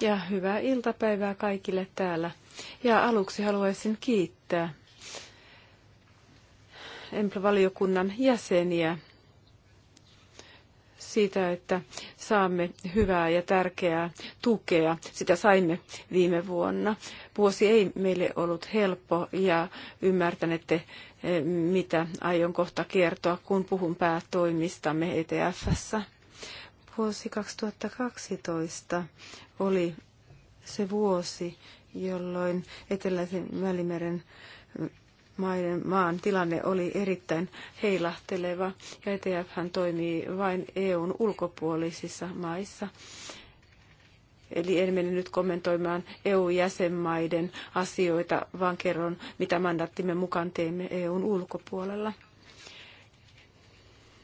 [SPEAKER 2] Ja hyvää iltapäivää kaikille täällä. Ja aluksi haluaisin kiittää Empl-valiokunnan jäseniä siitä, että saamme hyvää ja tärkeää tukea. Sitä saimme viime vuonna. Vuosi ei meille ollut helppo ja ymmärtänette, eh, mitä aion kohta kertoa, kun puhun päätoimistamme ETFssä. Vuosi 2012 oli se vuosi, jolloin Eteläisen Välimeren maiden, maan tilanne oli erittäin heilahteleva ja ETF toimii vain EUn ulkopuolisissa maissa. Eli en mene nyt kommentoimaan EU-jäsenmaiden asioita, vaan kerron, mitä mandaattimme mukaan teemme EUn ulkopuolella.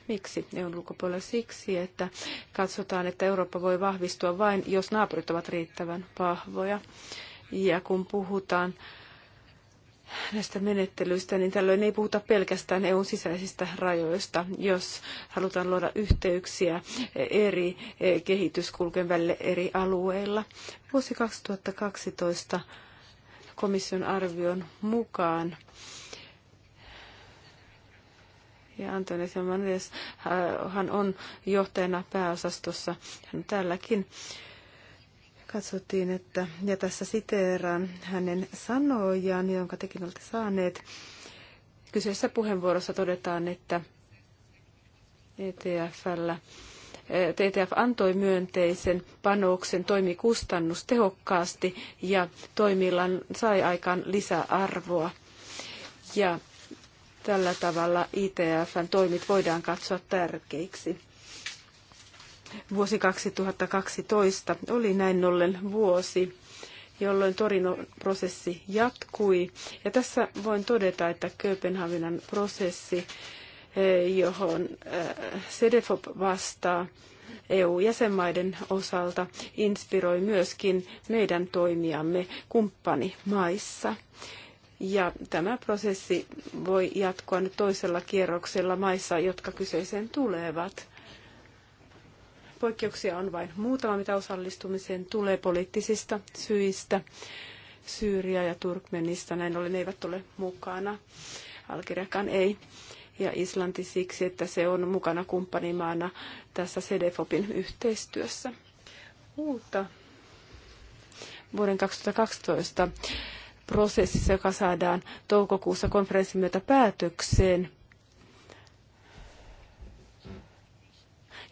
[SPEAKER 2] Miksi EUn ulkopuolella? Siksi, että katsotaan, että Eurooppa voi vahvistua vain, jos naapurit ovat riittävän vahvoja. Ja kun puhutaan näistä menettelyistä, niin tällöin ei puhuta pelkästään EUn sisäisistä rajoista, jos halutaan luoda yhteyksiä eri e, kehityskulkujen välille eri alueilla. Vuosi 2012 komission arvion mukaan ja Antonis Manuels, hän on johtajana pääosastossa, hän on täälläkin katsottiin, että, ja tässä siteeraan hänen sanojaan, jonka tekin olette saaneet. Kyseessä puheenvuorossa todetaan, että ETFllä TTF e antoi myönteisen panoksen, toimi kustannustehokkaasti ja toimillaan sai aikaan lisäarvoa. Ja tällä tavalla ITFn toimit voidaan katsoa tärkeiksi. Vuosi 2012 oli näin ollen vuosi, jolloin Torino-prosessi jatkui. Ja tässä voin todeta, että Kööpenhaminan prosessi, eh, johon eh, SEDEFOP vastaa, EU-jäsenmaiden osalta inspiroi myöskin meidän toimijamme kumppanimaissa. Ja tämä prosessi voi jatkua nyt toisella kierroksella maissa, jotka kyseiseen tulevat. Poikkeuksia on vain muutama, mitä osallistumiseen tulee poliittisista syistä. Syyria ja Turkmenista, näin ollen eivät ole mukana. Algeriakaan ei. Ja Islanti siksi, että se on mukana kumppanimaana tässä CDFOPin yhteistyössä. Uutta vuoden 2012 prosessissa, joka saadaan toukokuussa konferenssin myötä päätökseen –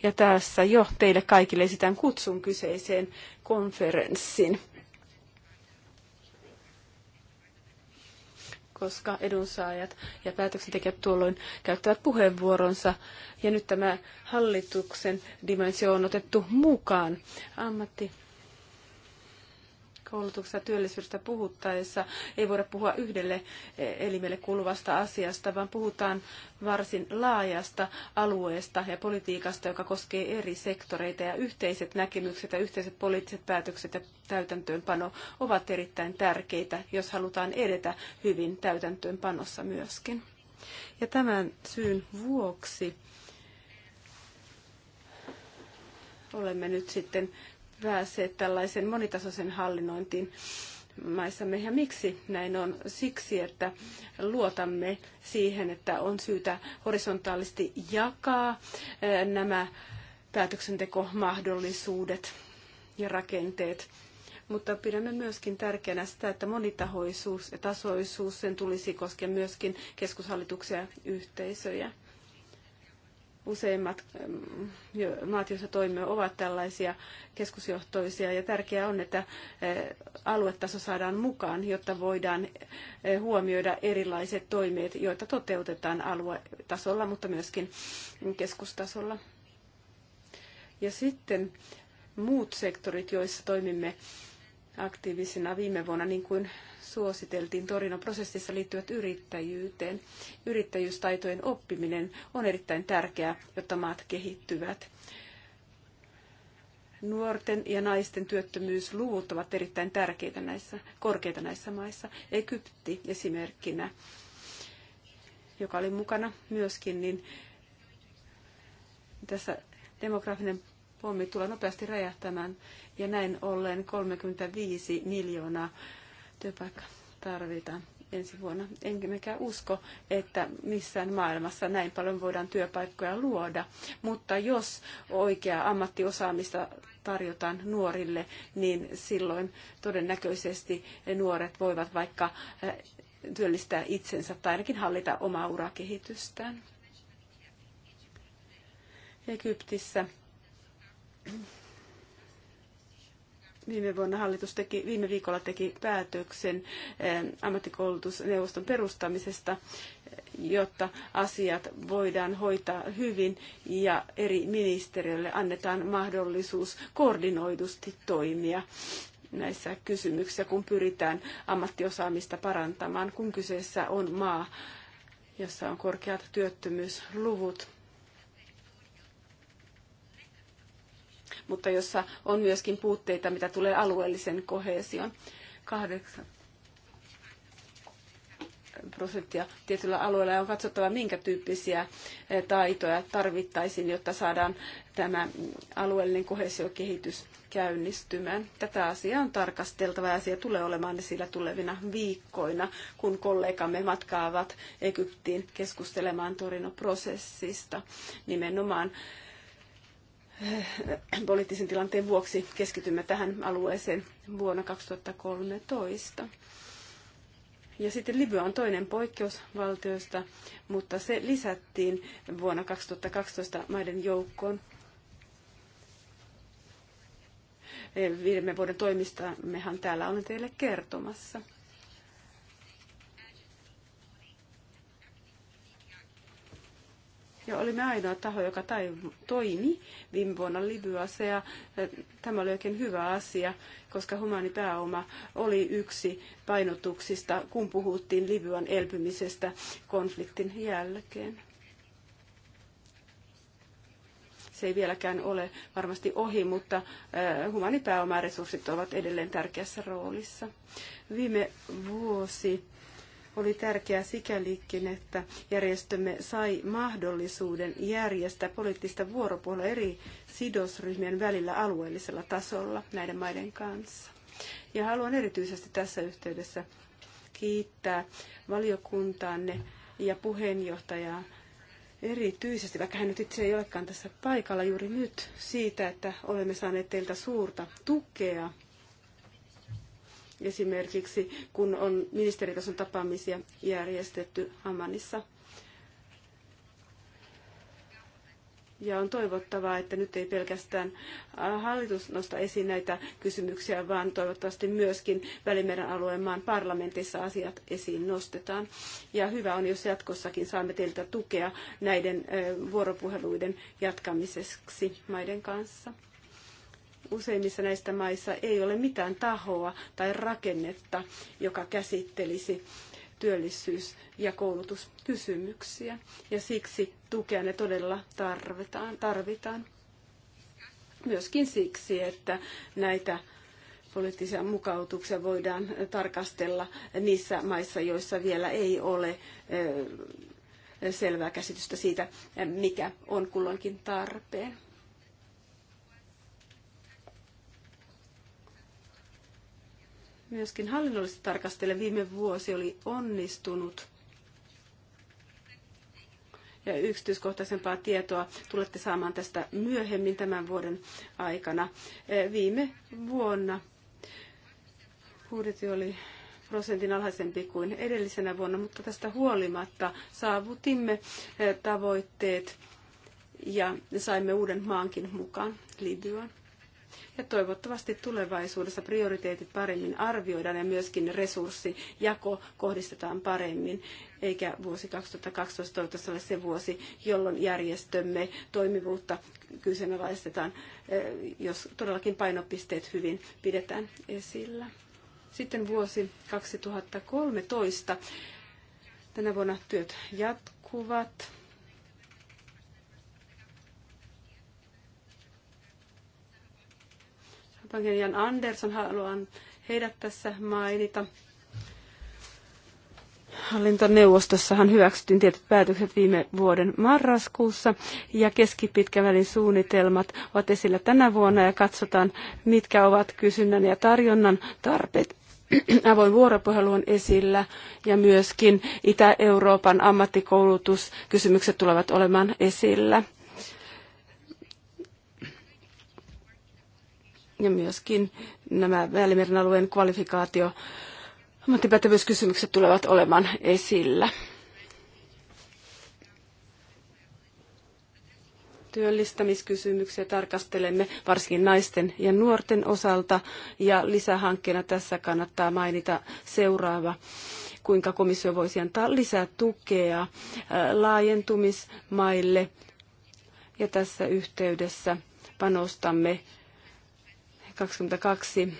[SPEAKER 2] Ja tässä jo teille kaikille esitän kutsun kyseiseen konferenssiin. koska edunsaajat ja päätöksentekijät tuolloin käyttävät puheenvuoronsa. Ja nyt tämä hallituksen dimensio on otettu mukaan. Ammatti koulutuksesta ja työllisyydestä puhuttaessa ei voida puhua yhdelle e, elimelle kuuluvasta asiasta, vaan puhutaan varsin laajasta alueesta ja politiikasta, joka koskee eri sektoreita ja yhteiset näkemykset ja yhteiset poliittiset päätökset ja täytäntöönpano ovat erittäin tärkeitä, jos halutaan edetä hyvin täytäntöönpanossa myöskin. Ja tämän syyn vuoksi olemme nyt sitten päässeet tällaisen monitasoisen hallinnointiin maissamme. Ja miksi näin on? Siksi, että luotamme siihen, että on syytä horisontaalisesti jakaa eh, nämä päätöksentekomahdollisuudet ja rakenteet. Mutta pidämme myöskin tärkeänä sitä, että monitahoisuus ja tasoisuus, sen tulisi koskea myöskin keskushallituksia ja yhteisöjä. Useimmat maat, joissa toimme ovat tällaisia keskusjohtoisia ja tärkeää on, että e, aluetaso saadaan mukaan, jotta voidaan e, huomioida erilaiset toimet, joita toteutetaan aluetasolla, mutta myöskin keskustasolla. Ja sitten muut sektorit, joissa toimimme aktiivisena viime vuonna, niin kuin suositeltiin Torino-prosessissa liittyvät yrittäjyyteen. Yrittäjyystaitojen oppiminen on erittäin tärkeää, jotta maat kehittyvät. Nuorten ja naisten työttömyysluvut ovat erittäin tärkeitä näissä, korkeita näissä maissa. Egypti esimerkkinä, joka oli mukana myöskin, niin tässä demografinen Pommi tulee nopeasti räjähtämään ja näin ollen 35 miljoonaa työpaikkaa tarvitaan ensi vuonna. Enkä mekään usko, että missään maailmassa näin paljon voidaan työpaikkoja luoda. Mutta jos oikeaa ammattiosaamista tarjotaan nuorille, niin silloin todennäköisesti nuoret voivat vaikka eh, työllistää itsensä tai ainakin hallita omaa urakehitystään. Egyptissä Viime vuonna hallitus teki, viime viikolla teki päätöksen eh, ammattikoulutusneuvoston perustamisesta, jotta asiat voidaan hoitaa hyvin ja eri ministeriöille annetaan mahdollisuus koordinoidusti toimia näissä kysymyksissä, kun pyritään ammattiosaamista parantamaan, kun kyseessä on maa, jossa on korkeat työttömyysluvut mutta jossa on myöskin puutteita, mitä tulee alueellisen kohesion. kahdeksan prosenttia tietyllä alueella ja on katsottava, minkä tyyppisiä eh, taitoja tarvittaisiin, jotta saadaan tämä alueellinen kohesiokehitys käynnistymään. Tätä asiaa on tarkasteltava ja asia tulee olemaan esillä tulevina viikkoina, kun kollegamme matkaavat Egyptiin keskustelemaan Torino-prosessista nimenomaan Äh, poliittisen tilanteen vuoksi keskitymme tähän alueeseen vuonna 2013. Ja sitten Libya on toinen poikkeusvaltioista, mutta se lisättiin vuonna 2012 maiden joukkoon. Äh, viime vuoden toimistammehan täällä olen teille kertomassa. Ja olimme ainoa taho, joka tai, toimi viime vuonna Libyassa ja eh, tämä oli oikein hyvä asia, koska humanipääoma oli yksi painotuksista, kun puhuttiin Libyan elpymisestä konfliktin jälkeen. Se ei vieläkään ole varmasti ohi, mutta eh, humanipääomaresurssit ovat edelleen tärkeässä roolissa. Viime vuosi oli tärkeää sikälikin, että järjestömme sai mahdollisuuden järjestää poliittista vuoropuhelua eri sidosryhmien välillä alueellisella tasolla näiden maiden kanssa. Ja haluan erityisesti tässä yhteydessä kiittää valiokuntaanne ja puheenjohtajaa erityisesti, vaikka hän nyt itse ei olekaan tässä paikalla juuri nyt, siitä, että olemme saaneet teiltä suurta tukea esimerkiksi, kun on ministeritason tapaamisia järjestetty Amanissa. Ja on toivottavaa, että nyt ei pelkästään hallitus nosta esiin näitä kysymyksiä, vaan toivottavasti myöskin Välimeren alueen maan parlamentissa asiat esiin nostetaan. Ja hyvä on, jos jatkossakin saamme teiltä tukea näiden vuoropuheluiden jatkamiseksi maiden kanssa. Useimmissa näistä maissa ei ole mitään tahoa tai rakennetta, joka käsittelisi työllisyys- ja koulutuskysymyksiä, ja siksi tukea ne todella tarvitaan. tarvitaan. Myöskin siksi, että näitä poliittisia mukautuksia voidaan tarkastella niissä maissa, joissa vielä ei ole selvää käsitystä siitä, mikä on kulloinkin tarpeen. Myöskin hallinnollisesti tarkastellen viime vuosi oli onnistunut ja yksityiskohtaisempaa tietoa tulette saamaan tästä myöhemmin tämän vuoden aikana. E, viime vuonna budjetti oli prosentin alhaisempi kuin edellisenä vuonna, mutta tästä huolimatta saavutimme e, tavoitteet ja saimme uuden maankin mukaan, Libyaan. Ja toivottavasti tulevaisuudessa prioriteetit paremmin arvioidaan ja myöskin resurssijako kohdistetaan paremmin, eikä vuosi 2012 toivottavasti ole se vuosi, jolloin järjestömme toimivuutta kyseenalaistetaan, eh, jos todellakin painopisteet hyvin pidetään esillä. Sitten vuosi 2013. Tänä vuonna työt jatkuvat Panken Jan Andersson, haluan heidät tässä mainita. Hallintoneuvostossahan hyväksyttiin tietyt päätökset viime vuoden marraskuussa ja keskipitkän välin suunnitelmat ovat esillä tänä vuonna ja katsotaan, mitkä ovat kysynnän ja tarjonnan tarpeet. Avoin vuoropuhelu on esillä ja myöskin Itä-Euroopan ammattikoulutuskysymykset tulevat olemaan esillä. Ja myöskin nämä Välimeren alueen kvalifikaatio ammattipätevyyskysymykset tulevat olemaan esillä. työllistämiskysymyksiä tarkastelemme varsinkin naisten ja nuorten osalta. Ja lisähankkeena tässä kannattaa mainita seuraava kuinka komissio voisi antaa lisää tukea äh, laajentumismaille. Ja tässä yhteydessä panostamme 22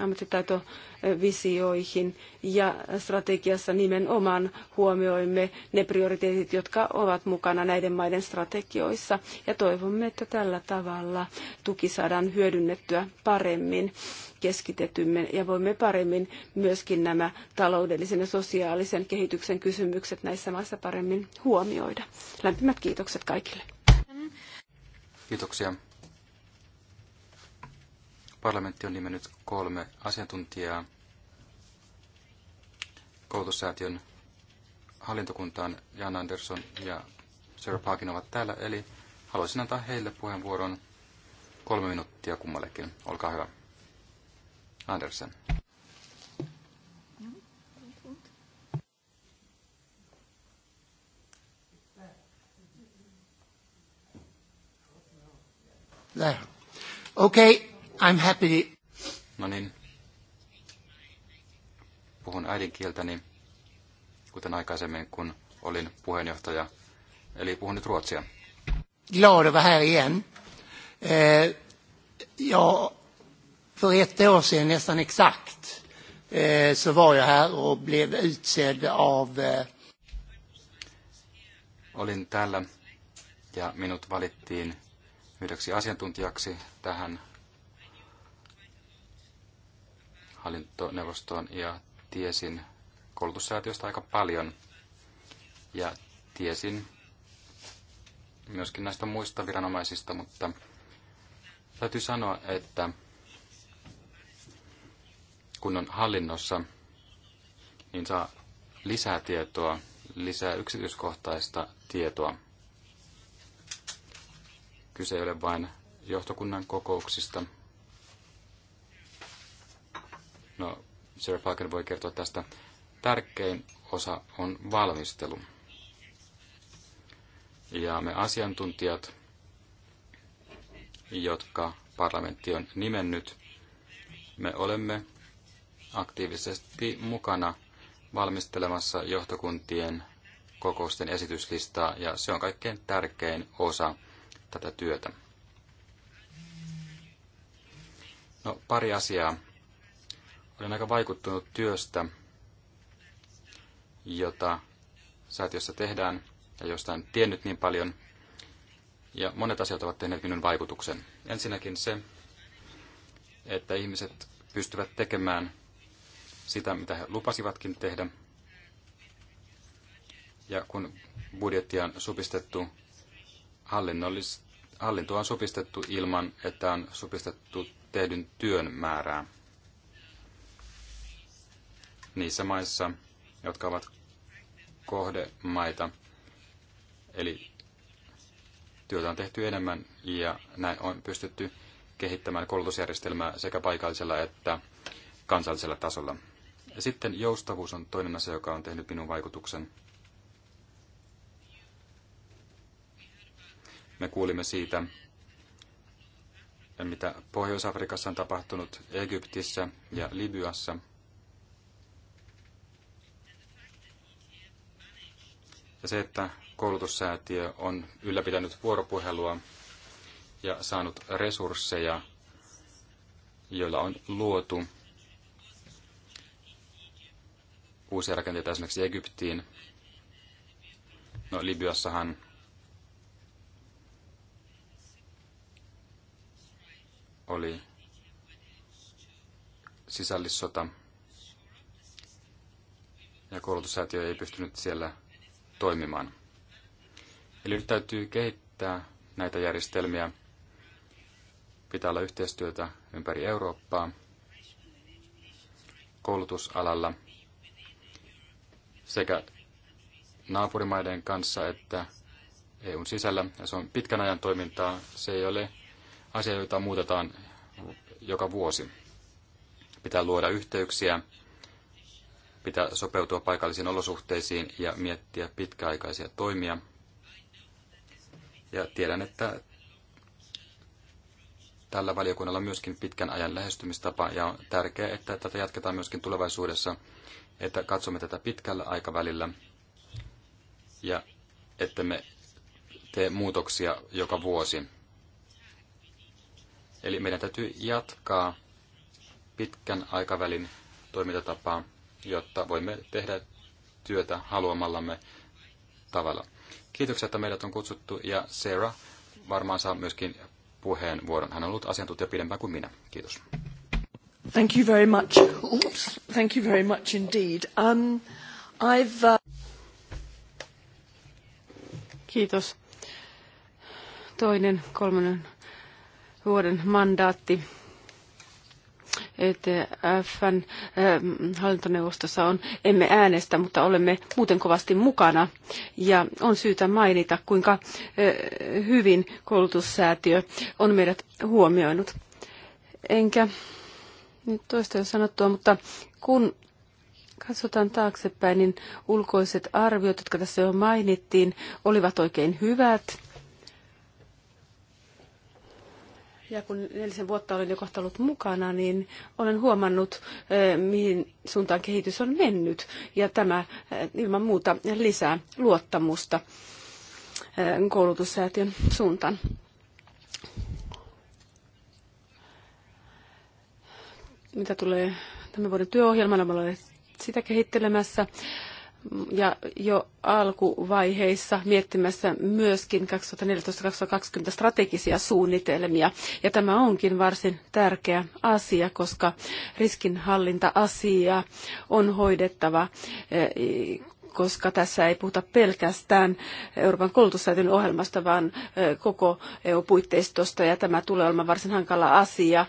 [SPEAKER 2] ammattitaitovisioihin ja strategiassa nimenomaan huomioimme ne prioriteetit, jotka ovat mukana näiden maiden strategioissa ja toivomme, että tällä tavalla tuki saadaan hyödynnettyä paremmin keskitetymmin ja voimme paremmin myöskin nämä taloudellisen ja sosiaalisen kehityksen kysymykset näissä maissa paremmin huomioida. Lämpimät kiitokset kaikille.
[SPEAKER 3] Kiitoksia parlamentti on nimennyt kolme asiantuntijaa koulutussäätiön hallintokuntaan. Jan Anderson ja Sarah Parkin ovat täällä, eli haluaisin antaa heille puheenvuoron kolme minuuttia kummallekin. Olkaa hyvä. Andersen.
[SPEAKER 2] There. Okay. I'm happy.
[SPEAKER 3] No niin. Puhun äidinkieltäni, kuten aikaisemmin, kun olin puheenjohtaja. Eli puhun nyt ruotsia.
[SPEAKER 2] Glad att vara här igen. Eh, ja, för ett år sedan nästan exakt eh, så var jag här och blev utsedd
[SPEAKER 1] av... Eh...
[SPEAKER 3] Olin täällä ja minut valittiin yhdeksi asiantuntijaksi tähän hallintoneuvostoon ja tiesin koulutussäätiöstä aika paljon. Ja tiesin myöskin näistä muista viranomaisista, mutta täytyy sanoa, että kun on hallinnossa, niin saa lisää tietoa, lisää yksityiskohtaista tietoa. Kyse ei ole vain johtokunnan kokouksista, No, Sir Parker voi kertoa tästä. Tärkein osa on valmistelu. Ja me asiantuntijat, jotka parlamentti on nimennyt, me olemme aktiivisesti mukana valmistelemassa johtokuntien kokousten esityslistaa, ja se on kaikkein tärkein osa tätä työtä. No, pari asiaa, olen aika vaikuttunut työstä, jota säätiössä tehdään ja josta en tiennyt niin paljon. Ja monet asiat ovat tehneet minun vaikutuksen. Ensinnäkin se, että ihmiset pystyvät tekemään sitä, mitä he lupasivatkin tehdä. Ja kun budjettia on supistettu, hallinnollis- hallintoa on supistettu ilman, että on supistettu tehdyn työn määrää niissä maissa, jotka ovat kohdemaita. Eli työtä on tehty enemmän ja näin on pystytty kehittämään koulutusjärjestelmää sekä paikallisella että kansallisella tasolla. Ja sitten joustavuus on toinen asia, joka on tehnyt minun vaikutuksen. Me kuulimme siitä, mitä Pohjois-Afrikassa on tapahtunut, Egyptissä ja Libyassa – Ja se, että koulutussäätiö on ylläpitänyt vuoropuhelua ja saanut resursseja, joilla on luotu uusia rakenteita esimerkiksi Egyptiin. No Libyassahan oli sisällissota ja koulutussäätiö ei pystynyt siellä toimimaan. Eli nyt täytyy kehittää näitä järjestelmiä. Pitää olla yhteistyötä ympäri Eurooppaa koulutusalalla sekä naapurimaiden kanssa että EUn sisällä. Ja se on pitkän ajan toimintaa. Se ei ole asia, jota muutetaan joka vuosi. Pitää luoda yhteyksiä Pitää sopeutua paikallisiin olosuhteisiin ja miettiä pitkäaikaisia toimia. Ja tiedän, että tällä valiokunnalla on myöskin pitkän ajan lähestymistapa ja on tärkeää, että tätä jatketaan myöskin tulevaisuudessa, että katsomme tätä pitkällä aikavälillä ja että me tee muutoksia joka vuosi. Eli meidän täytyy jatkaa pitkän aikavälin toimintatapaa jotta voimme tehdä työtä haluamallamme tavalla. Kiitoksia, että meidät on kutsuttu ja Sarah varmaan saa myöskin puheenvuoron. Hän on ollut asiantuntija pidempään kuin minä. Kiitos.
[SPEAKER 2] Thank you very much. Oops. Thank you very much indeed. Um, I've, uh... Kiitos. Toinen kolmannen vuoden mandaatti ETFn eh, hallintoneuvostossa on, emme äänestä, mutta olemme muuten kovasti mukana. Ja on syytä mainita, kuinka eh, hyvin koulutussäätiö on meidät huomioinut. Enkä nyt toista jo sanottua, mutta kun katsotaan taaksepäin, niin ulkoiset arviot, jotka tässä jo mainittiin, olivat oikein hyvät Ja kun nelisen vuotta olen jo kohta ollut mukana, niin olen huomannut, eh, mihin suuntaan kehitys on mennyt. Ja tämä eh, ilman muuta lisää luottamusta eh, koulutussäätiön suuntaan. Mitä tulee tämän vuoden työohjelmaan, olen sitä kehittelemässä ja jo alkuvaiheissa miettimässä myöskin 2014-2020 strategisia suunnitelmia. Ja tämä onkin varsin tärkeä asia, koska riskinhallinta-asia on hoidettava eh, koska tässä ei puhuta pelkästään Euroopan koulutussäätiön ohjelmasta, vaan eh, koko EU-puitteistosta, ja tämä tulee olemaan varsin hankala asia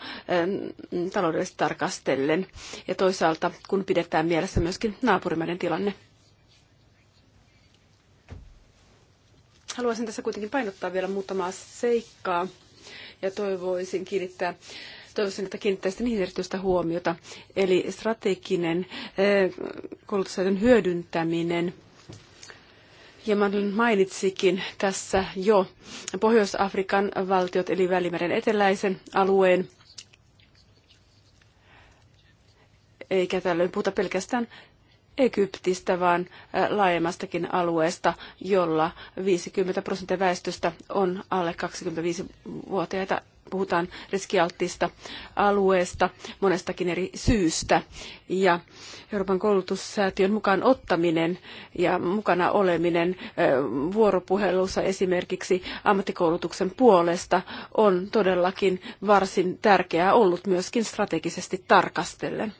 [SPEAKER 2] eh, taloudellisesti tarkastellen. Ja toisaalta, kun pidetään mielessä myöskin naapurimaiden tilanne. Haluaisin tässä kuitenkin painottaa vielä muutamaa seikkaa ja toivoisin kiinnittää toivoisin, että kiinnittäisitte niihin erityistä huomiota. Eli strateginen eh, koulutusajan hyödyntäminen. Ja mä mainitsikin tässä jo Pohjois-Afrikan valtiot, eli Välimeren eteläisen alueen. Eikä tällöin puhuta pelkästään Egyptistä, vaan laajemmastakin alueesta, jolla 50 prosenttia väestöstä on alle 25-vuotiaita. Puhutaan riskialttiista alueesta monestakin eri syystä. Ja Euroopan koulutussäätiön mukaan ottaminen ja mukana oleminen vuoropuhelussa esimerkiksi ammattikoulutuksen puolesta on todellakin varsin tärkeää ollut myöskin strategisesti tarkastellen.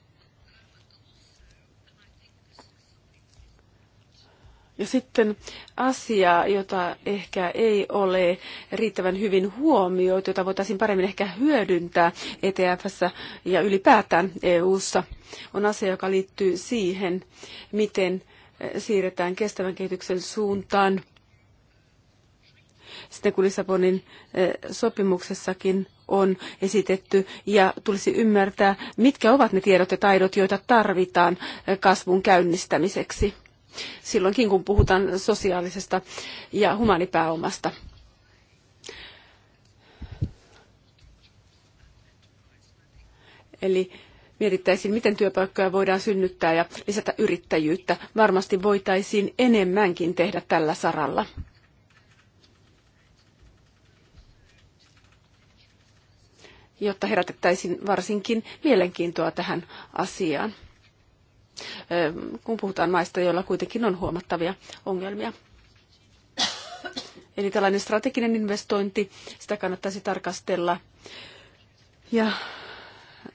[SPEAKER 2] Ja sitten asia, jota ehkä ei ole riittävän hyvin huomioitu, jota voitaisiin paremmin ehkä hyödyntää ETFssä ja ylipäätään EUssa, on asia, joka liittyy siihen, miten eh, siirretään kestävän kehityksen suuntaan. Sitten kun Lissabonin eh, sopimuksessakin on esitetty ja tulisi ymmärtää, mitkä ovat ne tiedot ja taidot, joita tarvitaan eh, kasvun käynnistämiseksi silloinkin kun puhutaan sosiaalisesta ja humanipääomasta. Eli mietittäisiin, miten työpaikkoja voidaan synnyttää ja lisätä yrittäjyyttä. Varmasti voitaisiin enemmänkin tehdä tällä saralla. jotta herätettäisiin varsinkin mielenkiintoa tähän asiaan kun puhutaan maista, joilla kuitenkin on huomattavia ongelmia. Eli tällainen strateginen investointi, sitä kannattaisi tarkastella. Ja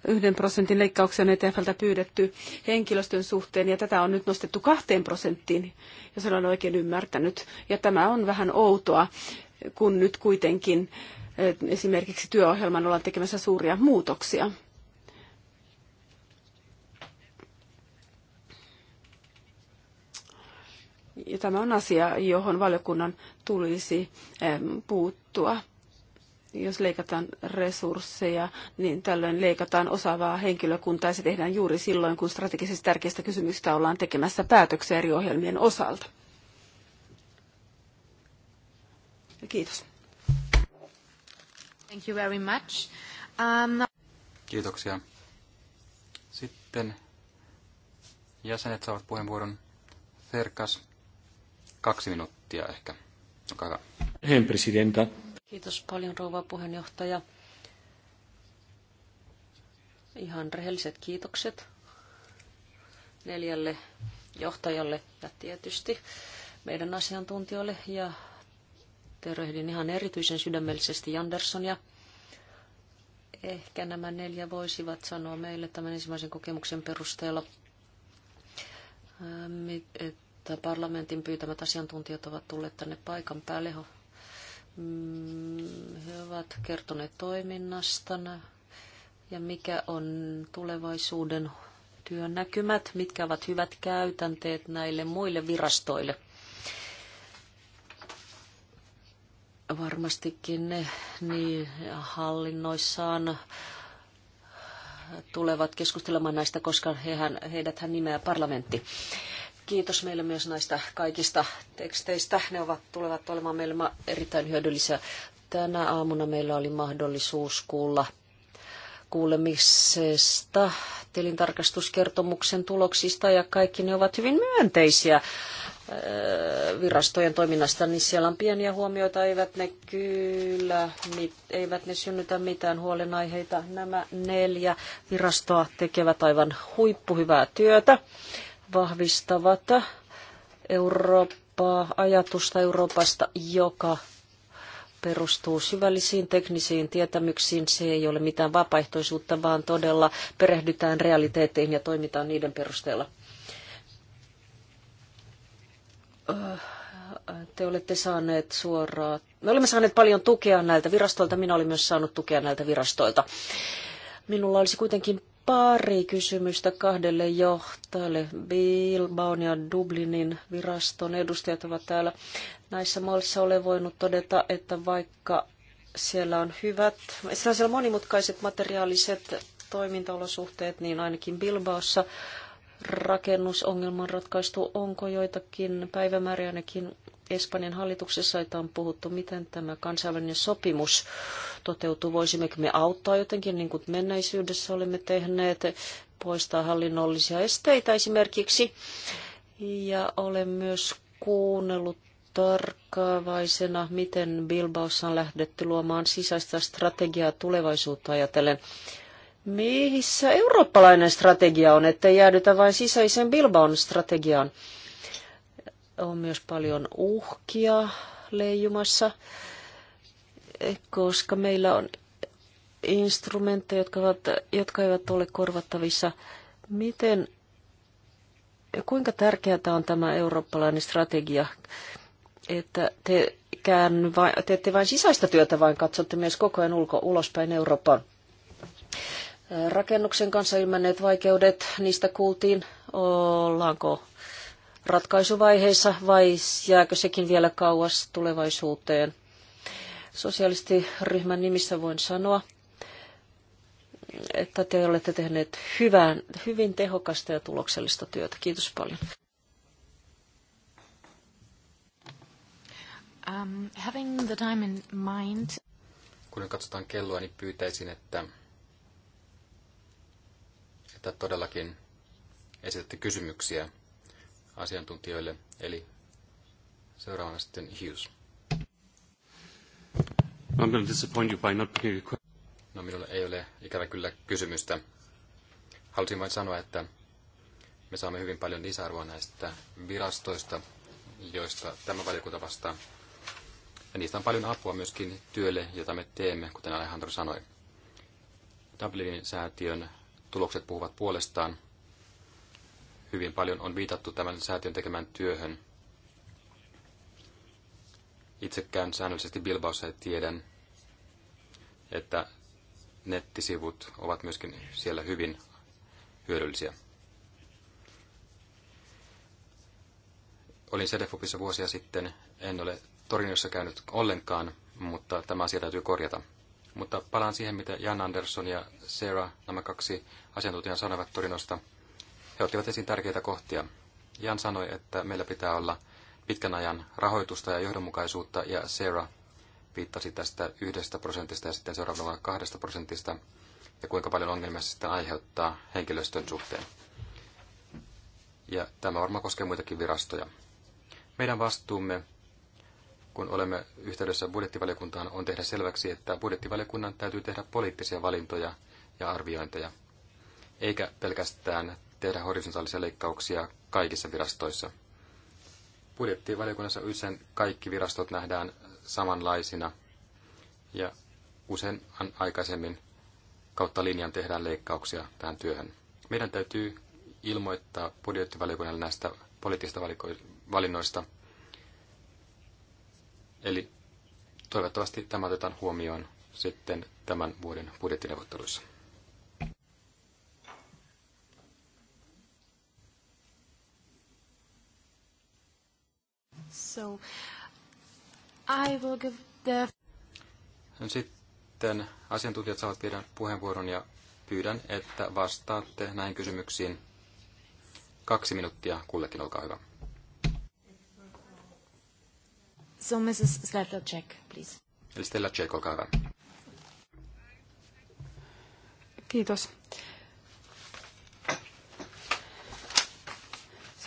[SPEAKER 2] yhden prosentin leikkauksia on ETFltä pyydetty henkilöstön suhteen, ja tätä on nyt nostettu kahteen prosenttiin, jos olen oikein ymmärtänyt. Ja tämä on vähän outoa, kun nyt kuitenkin esimerkiksi työohjelman ollaan tekemässä suuria muutoksia. Ja tämä on asia, johon valiokunnan tulisi puuttua. Jos leikataan resursseja, niin tällöin leikataan osaavaa henkilökuntaa ja se tehdään juuri silloin, kun strategisesti tärkeistä kysymyksistä ollaan tekemässä päätöksiä eri ohjelmien osalta. Kiitos. Thank you very much. Um...
[SPEAKER 3] Kiitoksia. Sitten jäsenet saavat puheenvuoron. Serkas Kaksi minuuttia ehkä. Olkaa hyvä. Presidenta.
[SPEAKER 1] Kiitos paljon rouva puheenjohtaja. Ihan rehelliset kiitokset neljälle johtajalle ja tietysti meidän asiantuntijoille ja tervehdin ihan erityisen sydämellisesti ja Ehkä nämä neljä voisivat sanoa meille tämän ensimmäisen kokemuksen perusteella, että parlamentin pyytämät asiantuntijat ovat tulleet tänne paikan päälle. He ovat kertoneet toiminnastana ja mikä on tulevaisuuden työnäkymät, mitkä ovat hyvät käytänteet näille muille virastoille. Varmastikin ne niin hallinnoissaan tulevat keskustelemaan näistä, koska hehän, heidät hän nimeää parlamentti. Kiitos meille myös näistä kaikista teksteistä. Ne ovat, tulevat olemaan meille erittäin hyödyllisiä. Tänä aamuna meillä oli mahdollisuus kuulla kuulemisesta, tilintarkastuskertomuksen tuloksista ja kaikki ne ovat hyvin myönteisiä äh, virastojen toiminnasta, niin siellä on pieniä huomioita, eivät ne kyllä, eivät ne synnytä mitään huolenaiheita. Nämä neljä virastoa tekevät aivan huippuhyvää työtä vahvistavat Eurooppaa, ajatusta Euroopasta, joka perustuu syvällisiin teknisiin tietämyksiin. Se ei ole mitään vapaaehtoisuutta, vaan todella perehdytään realiteetteihin ja toimitaan niiden perusteella. Öö, te olette saaneet suoraa... Me olemme saaneet paljon tukea näiltä virastoilta. Minä olin myös saanut tukea näiltä virastoilta. Minulla olisi kuitenkin pari kysymystä kahdelle johtajalle. Bilbaon ja Dublinin viraston edustajat ovat täällä. Näissä mallissa olen voinut todeta, että vaikka siellä on hyvät, siellä on monimutkaiset materiaaliset toimintaolosuhteet, niin ainakin Bilbaossa rakennusongelman ratkaistu. Onko joitakin päivämääriä ainakin Espanjan hallituksessa, että on puhuttu, miten tämä kansainvälinen sopimus toteutuu. Voisimmeko me auttaa jotenkin, niin kuin menneisyydessä olemme tehneet, poistaa hallinnollisia esteitä esimerkiksi. Ja olen myös kuunnellut tarkkaavaisena, miten Bilbaossa on lähdetty luomaan sisäistä strategiaa tulevaisuutta ajatellen. Missä eurooppalainen strategia on, ettei jäädytä vain sisäisen Bilbaon strategiaan? On myös paljon uhkia leijumassa, koska meillä on instrumentteja, jotka, ovat, jotka eivät ole korvattavissa. Miten, kuinka tärkeää on tämä eurooppalainen strategia, että te kään, vain, teette vain sisäistä työtä, vaan katsotte myös koko ajan ulko, ulospäin Euroopan. Rakennuksen kanssa ilmenneet vaikeudet, niistä kuultiin. Ollaanko ratkaisuvaiheessa vai jääkö sekin vielä kauas tulevaisuuteen? Sosialistiryhmän nimissä voin sanoa, että te olette tehneet hyvän, hyvin tehokasta ja tuloksellista työtä. Kiitos paljon. Um, having the time in mind...
[SPEAKER 3] Kun katsotaan kelloa, niin pyytäisin, että, että todellakin esitätte kysymyksiä asiantuntijoille. Eli seuraavana sitten Hughes. I'm going to disappoint you by not picking a No minulla ei ole ikävä kyllä kysymystä. Halusin vain sanoa, että me saamme hyvin paljon lisäarvoa näistä virastoista, joista tämä valiokunta vastaa. Ja niistä on paljon apua myöskin työlle, jota me teemme, kuten Alejandro sanoi. Dublinin säätiön tulokset puhuvat puolestaan hyvin paljon on viitattu tämän säätiön tekemään työhön. Itse käyn säännöllisesti Bilbaossa ja tiedän, että nettisivut ovat myöskin siellä hyvin hyödyllisiä. Olin Sedefopissa vuosia sitten, en ole Torinossa käynyt ollenkaan, mutta tämä asia täytyy korjata. Mutta palaan siihen, mitä Jan Andersson ja Sarah, nämä kaksi asiantuntijaa, sanovat Torinosta – he ottivat esiin tärkeitä kohtia. Jan sanoi, että meillä pitää olla pitkän ajan rahoitusta ja johdonmukaisuutta, ja Sarah viittasi tästä yhdestä prosentista ja sitten seuraavalla kahdesta prosentista, ja kuinka paljon ongelmia se sitten aiheuttaa henkilöstön suhteen. Ja tämä varmaan koskee muitakin virastoja. Meidän vastuumme, kun olemme yhteydessä budjettivaliokuntaan, on tehdä selväksi, että budjettivaliokunnan täytyy tehdä poliittisia valintoja ja arviointeja, eikä pelkästään tehdä horisontaalisia leikkauksia kaikissa virastoissa. Budjettivaliokunnassa usein kaikki virastot nähdään samanlaisina ja usein aikaisemmin kautta linjan tehdään leikkauksia tähän työhön. Meidän täytyy ilmoittaa budjettivaliokunnalle näistä poliittisista valinnoista. Eli toivottavasti tämä otetaan huomioon sitten tämän vuoden budjettineuvotteluissa.
[SPEAKER 2] So, I will give the...
[SPEAKER 3] Sitten asiantuntijat saavat viedä puheenvuoron ja pyydän, että vastaatte näihin kysymyksiin. Kaksi minuuttia kullekin, olkaa hyvä.
[SPEAKER 1] So Mrs. Sledlacek, please.
[SPEAKER 3] Eli Stella olkaa hyvä.
[SPEAKER 2] Kiitos.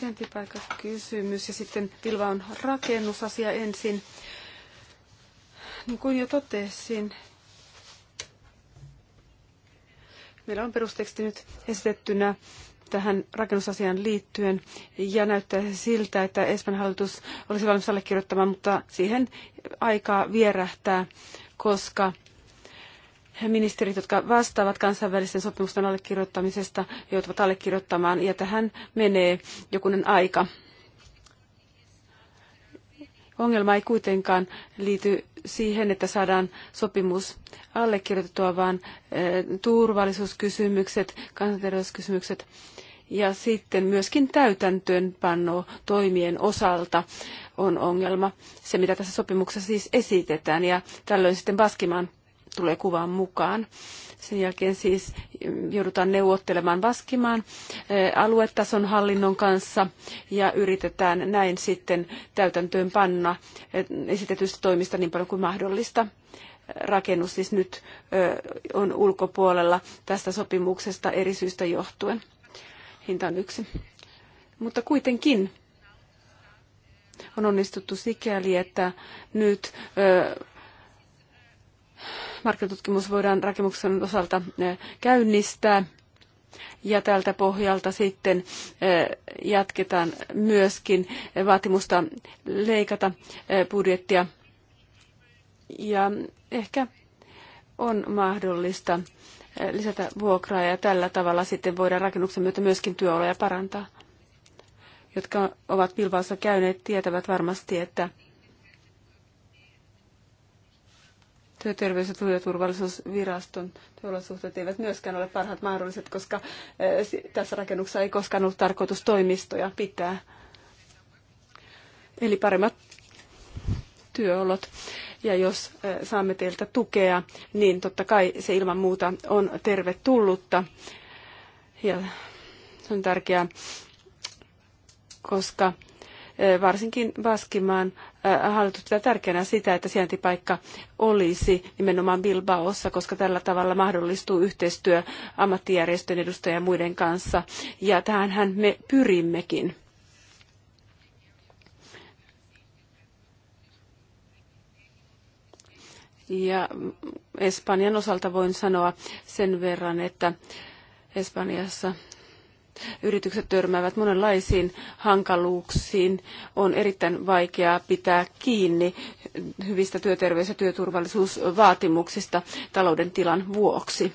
[SPEAKER 2] sijaintipaikkakysymys ja sitten on rakennusasia ensin. Niin kuin jo totesin, meillä on perusteksti nyt esitettynä tähän rakennusasiaan liittyen ja näyttää siltä, että Espanjan hallitus olisi valmis allekirjoittamaan, mutta siihen aikaa vierähtää, koska ministerit, jotka vastaavat kansainvälisten sopimusten allekirjoittamisesta, joutuvat allekirjoittamaan, ja tähän menee jokunen aika. Ongelma ei kuitenkaan liity siihen, että saadaan sopimus allekirjoitettua, vaan eh, turvallisuuskysymykset, kansanterveyskysymykset ja sitten myöskin täytäntöönpano toimien osalta on ongelma. Se, mitä tässä sopimuksessa siis esitetään, ja tällöin sitten Baskimaan tulee kuvaan mukaan. Sen jälkeen siis joudutaan neuvottelemaan vaskimaan eh, aluetason hallinnon kanssa ja yritetään näin sitten täytäntöön panna eh, esitetystä toimista niin paljon kuin mahdollista rakennus siis nyt eh, on ulkopuolella tästä sopimuksesta eri syistä johtuen. Hinta on yksi. Mutta kuitenkin on onnistuttu sikäli, että nyt markkinatutkimus voidaan rakennuksen osalta eh, käynnistää. Ja tältä pohjalta sitten eh, jatketaan myöskin vaatimusta leikata eh, budjettia. Ja ehkä on mahdollista lisätä vuokraa ja tällä tavalla sitten voidaan rakennuksen myötä myöskin työoloja parantaa. Jotka ovat pilvaassa käyneet, tietävät varmasti, että työterveys- ja työturvallisuusviraston työolosuhteet eivät myöskään ole parhaat mahdolliset, koska eh, tässä rakennuksessa ei koskaan ollut tarkoitus toimistoja pitää. Eli paremmat työolot. Ja jos eh, saamme teiltä tukea, niin totta kai se ilman muuta on tervetullutta. Ja se on tärkeää, koska varsinkin Baskimaan hallitus pitää tärkeänä sitä, että sijaintipaikka olisi nimenomaan Bilbaossa, koska tällä tavalla mahdollistuu yhteistyö ammattijärjestön edustajien ja muiden kanssa. Ja tähänhän me pyrimmekin. Ja Espanjan osalta voin sanoa sen verran, että Espanjassa yritykset törmäävät monenlaisiin hankaluuksiin. On erittäin vaikeaa pitää kiinni hyvistä työterveys- ja työturvallisuusvaatimuksista talouden tilan vuoksi.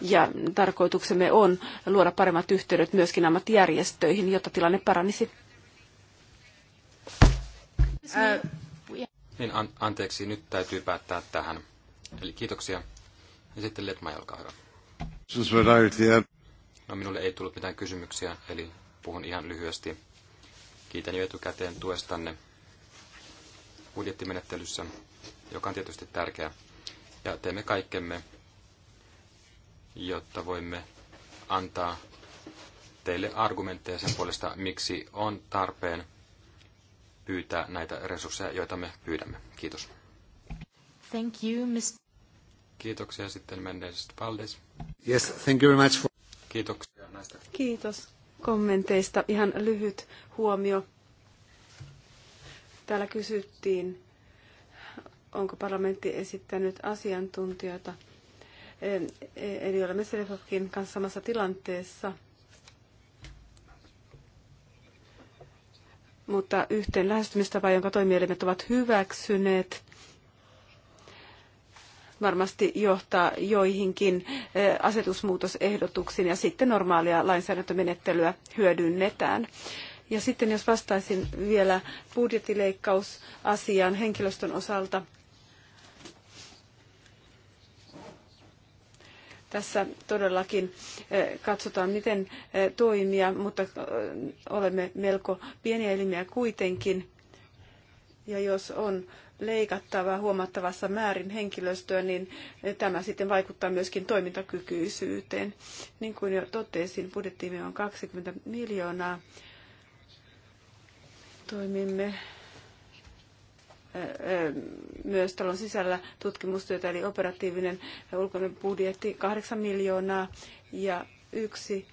[SPEAKER 2] Ja tarkoituksemme on luoda paremmat yhteydet myöskin ammattijärjestöihin, jotta tilanne paranisi. Ää... Äh.
[SPEAKER 3] Niin, an- anteeksi, nyt täytyy päättää tähän. Eli kiitoksia. Ja sitten Letmai, olkaa
[SPEAKER 1] hyvä.
[SPEAKER 3] No minulle ei tullut mitään kysymyksiä, eli puhun ihan lyhyesti. Kiitän jo etukäteen tuestanne budjettimenettelyssä, joka on tietysti tärkeä. Ja teemme kaikkemme, jotta voimme antaa teille argumentteja sen puolesta, miksi on tarpeen pyytää näitä resursseja, joita me pyydämme. Kiitos. Thank you, Mr. Kiitoksia sitten Mendes Valdes. Yes, thank you very much for Kiitoksia näistä.
[SPEAKER 2] Kiitos kommenteista. Ihan lyhyt huomio. Täällä kysyttiin, onko parlamentti esittänyt asiantuntijoita. Eli olemme Selefokin kanssa samassa tilanteessa. Mutta yhteen lähestymistapa, jonka toimielimet ovat hyväksyneet, varmasti johtaa joihinkin eh, asetusmuutosehdotuksiin ja sitten normaalia lainsäädäntömenettelyä hyödynnetään. Ja sitten jos vastaisin vielä budjettileikkausasiaan henkilöstön osalta. Tässä todellakin eh, katsotaan, miten eh, toimia, mutta olemme melko pieniä elimiä kuitenkin. Ja jos on leikattava huomattavassa määrin henkilöstöä, niin tämä sitten vaikuttaa myöskin toimintakykyisyyteen. Niin kuin jo totesin, budjettiimme on 20 miljoonaa. Toimimme myös talon sisällä tutkimustyötä, eli operatiivinen ulkoinen budjetti 8 miljoonaa ja yksi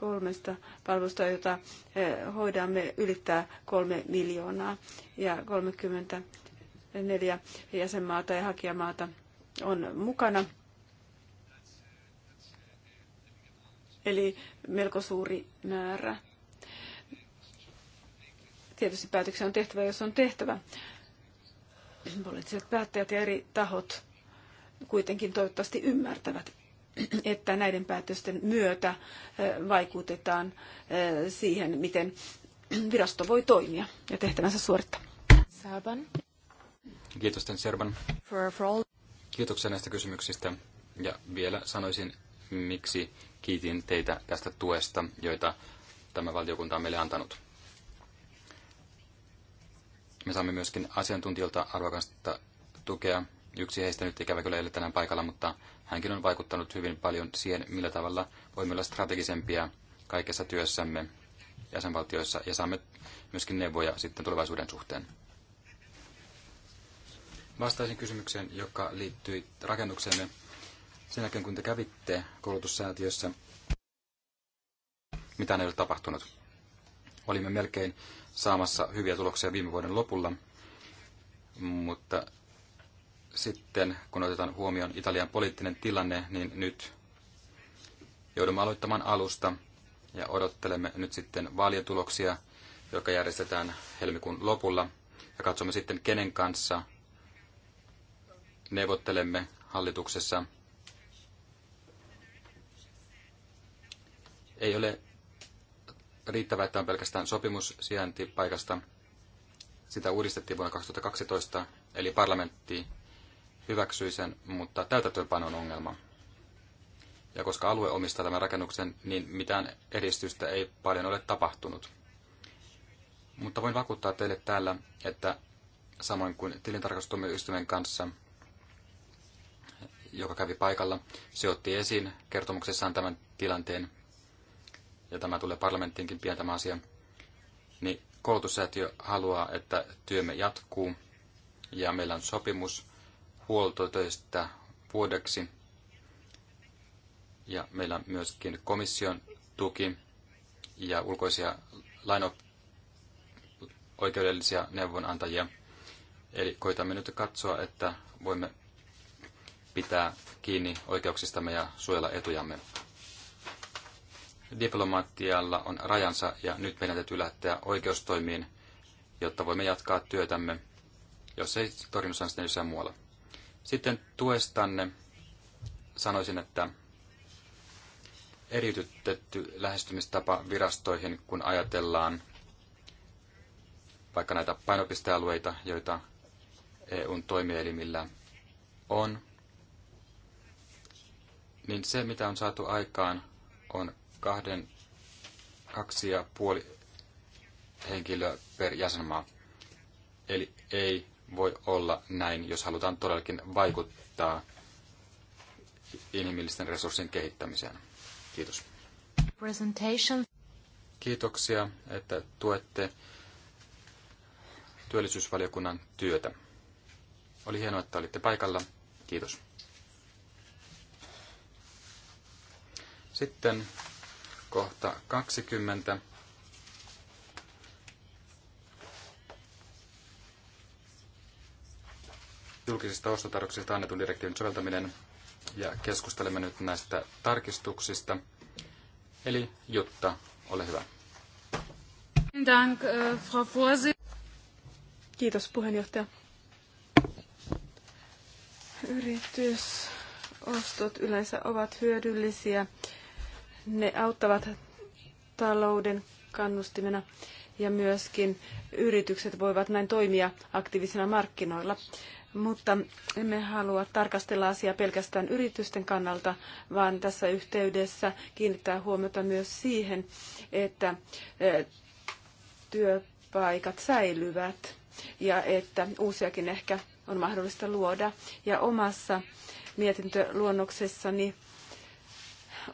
[SPEAKER 2] kolmesta palvelusta, jota eh, hoidamme, ylittää kolme miljoonaa ja 34 jäsenmaata ja hakijamaata on mukana. Eli melko suuri määrä. Tietysti päätöksiä on tehtävä, jos on tehtävä. Poliittiset päättäjät ja eri tahot kuitenkin toivottavasti ymmärtävät että näiden päätösten myötä vaikutetaan siihen, miten virasto voi toimia ja tehtävänsä suorittaa. Serban.
[SPEAKER 3] Kiitos, Serban. For, for all... Kiitoksia näistä kysymyksistä. Ja vielä sanoisin, miksi kiitin teitä tästä tuesta, joita tämä valtiokunta on meille antanut. Me saamme myöskin asiantuntijoilta arvokasta tukea. Yksi heistä nyt ikävä kyllä ei ole tänään paikalla, mutta Hänkin on vaikuttanut hyvin paljon siihen, millä tavalla voimme olla strategisempia kaikessa työssämme jäsenvaltioissa ja saamme myöskin neuvoja sitten tulevaisuuden suhteen. Vastaisin kysymykseen, joka liittyi rakennukseemme. Sen jälkeen, kun te kävitte koulutussäätiössä, mitä ei ole tapahtunut. Olimme melkein saamassa hyviä tuloksia viime vuoden lopulla, mutta sitten, kun otetaan huomioon Italian poliittinen tilanne, niin nyt joudumme aloittamaan alusta ja odottelemme nyt sitten vaalituloksia, joka järjestetään helmikuun lopulla. Ja katsomme sitten, kenen kanssa neuvottelemme hallituksessa. Ei ole riittävää, että on pelkästään sopimus sijaintipaikasta. Sitä uudistettiin vuonna 2012, eli parlamentti hyväksyi sen, mutta täytäntöönpanon ongelma. Ja koska alue omistaa tämän rakennuksen, niin mitään edistystä ei paljon ole tapahtunut. Mutta voin vakuuttaa teille täällä, että samoin kuin tilintarkastustuomioistuimen kanssa, joka kävi paikalla, se otti esiin kertomuksessaan tämän tilanteen, ja tämä tulee parlamenttiinkin pian tämä asia, niin koulutussäätiö haluaa, että työmme jatkuu, ja meillä on sopimus huoltotöistä vuodeksi. Ja meillä on myöskin komission tuki ja ulkoisia laino-oikeudellisia neuvonantajia. Eli koitamme nyt katsoa, että voimme pitää kiinni oikeuksistamme ja suojella etujamme. Diplomatialla on rajansa ja nyt meidän täytyy lähteä oikeustoimiin, jotta voimme jatkaa työtämme, jos ei torjunnut niin jossain muualla. Sitten tuestanne sanoisin, että eriytetty lähestymistapa virastoihin, kun ajatellaan vaikka näitä painopistealueita, joita EUn toimielimillä on, niin se, mitä on saatu aikaan, on kahden, kaksi ja puoli henkilöä per jäsenmaa. Eli ei voi olla näin, jos halutaan todellakin vaikuttaa inhimillisten resurssien kehittämiseen. Kiitos. Kiitoksia, että tuette työllisyysvaliokunnan työtä. Oli hienoa, että olitte paikalla. Kiitos. Sitten kohta 20. julkisista ostotarjouksista annetun direktiivin soveltaminen ja keskustelemme nyt näistä tarkistuksista. Eli Jutta, ole hyvä.
[SPEAKER 2] Äh, Kiitos puheenjohtaja. Yritysostot yleensä ovat hyödyllisiä. Ne auttavat talouden kannustimena ja myöskin yritykset voivat näin toimia aktiivisina markkinoilla mutta emme halua tarkastella asiaa pelkästään yritysten kannalta, vaan tässä yhteydessä kiinnittää huomiota myös siihen, että e, työpaikat säilyvät ja että uusiakin ehkä on mahdollista luoda. Ja omassa mietintöluonnoksessani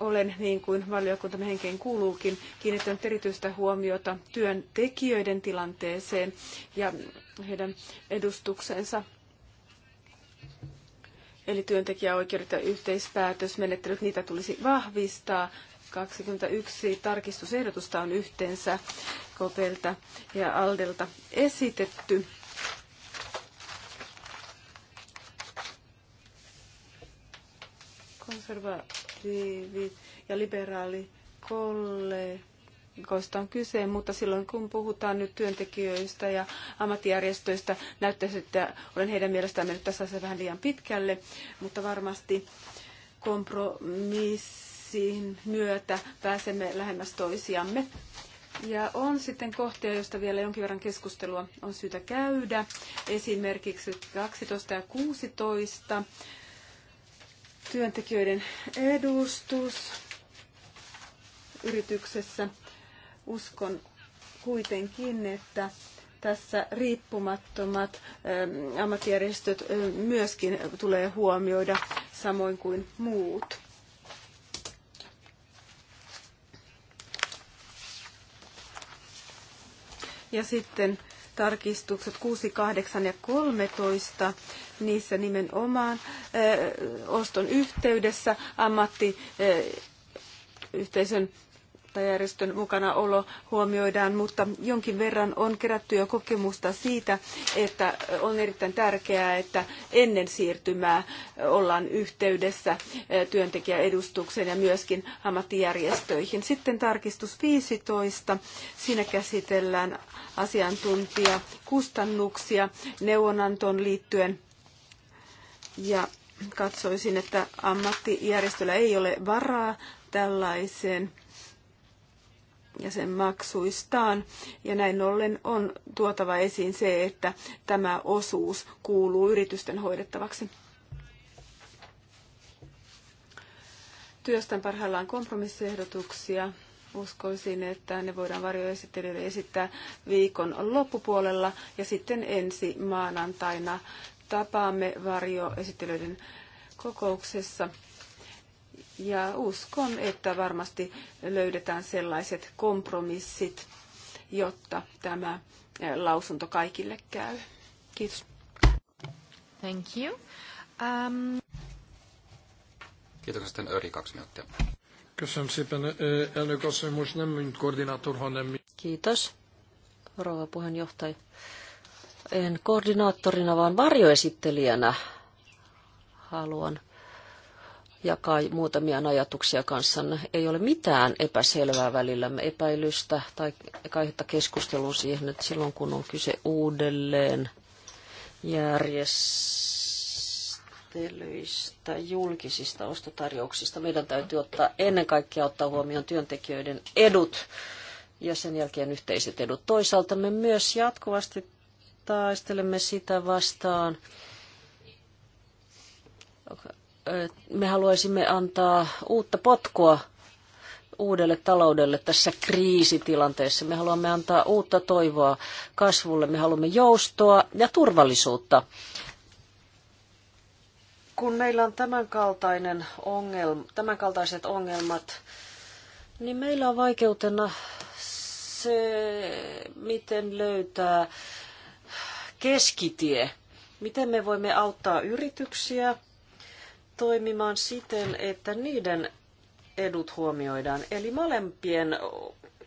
[SPEAKER 2] olen, niin kuin valiokuntamme henkeen kuuluukin, kiinnittänyt erityistä huomiota työntekijöiden tilanteeseen ja heidän edustuksensa Eli työntekijäoikeudet ja yhteispäätösmenettelyt, niitä tulisi vahvistaa. 21 tarkistusehdotusta on yhteensä Kopelta ja Aldelta esitetty. Konservatiivit ja liberaali kollegi kollegoista on kyse, mutta silloin kun puhutaan nyt työntekijöistä ja ammattijärjestöistä, näyttäisi, että olen heidän mielestään mennyt tässä se vähän liian pitkälle, mutta varmasti kompromissin myötä pääsemme lähemmäs toisiamme. Ja on sitten kohtia, joista vielä jonkin verran keskustelua on syytä käydä. Esimerkiksi 12 ja 16 työntekijöiden edustus yrityksessä Uskon kuitenkin, että tässä riippumattomat ähm, ammattijärjestöt äh, myöskin tulee huomioida samoin kuin muut. Ja sitten tarkistukset 6, 8 ja 13, niissä nimenomaan ö, äh, oston yhteydessä ammattiyhteisön kuluttajajärjestön mukana olo huomioidaan, mutta jonkin verran on kerätty jo kokemusta siitä, että on erittäin tärkeää, että ennen siirtymää ollaan yhteydessä eh, työntekijäedustukseen ja myöskin ammattijärjestöihin. Sitten tarkistus 15. Siinä käsitellään asiantuntijakustannuksia neuvonantoon liittyen. Ja katsoisin, että ammattijärjestöllä ei ole varaa tällaiseen jäsenmaksuistaan. Ja näin ollen on tuotava esiin se, että tämä osuus kuuluu yritysten hoidettavaksi. Työstän parhaillaan kompromissiehdotuksia. Uskoisin, että ne voidaan varjoesittelijöille esittää viikon loppupuolella ja sitten ensi maanantaina tapaamme varjoesittelijöiden kokouksessa ja uskon, että varmasti löydetään sellaiset kompromissit, jotta tämä eh, lausunto kaikille käy. Kiitos. Thank you.
[SPEAKER 1] Um...
[SPEAKER 3] Kiitoksia sitten Öri, kaksi minuuttia.
[SPEAKER 1] Eh, Kiitos, rouva puheenjohtaja. En koordinaattorina, vaan varjoesittelijänä haluan jakaa muutamia ajatuksia kanssanne. Ei ole mitään epäselvää välillämme epäilystä tai kaihetta keskustelun siihen, että silloin kun on kyse uudelleen järjestelyistä, julkisista ostotarjouksista, meidän täytyy ottaa ennen kaikkea ottaa huomioon työntekijöiden edut ja sen jälkeen yhteiset edut. Toisaalta me myös jatkuvasti taistelemme sitä vastaan, me haluaisimme antaa uutta potkua uudelle taloudelle tässä kriisitilanteessa. Me haluamme antaa uutta toivoa kasvulle, me haluamme joustoa ja turvallisuutta. Kun meillä on tämänkaltainen ongelma, tämänkaltaiset ongelmat, niin meillä on vaikeutena se, miten löytää keskitie. Miten me voimme auttaa yrityksiä, toimimaan siten, että niiden edut huomioidaan. Eli molempien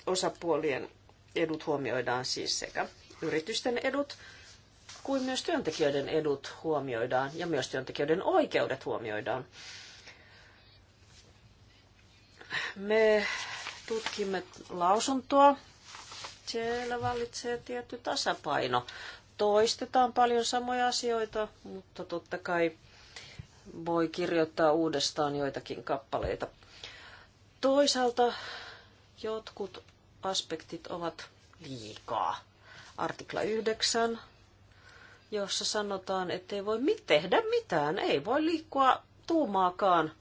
[SPEAKER 1] osapuolien edut huomioidaan siis sekä yritysten edut kuin myös työntekijöiden edut huomioidaan ja myös työntekijöiden oikeudet huomioidaan. Me tutkimme lausuntoa. Siellä vallitsee tietty tasapaino. Toistetaan paljon samoja asioita, mutta totta kai voi kirjoittaa uudestaan joitakin kappaleita. Toisaalta jotkut aspektit ovat liikaa. Artikla 9, jossa sanotaan, ettei voi mit- tehdä mitään, ei voi liikkua tuumaakaan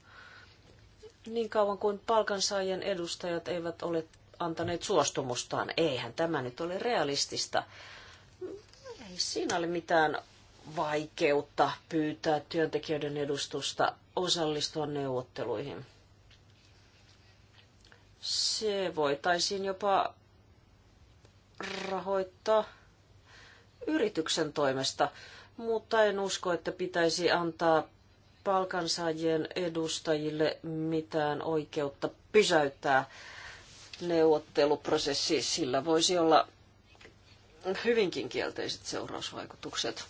[SPEAKER 1] niin kauan kuin palkansaajien edustajat eivät ole antaneet suostumustaan. Eihän tämä nyt ole realistista. Ei siinä ole mitään vaikeutta pyytää työntekijöiden edustusta osallistua neuvotteluihin. Se voitaisiin jopa rahoittaa yrityksen toimesta, mutta en usko, että pitäisi antaa palkansaajien edustajille mitään oikeutta pysäyttää neuvotteluprosessi. Sillä voisi olla hyvinkin kielteiset seurausvaikutukset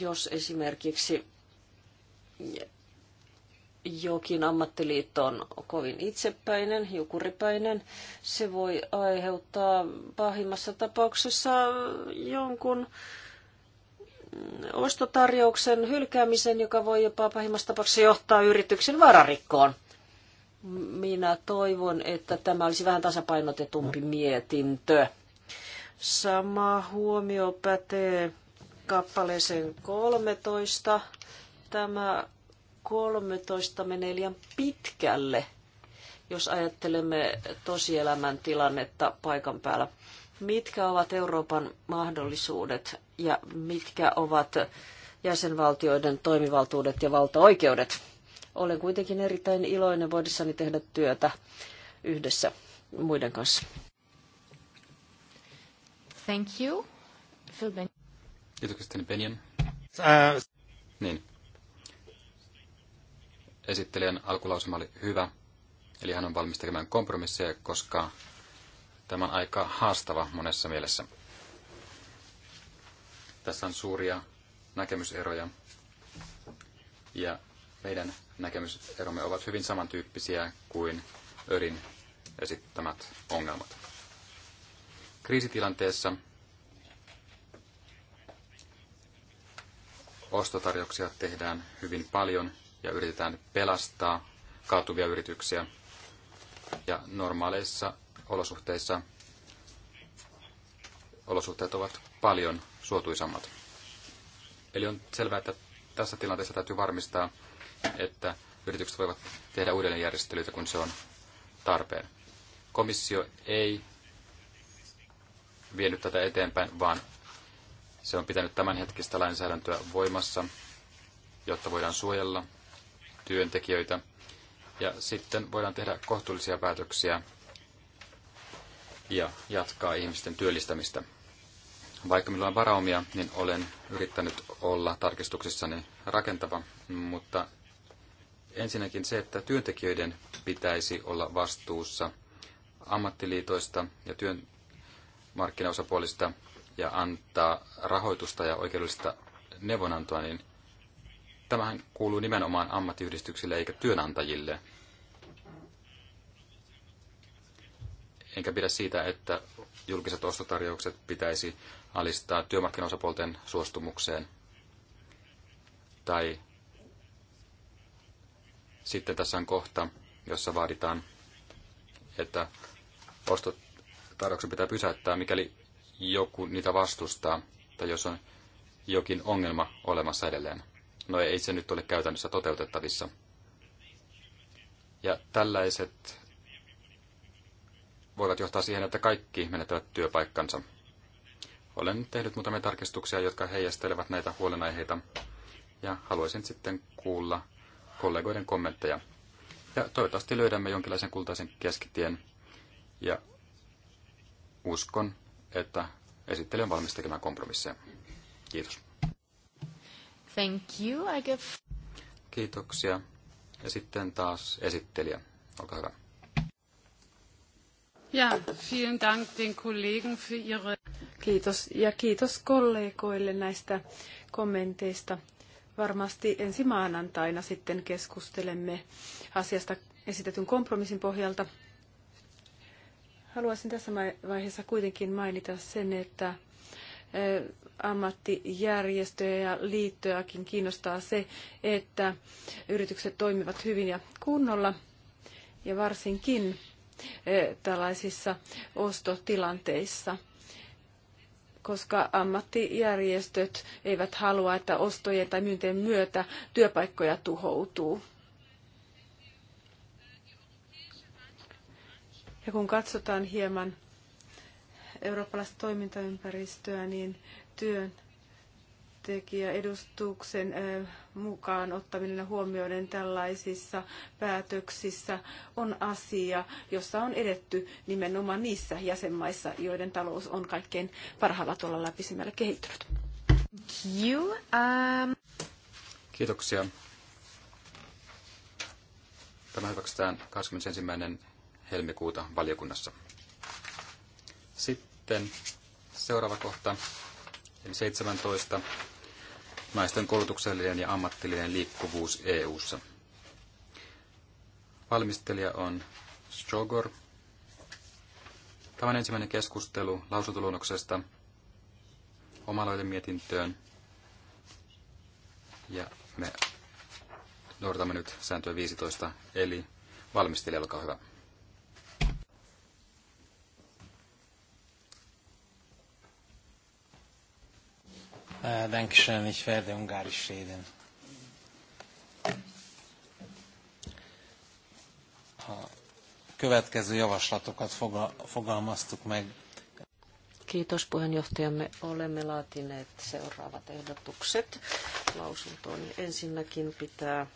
[SPEAKER 1] jos esimerkiksi jokin ammattiliitto on kovin itsepäinen, jukuripäinen, se voi aiheuttaa pahimmassa tapauksessa jonkun ostotarjouksen hylkäämisen, joka voi jopa pahimmassa tapauksessa johtaa yrityksen vararikkoon. Minä toivon, että tämä olisi vähän tasapainotetumpi mietintö. Sama huomio pätee kappaleeseen 13. Tämä 13 menee liian pitkälle, jos ajattelemme tosielämän tilannetta paikan päällä. Mitkä ovat Euroopan mahdollisuudet ja mitkä ovat jäsenvaltioiden toimivaltuudet ja valtaoikeudet? Olen kuitenkin erittäin iloinen voidessani tehdä työtä yhdessä muiden kanssa. Thank you.
[SPEAKER 3] Kiitoksia, Benjen. Niin. Esittelijän alkulausuma oli hyvä, eli hän on valmis tekemään kompromisseja, koska tämä on aika haastava monessa mielessä. Tässä on suuria näkemyseroja, ja meidän näkemyseromme ovat hyvin samantyyppisiä kuin Örin esittämät ongelmat. Kriisitilanteessa ostotarjouksia tehdään hyvin paljon ja yritetään pelastaa kaatuvia yrityksiä. Ja normaaleissa olosuhteissa olosuhteet ovat paljon suotuisammat. Eli on selvää, että tässä tilanteessa täytyy varmistaa, että yritykset voivat tehdä uudelleenjärjestelyitä, kun se on tarpeen. Komissio ei vienyt tätä eteenpäin, vaan se on pitänyt tämänhetkistä lainsäädäntöä voimassa, jotta voidaan suojella työntekijöitä. Ja sitten voidaan tehdä kohtuullisia päätöksiä ja jatkaa ihmisten työllistämistä. Vaikka minulla on varaumia, niin olen yrittänyt olla tarkistuksissani rakentava, mutta ensinnäkin se, että työntekijöiden pitäisi olla vastuussa ammattiliitoista ja työmarkkinaosapuolista ja antaa rahoitusta ja oikeudellista neuvonantoa, niin tämähän kuuluu nimenomaan ammattiyhdistyksille eikä työnantajille. Enkä pidä siitä, että julkiset ostotarjoukset pitäisi alistaa työmarkkinaosapuolten suostumukseen. Tai sitten tässä on kohta, jossa vaaditaan, että ostotarjouksen pitää pysäyttää, mikäli joku niitä vastustaa tai jos on jokin ongelma olemassa edelleen. No ei se nyt ole käytännössä toteutettavissa. Ja tällaiset voivat johtaa siihen, että kaikki menettävät työpaikkansa. Olen tehnyt muutamia tarkistuksia, jotka heijastelevat näitä huolenaiheita, ja haluaisin sitten kuulla kollegoiden kommentteja. Ja toivottavasti löydämme jonkinlaisen kultaisen keskitien, ja uskon, että esittely on valmis tekemään kompromisseja. Kiitos.
[SPEAKER 1] Thank you. I give...
[SPEAKER 3] Kiitoksia. Ja sitten taas esittelijä. Olkaa hyvä.
[SPEAKER 2] Ja, vielen Dank den Kollegen für ihre... Kiitos ja kiitos kollegoille näistä kommenteista. Varmasti ensi maanantaina sitten keskustelemme asiasta esitetyn kompromissin pohjalta Haluaisin tässä vaiheessa kuitenkin mainita sen, että ammattijärjestöjä ja liittojakin kiinnostaa se, että yritykset toimivat hyvin ja kunnolla ja varsinkin tällaisissa ostotilanteissa koska ammattijärjestöt eivät halua, että ostojen tai myyntien myötä työpaikkoja tuhoutuu. Ja kun katsotaan hieman eurooppalaista toimintaympäristöä, niin työn edustuksen mukaan ottaminen huomioiden tällaisissa päätöksissä on asia, jossa on edetty nimenomaan niissä jäsenmaissa, joiden talous on kaikkein parhaalla tuolla läpisimmällä kehittynyt. Um,
[SPEAKER 3] Kiitoksia. Tämä hyväksytään 21 helmikuuta valiokunnassa. Sitten seuraava kohta, eli 17. Naisten koulutuksellinen ja ammattillinen liikkuvuus EU:ssa. Valmistelija on Strogor. Tämä on ensimmäinen keskustelu lausuntoluonnoksesta omaloiden mietintöön. Ja me noudatamme nyt sääntöä 15, eli valmistelija, olkaa hyvä. Dankeschön, ich werde Ungarisch reden.
[SPEAKER 1] A következő javaslatokat fogalmaztuk meg. Kiitos puheenjohtajamme. Olemme laatineet seuraavat ehdotukset lausuntoon. Ensinnäkin pitää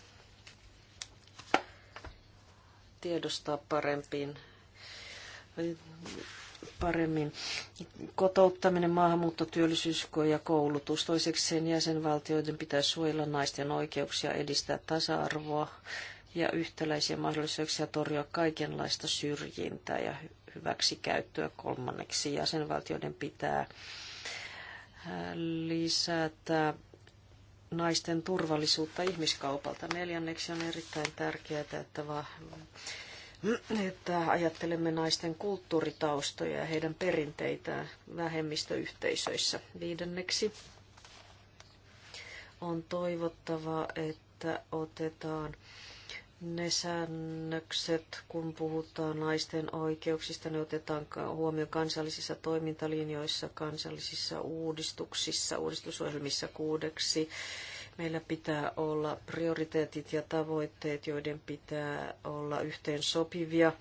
[SPEAKER 1] tiedostaa parempiin paremmin. Kotouttaminen, maahanmuutto, työllisyys ja koulutus. Toiseksi sen jäsenvaltioiden pitää suojella naisten oikeuksia, edistää tasa-arvoa ja yhtäläisiä mahdollisuuksia torjua kaikenlaista syrjintää ja hyväksikäyttöä. Kolmanneksi jäsenvaltioiden pitää lisätä naisten turvallisuutta ihmiskaupalta. Neljänneksi on erittäin tärkeää, että että ajattelemme naisten kulttuuritaustoja ja heidän perinteitään vähemmistöyhteisöissä. Viidenneksi on toivottavaa, että otetaan ne säännökset, kun puhutaan naisten oikeuksista, ne otetaan huomioon kansallisissa toimintalinjoissa, kansallisissa uudistuksissa, uudistusohjelmissa kuudeksi Meillä pitää olla prioriteetit ja tavoitteet, joiden pitää olla yhteen sopivia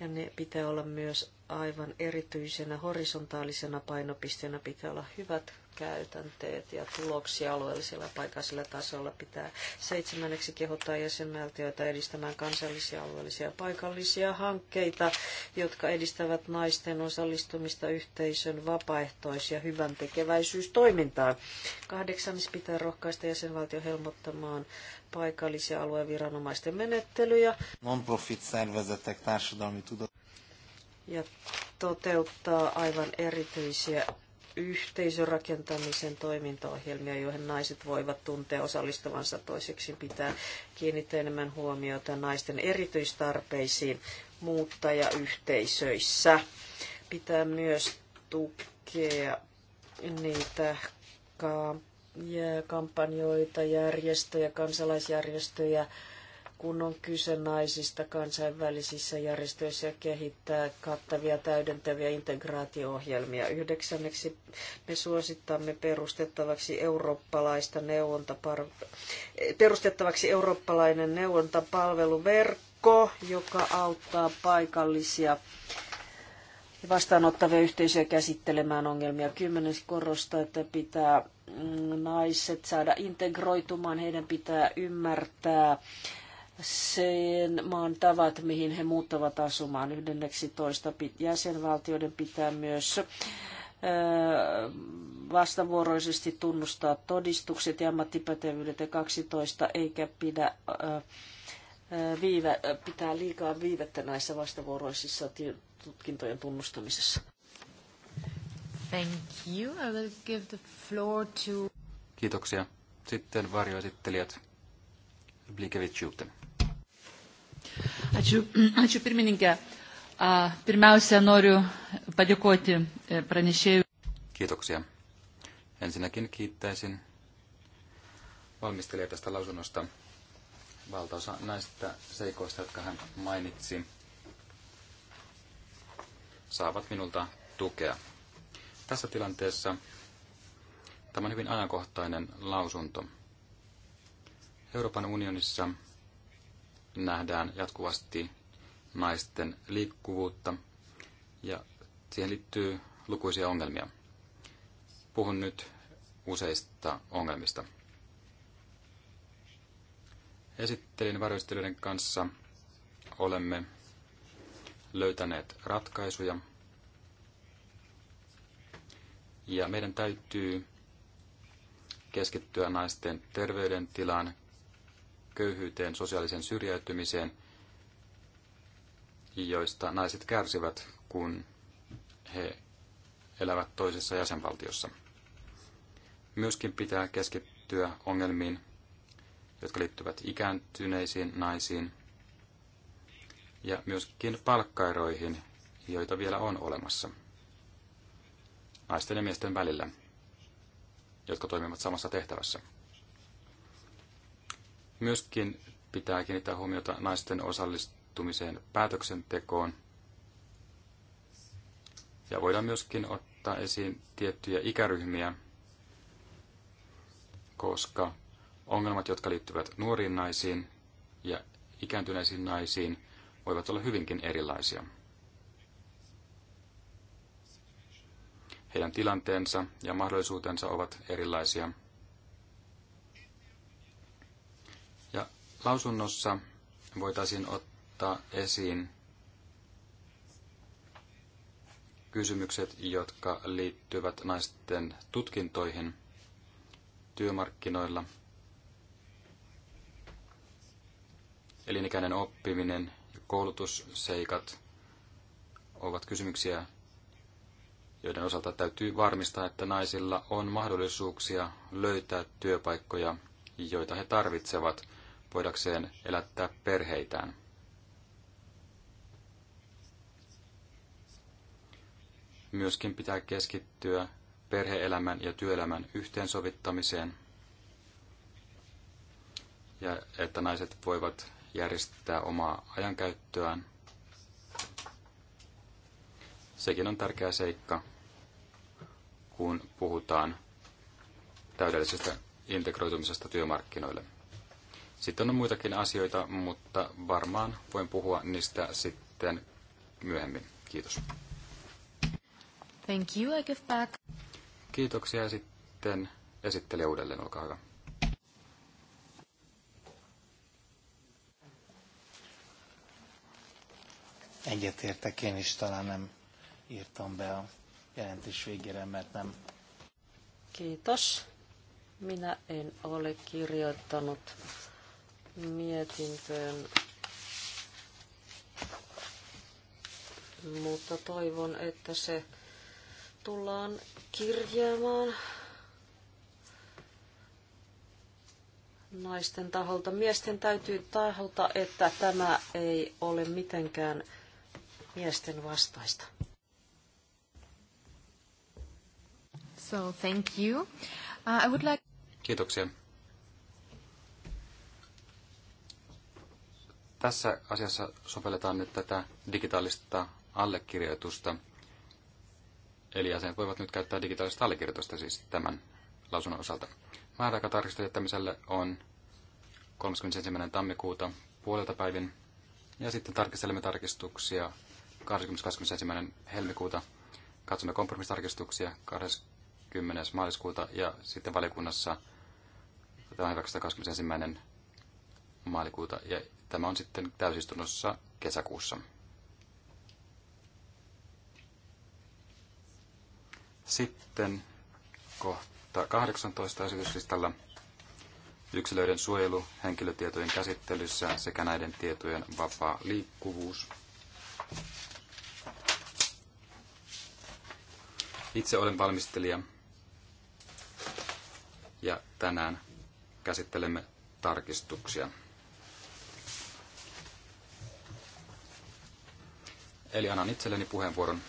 [SPEAKER 1] ja ne pitää olla myös aivan erityisenä horisontaalisena painopisteenä pitää olla hyvät käytänteet ja tuloksia alueellisella ja paikallisella tasolla pitää seitsemänneksi kehottaa jäsenvaltioita edistämään kansallisia, alueellisia ja paikallisia hankkeita, jotka edistävät naisten osallistumista yhteisön vapaaehtois- ja hyvän tekeväisyystoimintaan. Kahdeksannes pitää rohkaista jäsenvaltio helmottamaan paikallisia alueviranomaisten menettelyjä. Non-profit Ja toteuttaa aivan erityisiä yhteisörakentamisen toimintaohjelmia, joihin naiset voivat tuntea osallistuvansa. Toiseksi pitää kiinnittää enemmän huomiota naisten erityistarpeisiin muuttajayhteisöissä. Pitää myös tukea niitä kampanjoita, järjestöjä, kansalaisjärjestöjä, kun on kyse naisista kansainvälisissä järjestöissä ja kehittää kattavia täydentäviä integraatio-ohjelmia. Yhdeksänneksi me suosittamme perustettavaksi eurooppalaista neuvontapar... perustettavaksi eurooppalainen neuvontapalveluverkko, joka auttaa paikallisia vastaanottavia yhteisöjä käsittelemään ongelmia. Kymmenes korostaa, että pitää mm, naiset saada integroitumaan, heidän pitää ymmärtää sen maan tavat, mihin he muuttavat asumaan. 11 jäsenvaltioiden pitää myös vastavuoroisesti tunnustaa todistukset ja ammattipätevyydet ja 12 eikä pidä viive, pitää liikaa viivettä näissä vastavuoroisissa tutkintojen tunnustamisessa.
[SPEAKER 2] Thank you. I will give the floor to...
[SPEAKER 3] Kiitoksia. Sitten varjoesittelijät blikevich
[SPEAKER 1] Ačiū, ačiū pirmininkė. Pirmiausia, noriu padėkoti e, pranešėjų.
[SPEAKER 3] Kiitoksia. Ensinnäkin kiittäisin valmistelijaa tästä lausunnosta. Valtaosa näistä seikoista, jotka hän mainitsi, saavat minulta tukea. Tässä tilanteessa tämä on hyvin ajankohtainen lausunto. Euroopan unionissa nähdään jatkuvasti naisten liikkuvuutta ja siihen liittyy lukuisia ongelmia. Puhun nyt useista ongelmista. Esittelin varjostelijoiden kanssa olemme löytäneet ratkaisuja. Ja meidän täytyy keskittyä naisten terveydentilaan, köyhyyteen, sosiaaliseen syrjäytymiseen, joista naiset kärsivät, kun he elävät toisessa jäsenvaltiossa. Myöskin pitää keskittyä ongelmiin, jotka liittyvät ikääntyneisiin naisiin ja myöskin palkkairoihin, joita vielä on olemassa naisten ja miesten välillä, jotka toimivat samassa tehtävässä. Myöskin pitää kiinnittää huomiota naisten osallistumiseen päätöksentekoon. Ja voidaan myöskin ottaa esiin tiettyjä ikäryhmiä, koska ongelmat, jotka liittyvät nuoriin naisiin ja ikääntyneisiin naisiin, voivat olla hyvinkin erilaisia. Heidän tilanteensa ja mahdollisuutensa ovat erilaisia. Lausunnossa voitaisiin ottaa esiin kysymykset, jotka liittyvät naisten tutkintoihin työmarkkinoilla, elinikäinen oppiminen ja koulutusseikat ovat kysymyksiä, joiden osalta täytyy varmistaa, että naisilla on mahdollisuuksia löytää työpaikkoja, joita he tarvitsevat voidakseen elättää perheitään. Myöskin pitää keskittyä perheelämän ja työelämän yhteensovittamiseen ja että naiset voivat järjestää omaa ajankäyttöään. Sekin on tärkeä seikka, kun puhutaan täydellisestä integroitumisesta työmarkkinoille. Sitten on muitakin asioita, mutta varmaan voin puhua niistä sitten myöhemmin. Kiitos.
[SPEAKER 1] Thank you, I give back.
[SPEAKER 3] Kiitoksia sitten esittelijä uudelleen, olkaa hyvä.
[SPEAKER 1] Egyetértek, én is talán nem írtam be a jelentés végére, mert nem. Kiitos. Minä en ole kirjoittanut mietintöön. Mutta toivon, että se tullaan kirjaamaan naisten taholta. Miesten täytyy taholta, että tämä ei ole mitenkään miesten vastaista. So, thank you. Uh, I would like...
[SPEAKER 3] Kiitoksia. Tässä asiassa sovelletaan nyt tätä digitaalista allekirjoitusta. Eli jäsenet voivat nyt käyttää digitaalista allekirjoitusta siis tämän lausunnon osalta. Määräaikatarkistus jättämiselle on 31. tammikuuta puolelta päivin. Ja sitten tarkistelemme tarkistuksia 21. helmikuuta. Katsomme kompromissitarkistuksia 20. maaliskuuta ja sitten valiokunnassa tämä hyväksytään 21 maalikuuta ja tämä on sitten täysistunnossa kesäkuussa. Sitten kohta 18 esityslistalla yksilöiden suojelu henkilötietojen käsittelyssä sekä näiden tietojen vapaa liikkuvuus. Itse olen valmistelija ja tänään käsittelemme tarkistuksia. Eli annan itselleni puheenvuoron.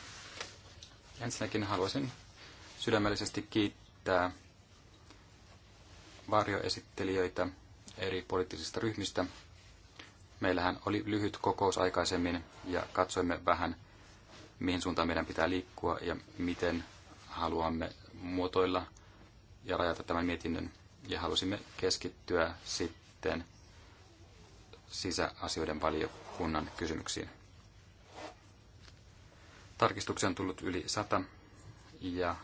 [SPEAKER 3] Ensinnäkin haluaisin sydämellisesti kiittää varjoesittelijöitä eri poliittisista ryhmistä. Meillähän oli lyhyt kokous aikaisemmin ja katsoimme vähän, mihin suuntaan meidän pitää liikkua ja miten haluamme muotoilla ja rajata tämän mietinnön. Ja halusimme keskittyä sitten sisäasioiden valiokunnan kysymyksiin. Tarkistuksia on tullut yli sata ja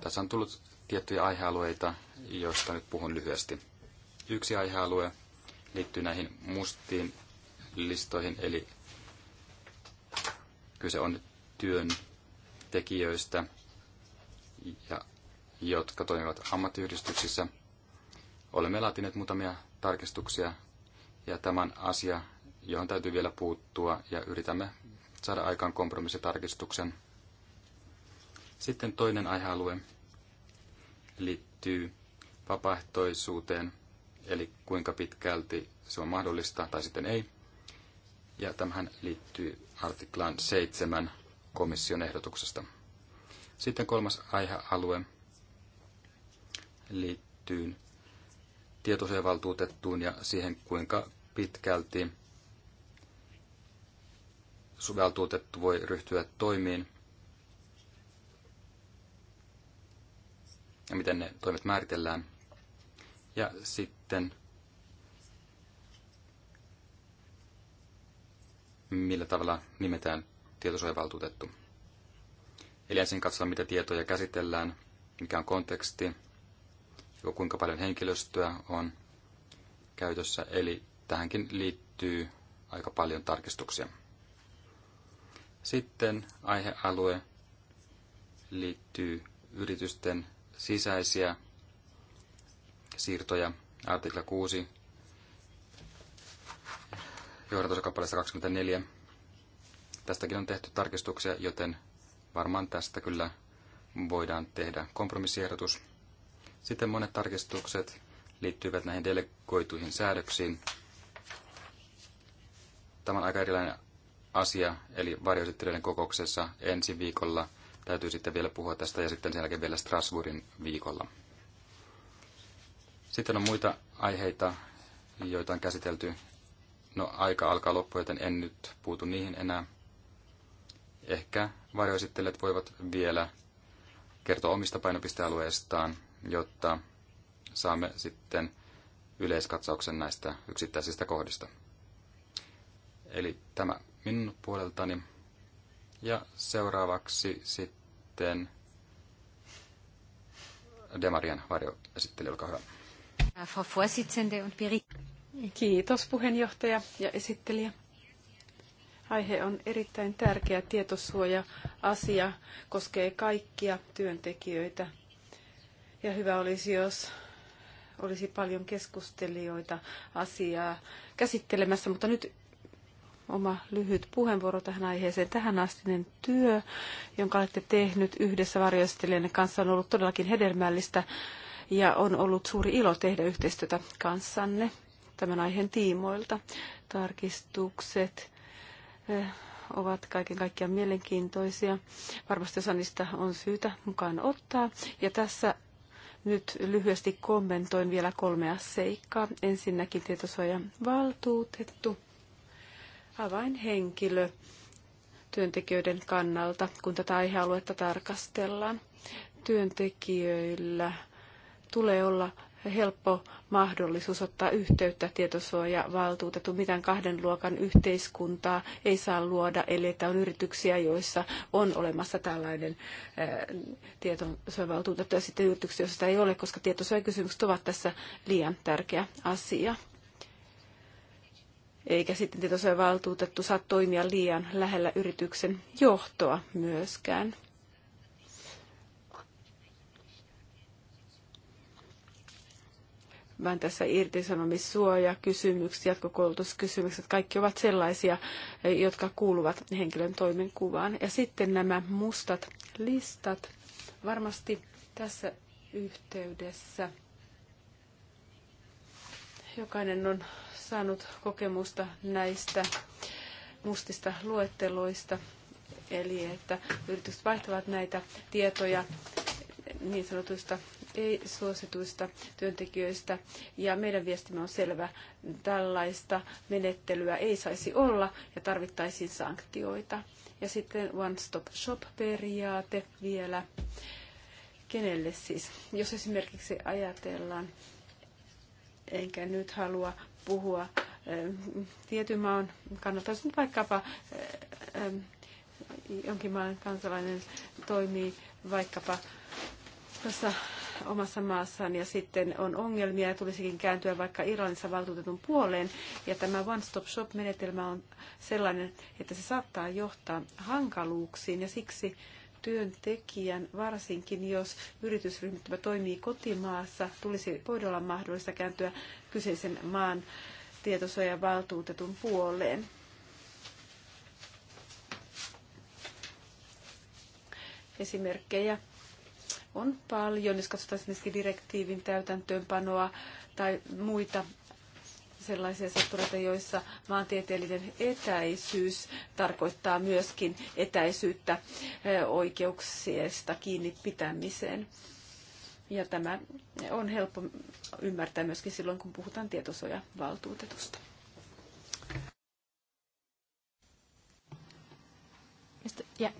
[SPEAKER 3] tässä on tullut tiettyjä aihealueita, joista nyt puhun lyhyesti. Yksi aihealue liittyy näihin mustiin listoihin, eli kyse on työn tekijöistä, ja, jotka toimivat ammattiyhdistyksissä. Olemme laatineet muutamia tarkistuksia, ja tämän asia, johon täytyy vielä puuttua, ja yritämme saada aikaan kompromissitarkistuksen. Sitten toinen aihealue liittyy vapaaehtoisuuteen, eli kuinka pitkälti se on mahdollista tai sitten ei. Ja tämähän liittyy artiklaan 7 komission ehdotuksesta. Sitten kolmas aihealue liittyy tietosuojavaltuutettuun ja siihen, kuinka pitkälti valtuutettu voi ryhtyä toimiin ja miten ne toimet määritellään. Ja sitten millä tavalla nimetään tietosuojavaltuutettu. Eli ensin katsotaan, mitä tietoja käsitellään, mikä on konteksti, kuinka paljon henkilöstöä on käytössä. Eli tähänkin liittyy aika paljon tarkistuksia. Sitten aihealue liittyy yritysten sisäisiä siirtoja, artikla 6, johdatusosakappaleesta 24. Tästäkin on tehty tarkistuksia, joten varmaan tästä kyllä voidaan tehdä kompromissiehdotus. Sitten monet tarkistukset liittyvät näihin delegoituihin säädöksiin. Tämä on aika erilainen asia, eli varjoesittelijöiden kokouksessa ensi viikolla täytyy sitten vielä puhua tästä ja sitten sen jälkeen vielä Strasbourgin viikolla.
[SPEAKER 1] Sitten on muita
[SPEAKER 3] aiheita, joita on käsitelty. No aika alkaa loppua, joten en nyt puutu niihin enää. Ehkä varjoesittelijät voivat vielä kertoa omista painopistealueistaan, jotta saamme sitten yleiskatsauksen näistä yksittäisistä kohdista. Eli tämä minun puoleltani. Ja seuraavaksi sitten varjo esitteli, olkaa hyvä.
[SPEAKER 2] Kiitos puheenjohtaja ja esittelijä. Aihe on erittäin tärkeä tietosuoja-asia, koskee kaikkia työntekijöitä. Ja hyvä olisi, jos olisi paljon keskustelijoita asiaa käsittelemässä, mutta nyt oma lyhyt puheenvuoro tähän aiheeseen. Tähän astinen työ, jonka olette tehnyt yhdessä varjoistelijanne kanssa, on ollut todellakin hedelmällistä ja on ollut suuri ilo tehdä yhteistyötä kanssanne tämän aiheen tiimoilta. Tarkistukset eh, ovat kaiken kaikkiaan mielenkiintoisia. Varmasti osa niistä on syytä mukaan ottaa. Ja tässä nyt lyhyesti kommentoin vielä kolmea seikkaa. Ensinnäkin tietosuojan valtuutettu avainhenkilö työntekijöiden kannalta, kun tätä aihealuetta tarkastellaan. Työntekijöillä tulee olla helppo mahdollisuus ottaa yhteyttä tietosuojavaltuutettu. Mitään kahden luokan yhteiskuntaa ei saa luoda, eli että on yrityksiä, joissa on olemassa tällainen eh, tietosuojavaltuutettu, ja sitten yrityksiä, joissa sitä ei ole, koska tietosuojakysymykset ovat tässä liian tärkeä asia eikä sitten valtuutettu saa toimia liian lähellä yrityksen johtoa myöskään. vaan tässä irtisanomissuoja, kysymykset, jatkokoulutuskysymykset, kaikki ovat sellaisia, jotka kuuluvat henkilön toimenkuvaan. Ja sitten nämä mustat listat varmasti tässä yhteydessä Jokainen on saanut kokemusta näistä mustista luetteloista, eli että yritykset vaihtavat näitä tietoja niin sanotuista ei-suosituista työntekijöistä. Ja meidän viestimme on selvä, tällaista menettelyä ei saisi olla ja tarvittaisiin sanktioita. Ja sitten One Stop Shop-periaate vielä. Kenelle siis? Jos esimerkiksi ajatellaan enkä nyt halua puhua tietyn maan kannalta, jos nyt vaikkapa jonkin maan kansalainen toimii vaikkapa tuossa omassa maassaan ja sitten on ongelmia ja tulisikin kääntyä vaikka Iranissa valtuutetun puoleen. Ja tämä one-stop-shop-menetelmä on sellainen, että se saattaa johtaa hankaluuksiin ja siksi työntekijän, varsinkin jos yritysryhmittymä toimii kotimaassa, tulisi voida olla mahdollista kääntyä kyseisen maan tietosuoja-valtuutetun puoleen. Esimerkkejä on paljon, jos katsotaan esimerkiksi direktiivin täytäntöönpanoa tai muita sellaisia sektoreita, joissa maantieteellinen etäisyys tarkoittaa myöskin etäisyyttä eh, oikeuksista kiinni pitämiseen. Ja tämä on helppo ymmärtää myöskin silloin, kun puhutaan tietosuojavaltuutetusta. Ja,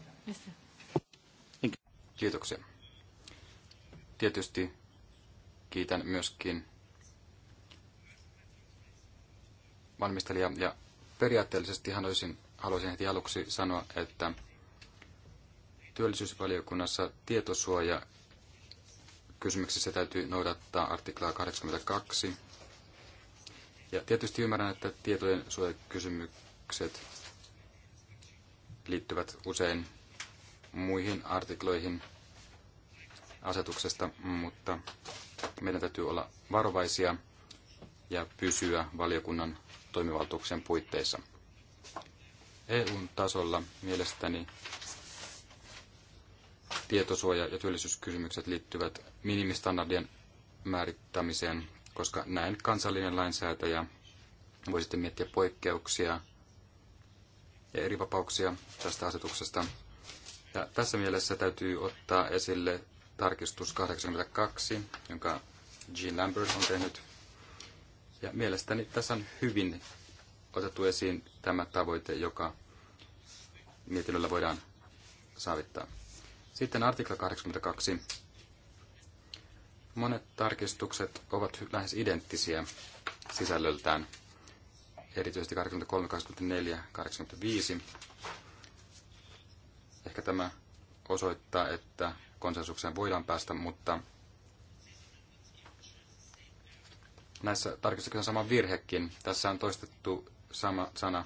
[SPEAKER 3] Kiitoksia. Tietysti kiitän myöskin valmistelija. Ja periaatteellisesti haluaisin, haluaisin heti aluksi sanoa, että työllisyysvaliokunnassa tietosuoja kysymyksessä täytyy noudattaa artiklaa 82. Ja tietysti ymmärrän, että tietojen suojakysymykset liittyvät usein muihin artikloihin asetuksesta, mutta meidän täytyy olla varovaisia ja pysyä valiokunnan toimivaltuuksien puitteissa. EUn tasolla mielestäni tietosuoja- ja työllisyyskysymykset liittyvät minimistandardien määrittämiseen, koska näin kansallinen lainsäätäjä voi sitten miettiä poikkeuksia ja eri vapauksia tästä asetuksesta. Ja tässä mielessä täytyy ottaa esille tarkistus 82, jonka Jean Lambert on tehnyt ja mielestäni tässä on hyvin otettu esiin tämä tavoite, joka mietinnöllä voidaan saavittaa. Sitten artikla 82. Monet tarkistukset ovat lähes identtisiä sisällöltään, erityisesti 83, 84, 85. Ehkä tämä osoittaa, että konsensukseen voidaan päästä, mutta näissä tarkistuksissa on sama virhekin. Tässä on toistettu sama sana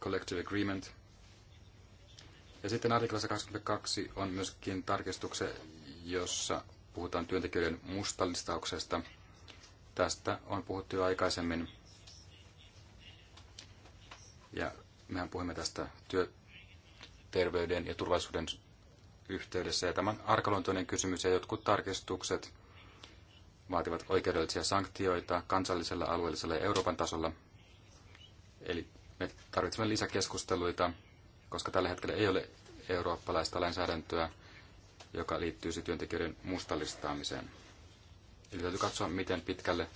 [SPEAKER 3] collective agreement. Ja sitten artiklassa 22 on myöskin tarkistuksen, jossa puhutaan työntekijöiden mustallistauksesta. Tästä on puhuttu jo aikaisemmin. Ja mehän puhumme tästä työterveyden ja turvallisuuden yhteydessä. Ja tämän arkaluontoinen kysymys ja jotkut tarkistukset vaativat oikeudellisia sanktioita kansallisella, alueellisella ja Euroopan tasolla. Eli me tarvitsemme lisäkeskusteluita, koska tällä hetkellä ei ole eurooppalaista lainsäädäntöä, joka liittyy työntekijöiden mustalistaamiseen. Eli täytyy katsoa, miten pitkälle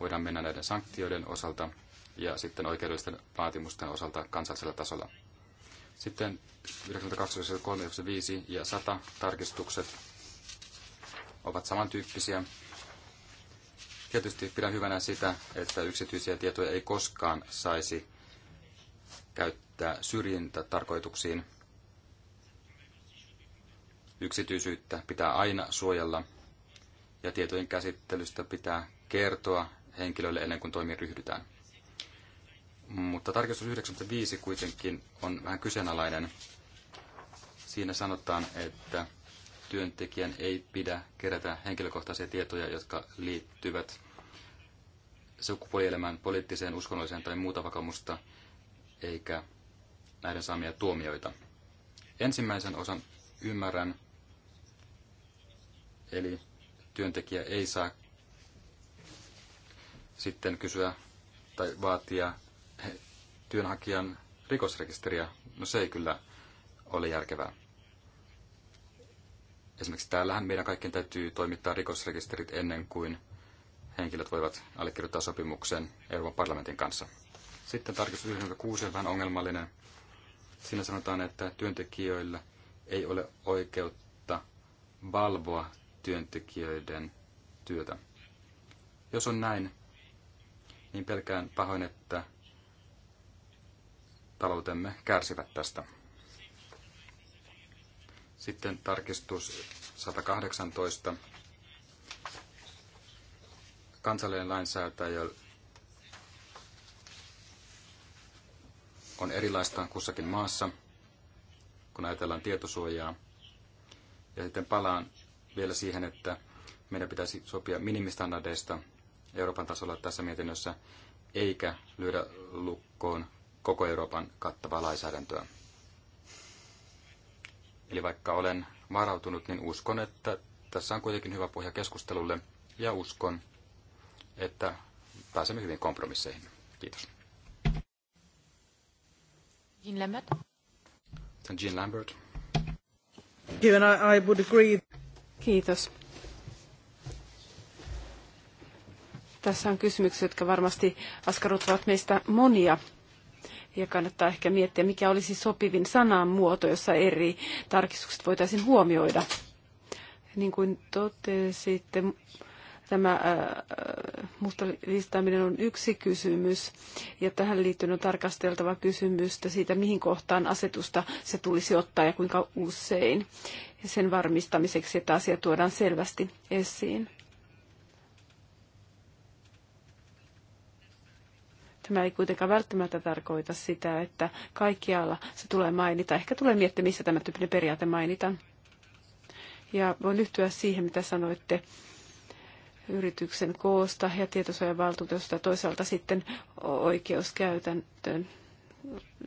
[SPEAKER 3] voidaan mennä näiden sanktioiden osalta ja sitten oikeudellisten vaatimusten osalta kansallisella tasolla. Sitten 92.3.95 ja 100 tarkistukset ovat samantyyppisiä. Tietysti pidän hyvänä sitä, että yksityisiä tietoja ei koskaan saisi käyttää syrjintätarkoituksiin. Yksityisyyttä pitää aina suojella ja tietojen käsittelystä pitää kertoa henkilölle ennen kuin toimi ryhdytään. Mutta tarkistus 95 kuitenkin on vähän kyseenalainen. Siinä sanotaan, että työntekijän ei pidä kerätä henkilökohtaisia tietoja, jotka liittyvät sukupuolielämään, poliittiseen, uskonnolliseen tai muuta vakamusta, eikä näiden saamia tuomioita. Ensimmäisen osan ymmärrän, eli työntekijä ei saa sitten kysyä tai vaatia työnhakijan rikosrekisteriä, no se ei kyllä ole järkevää. Esimerkiksi täällähän meidän kaikkien täytyy toimittaa rikosrekisterit ennen kuin henkilöt voivat allekirjoittaa sopimuksen Euroopan parlamentin kanssa. Sitten tarkistus 96 on vähän ongelmallinen. Siinä sanotaan, että työntekijöillä ei ole oikeutta valvoa työntekijöiden työtä. Jos on näin, niin pelkään pahoin, että taloutemme kärsivät tästä. Sitten tarkistus 118. Kansallinen lainsäätäjä on erilaista kussakin maassa, kun ajatellaan tietosuojaa. Ja sitten palaan vielä siihen, että meidän pitäisi sopia minimistandardeista Euroopan tasolla tässä mietinnössä, eikä lyödä lukkoon koko Euroopan kattavaa lainsäädäntöä. Eli vaikka olen varautunut, niin uskon, että tässä on kuitenkin hyvä pohja keskustelulle ja uskon, että pääsemme hyvin kompromisseihin. Kiitos. Jean Lambert. Jean Lambert.
[SPEAKER 2] I would agree. Kiitos. Tässä on kysymyksiä, jotka varmasti askarruttavat meistä monia ja kannattaa ehkä miettiä, mikä olisi sopivin sanamuoto, jossa eri tarkistukset voitaisiin huomioida. Niin kuin totesitte, tämä ää, äh, musta listaaminen on yksi kysymys, ja tähän liittyen on tarkasteltava kysymystä siitä, mihin kohtaan asetusta se tulisi ottaa ja kuinka usein, sen varmistamiseksi, että asia tuodaan selvästi esiin. Tämä ei kuitenkaan välttämättä tarkoita sitä, että kaikkialla se tulee mainita. Ehkä tulee miettiä, missä tämä tyyppinen periaate mainitaan. Ja voin yhtyä siihen, mitä sanoitte yrityksen koosta ja tietosuojavaltuutusta toisaalta sitten oikeuskäytäntöön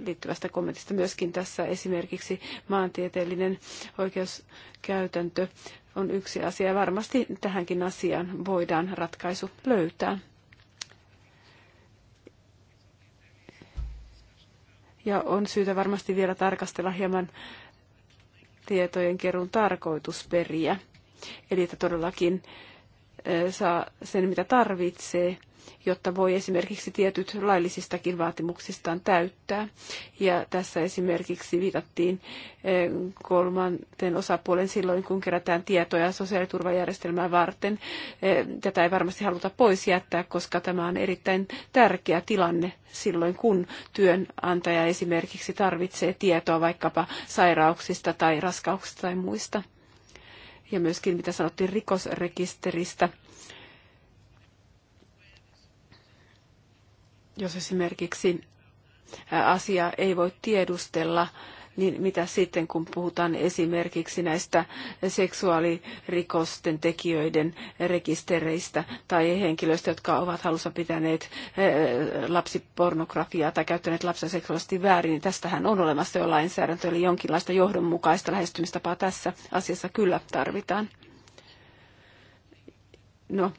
[SPEAKER 2] liittyvästä kommentista myöskin tässä esimerkiksi maantieteellinen oikeuskäytäntö on yksi asia ja varmasti tähänkin asiaan voidaan ratkaisu löytää. Ja on syytä varmasti vielä tarkastella hieman tietojen kerun tarkoitusperiä. Eli että todellakin saa sen, mitä tarvitsee – jotta voi esimerkiksi tietyt laillisistakin vaatimuksistaan täyttää. Ja tässä esimerkiksi viitattiin eh, kolmanteen osapuolen silloin, kun kerätään tietoja sosiaaliturvajärjestelmää varten. Eh, tätä ei varmasti haluta pois jättää, koska tämä on erittäin tärkeä tilanne silloin, kun työnantaja esimerkiksi tarvitsee tietoa vaikkapa sairauksista tai raskauksista tai muista ja myöskin mitä sanottiin rikosrekisteristä. Jos esimerkiksi asia ei voi tiedustella, niin mitä sitten, kun puhutaan esimerkiksi näistä seksuaalirikosten tekijöiden rekistereistä tai henkilöistä, jotka ovat halussa pitäneet lapsipornografiaa tai käyttäneet lapsen seksuaalisesti väärin, niin tästähän on olemassa jo lainsäädäntö, eli jonkinlaista johdonmukaista lähestymistapaa tässä asiassa kyllä tarvitaan. No,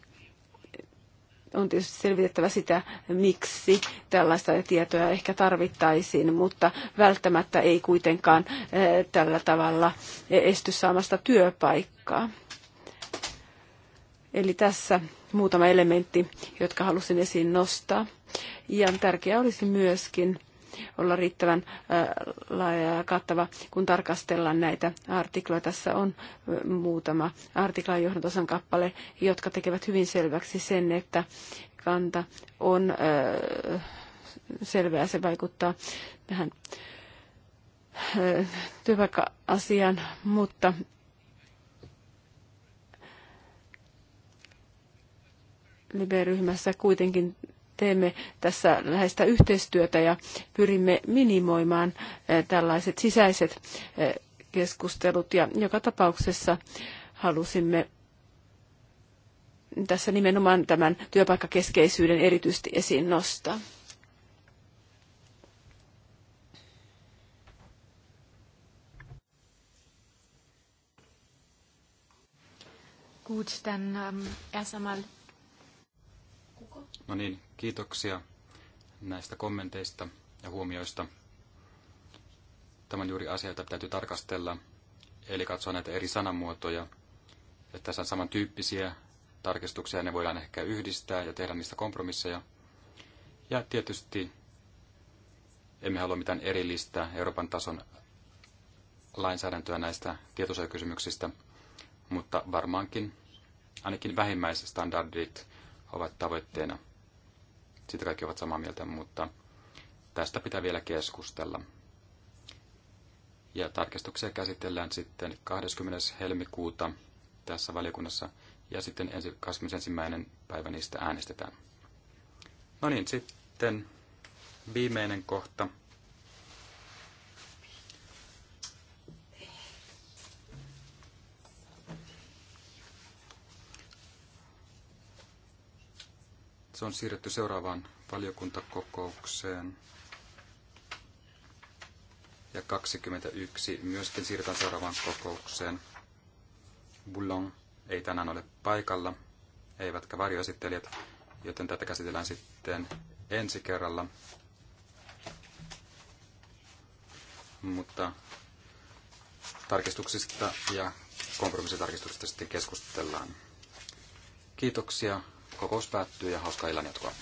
[SPEAKER 2] on tietysti selvitettävä sitä, miksi tällaista tietoja ehkä tarvittaisiin, mutta välttämättä ei kuitenkaan eh, tällä tavalla esty saamasta työpaikkaa. Eli tässä muutama elementti, jotka halusin esiin nostaa. Ja tärkeää olisi myöskin olla riittävän äh, laaja ja kattava, kun tarkastellaan näitä artikloja. Tässä on äh, muutama artikla johdantosan kappale, jotka tekevät hyvin selväksi sen, että kanta on äh, selvää, se vaikuttaa tähän työpaikka-asiaan, mutta Libe-ryhmässä kuitenkin teemme tässä läheistä yhteistyötä ja pyrimme minimoimaan eh, tällaiset sisäiset eh, keskustelut. Ja joka tapauksessa halusimme tässä nimenomaan tämän työpaikkakeskeisyyden erityisesti esiin nostaa. Gut, dann ähm, erst einmal
[SPEAKER 3] No niin, kiitoksia näistä kommenteista ja huomioista. Tämä on juuri asia, jota täytyy tarkastella, eli katsoa näitä eri sanamuotoja. Ja tässä on samantyyppisiä tarkistuksia, ja ne voidaan ehkä yhdistää ja tehdä niistä kompromisseja. Ja tietysti emme halua mitään erillistä Euroopan tason lainsäädäntöä näistä tietosuojakysymyksistä, mutta varmaankin ainakin standardit ovat tavoitteena. Siitä kaikki ovat samaa mieltä, mutta tästä pitää vielä keskustella. Ja tarkistuksia käsitellään sitten 20. helmikuuta tässä valiokunnassa ja sitten 21. päivä niistä äänestetään. No niin, sitten viimeinen kohta. Se on siirretty seuraavaan valiokuntakokoukseen. Ja 21 myöskin siirretään seuraavaan kokoukseen. Bullon ei tänään ole paikalla, eivätkä varjoesittelijät, joten tätä käsitellään sitten ensi kerralla. Mutta tarkistuksista ja kompromissitarkistuksista sitten keskustellaan. Kiitoksia Kokous päättyy ja hauskaa illan jatkoa.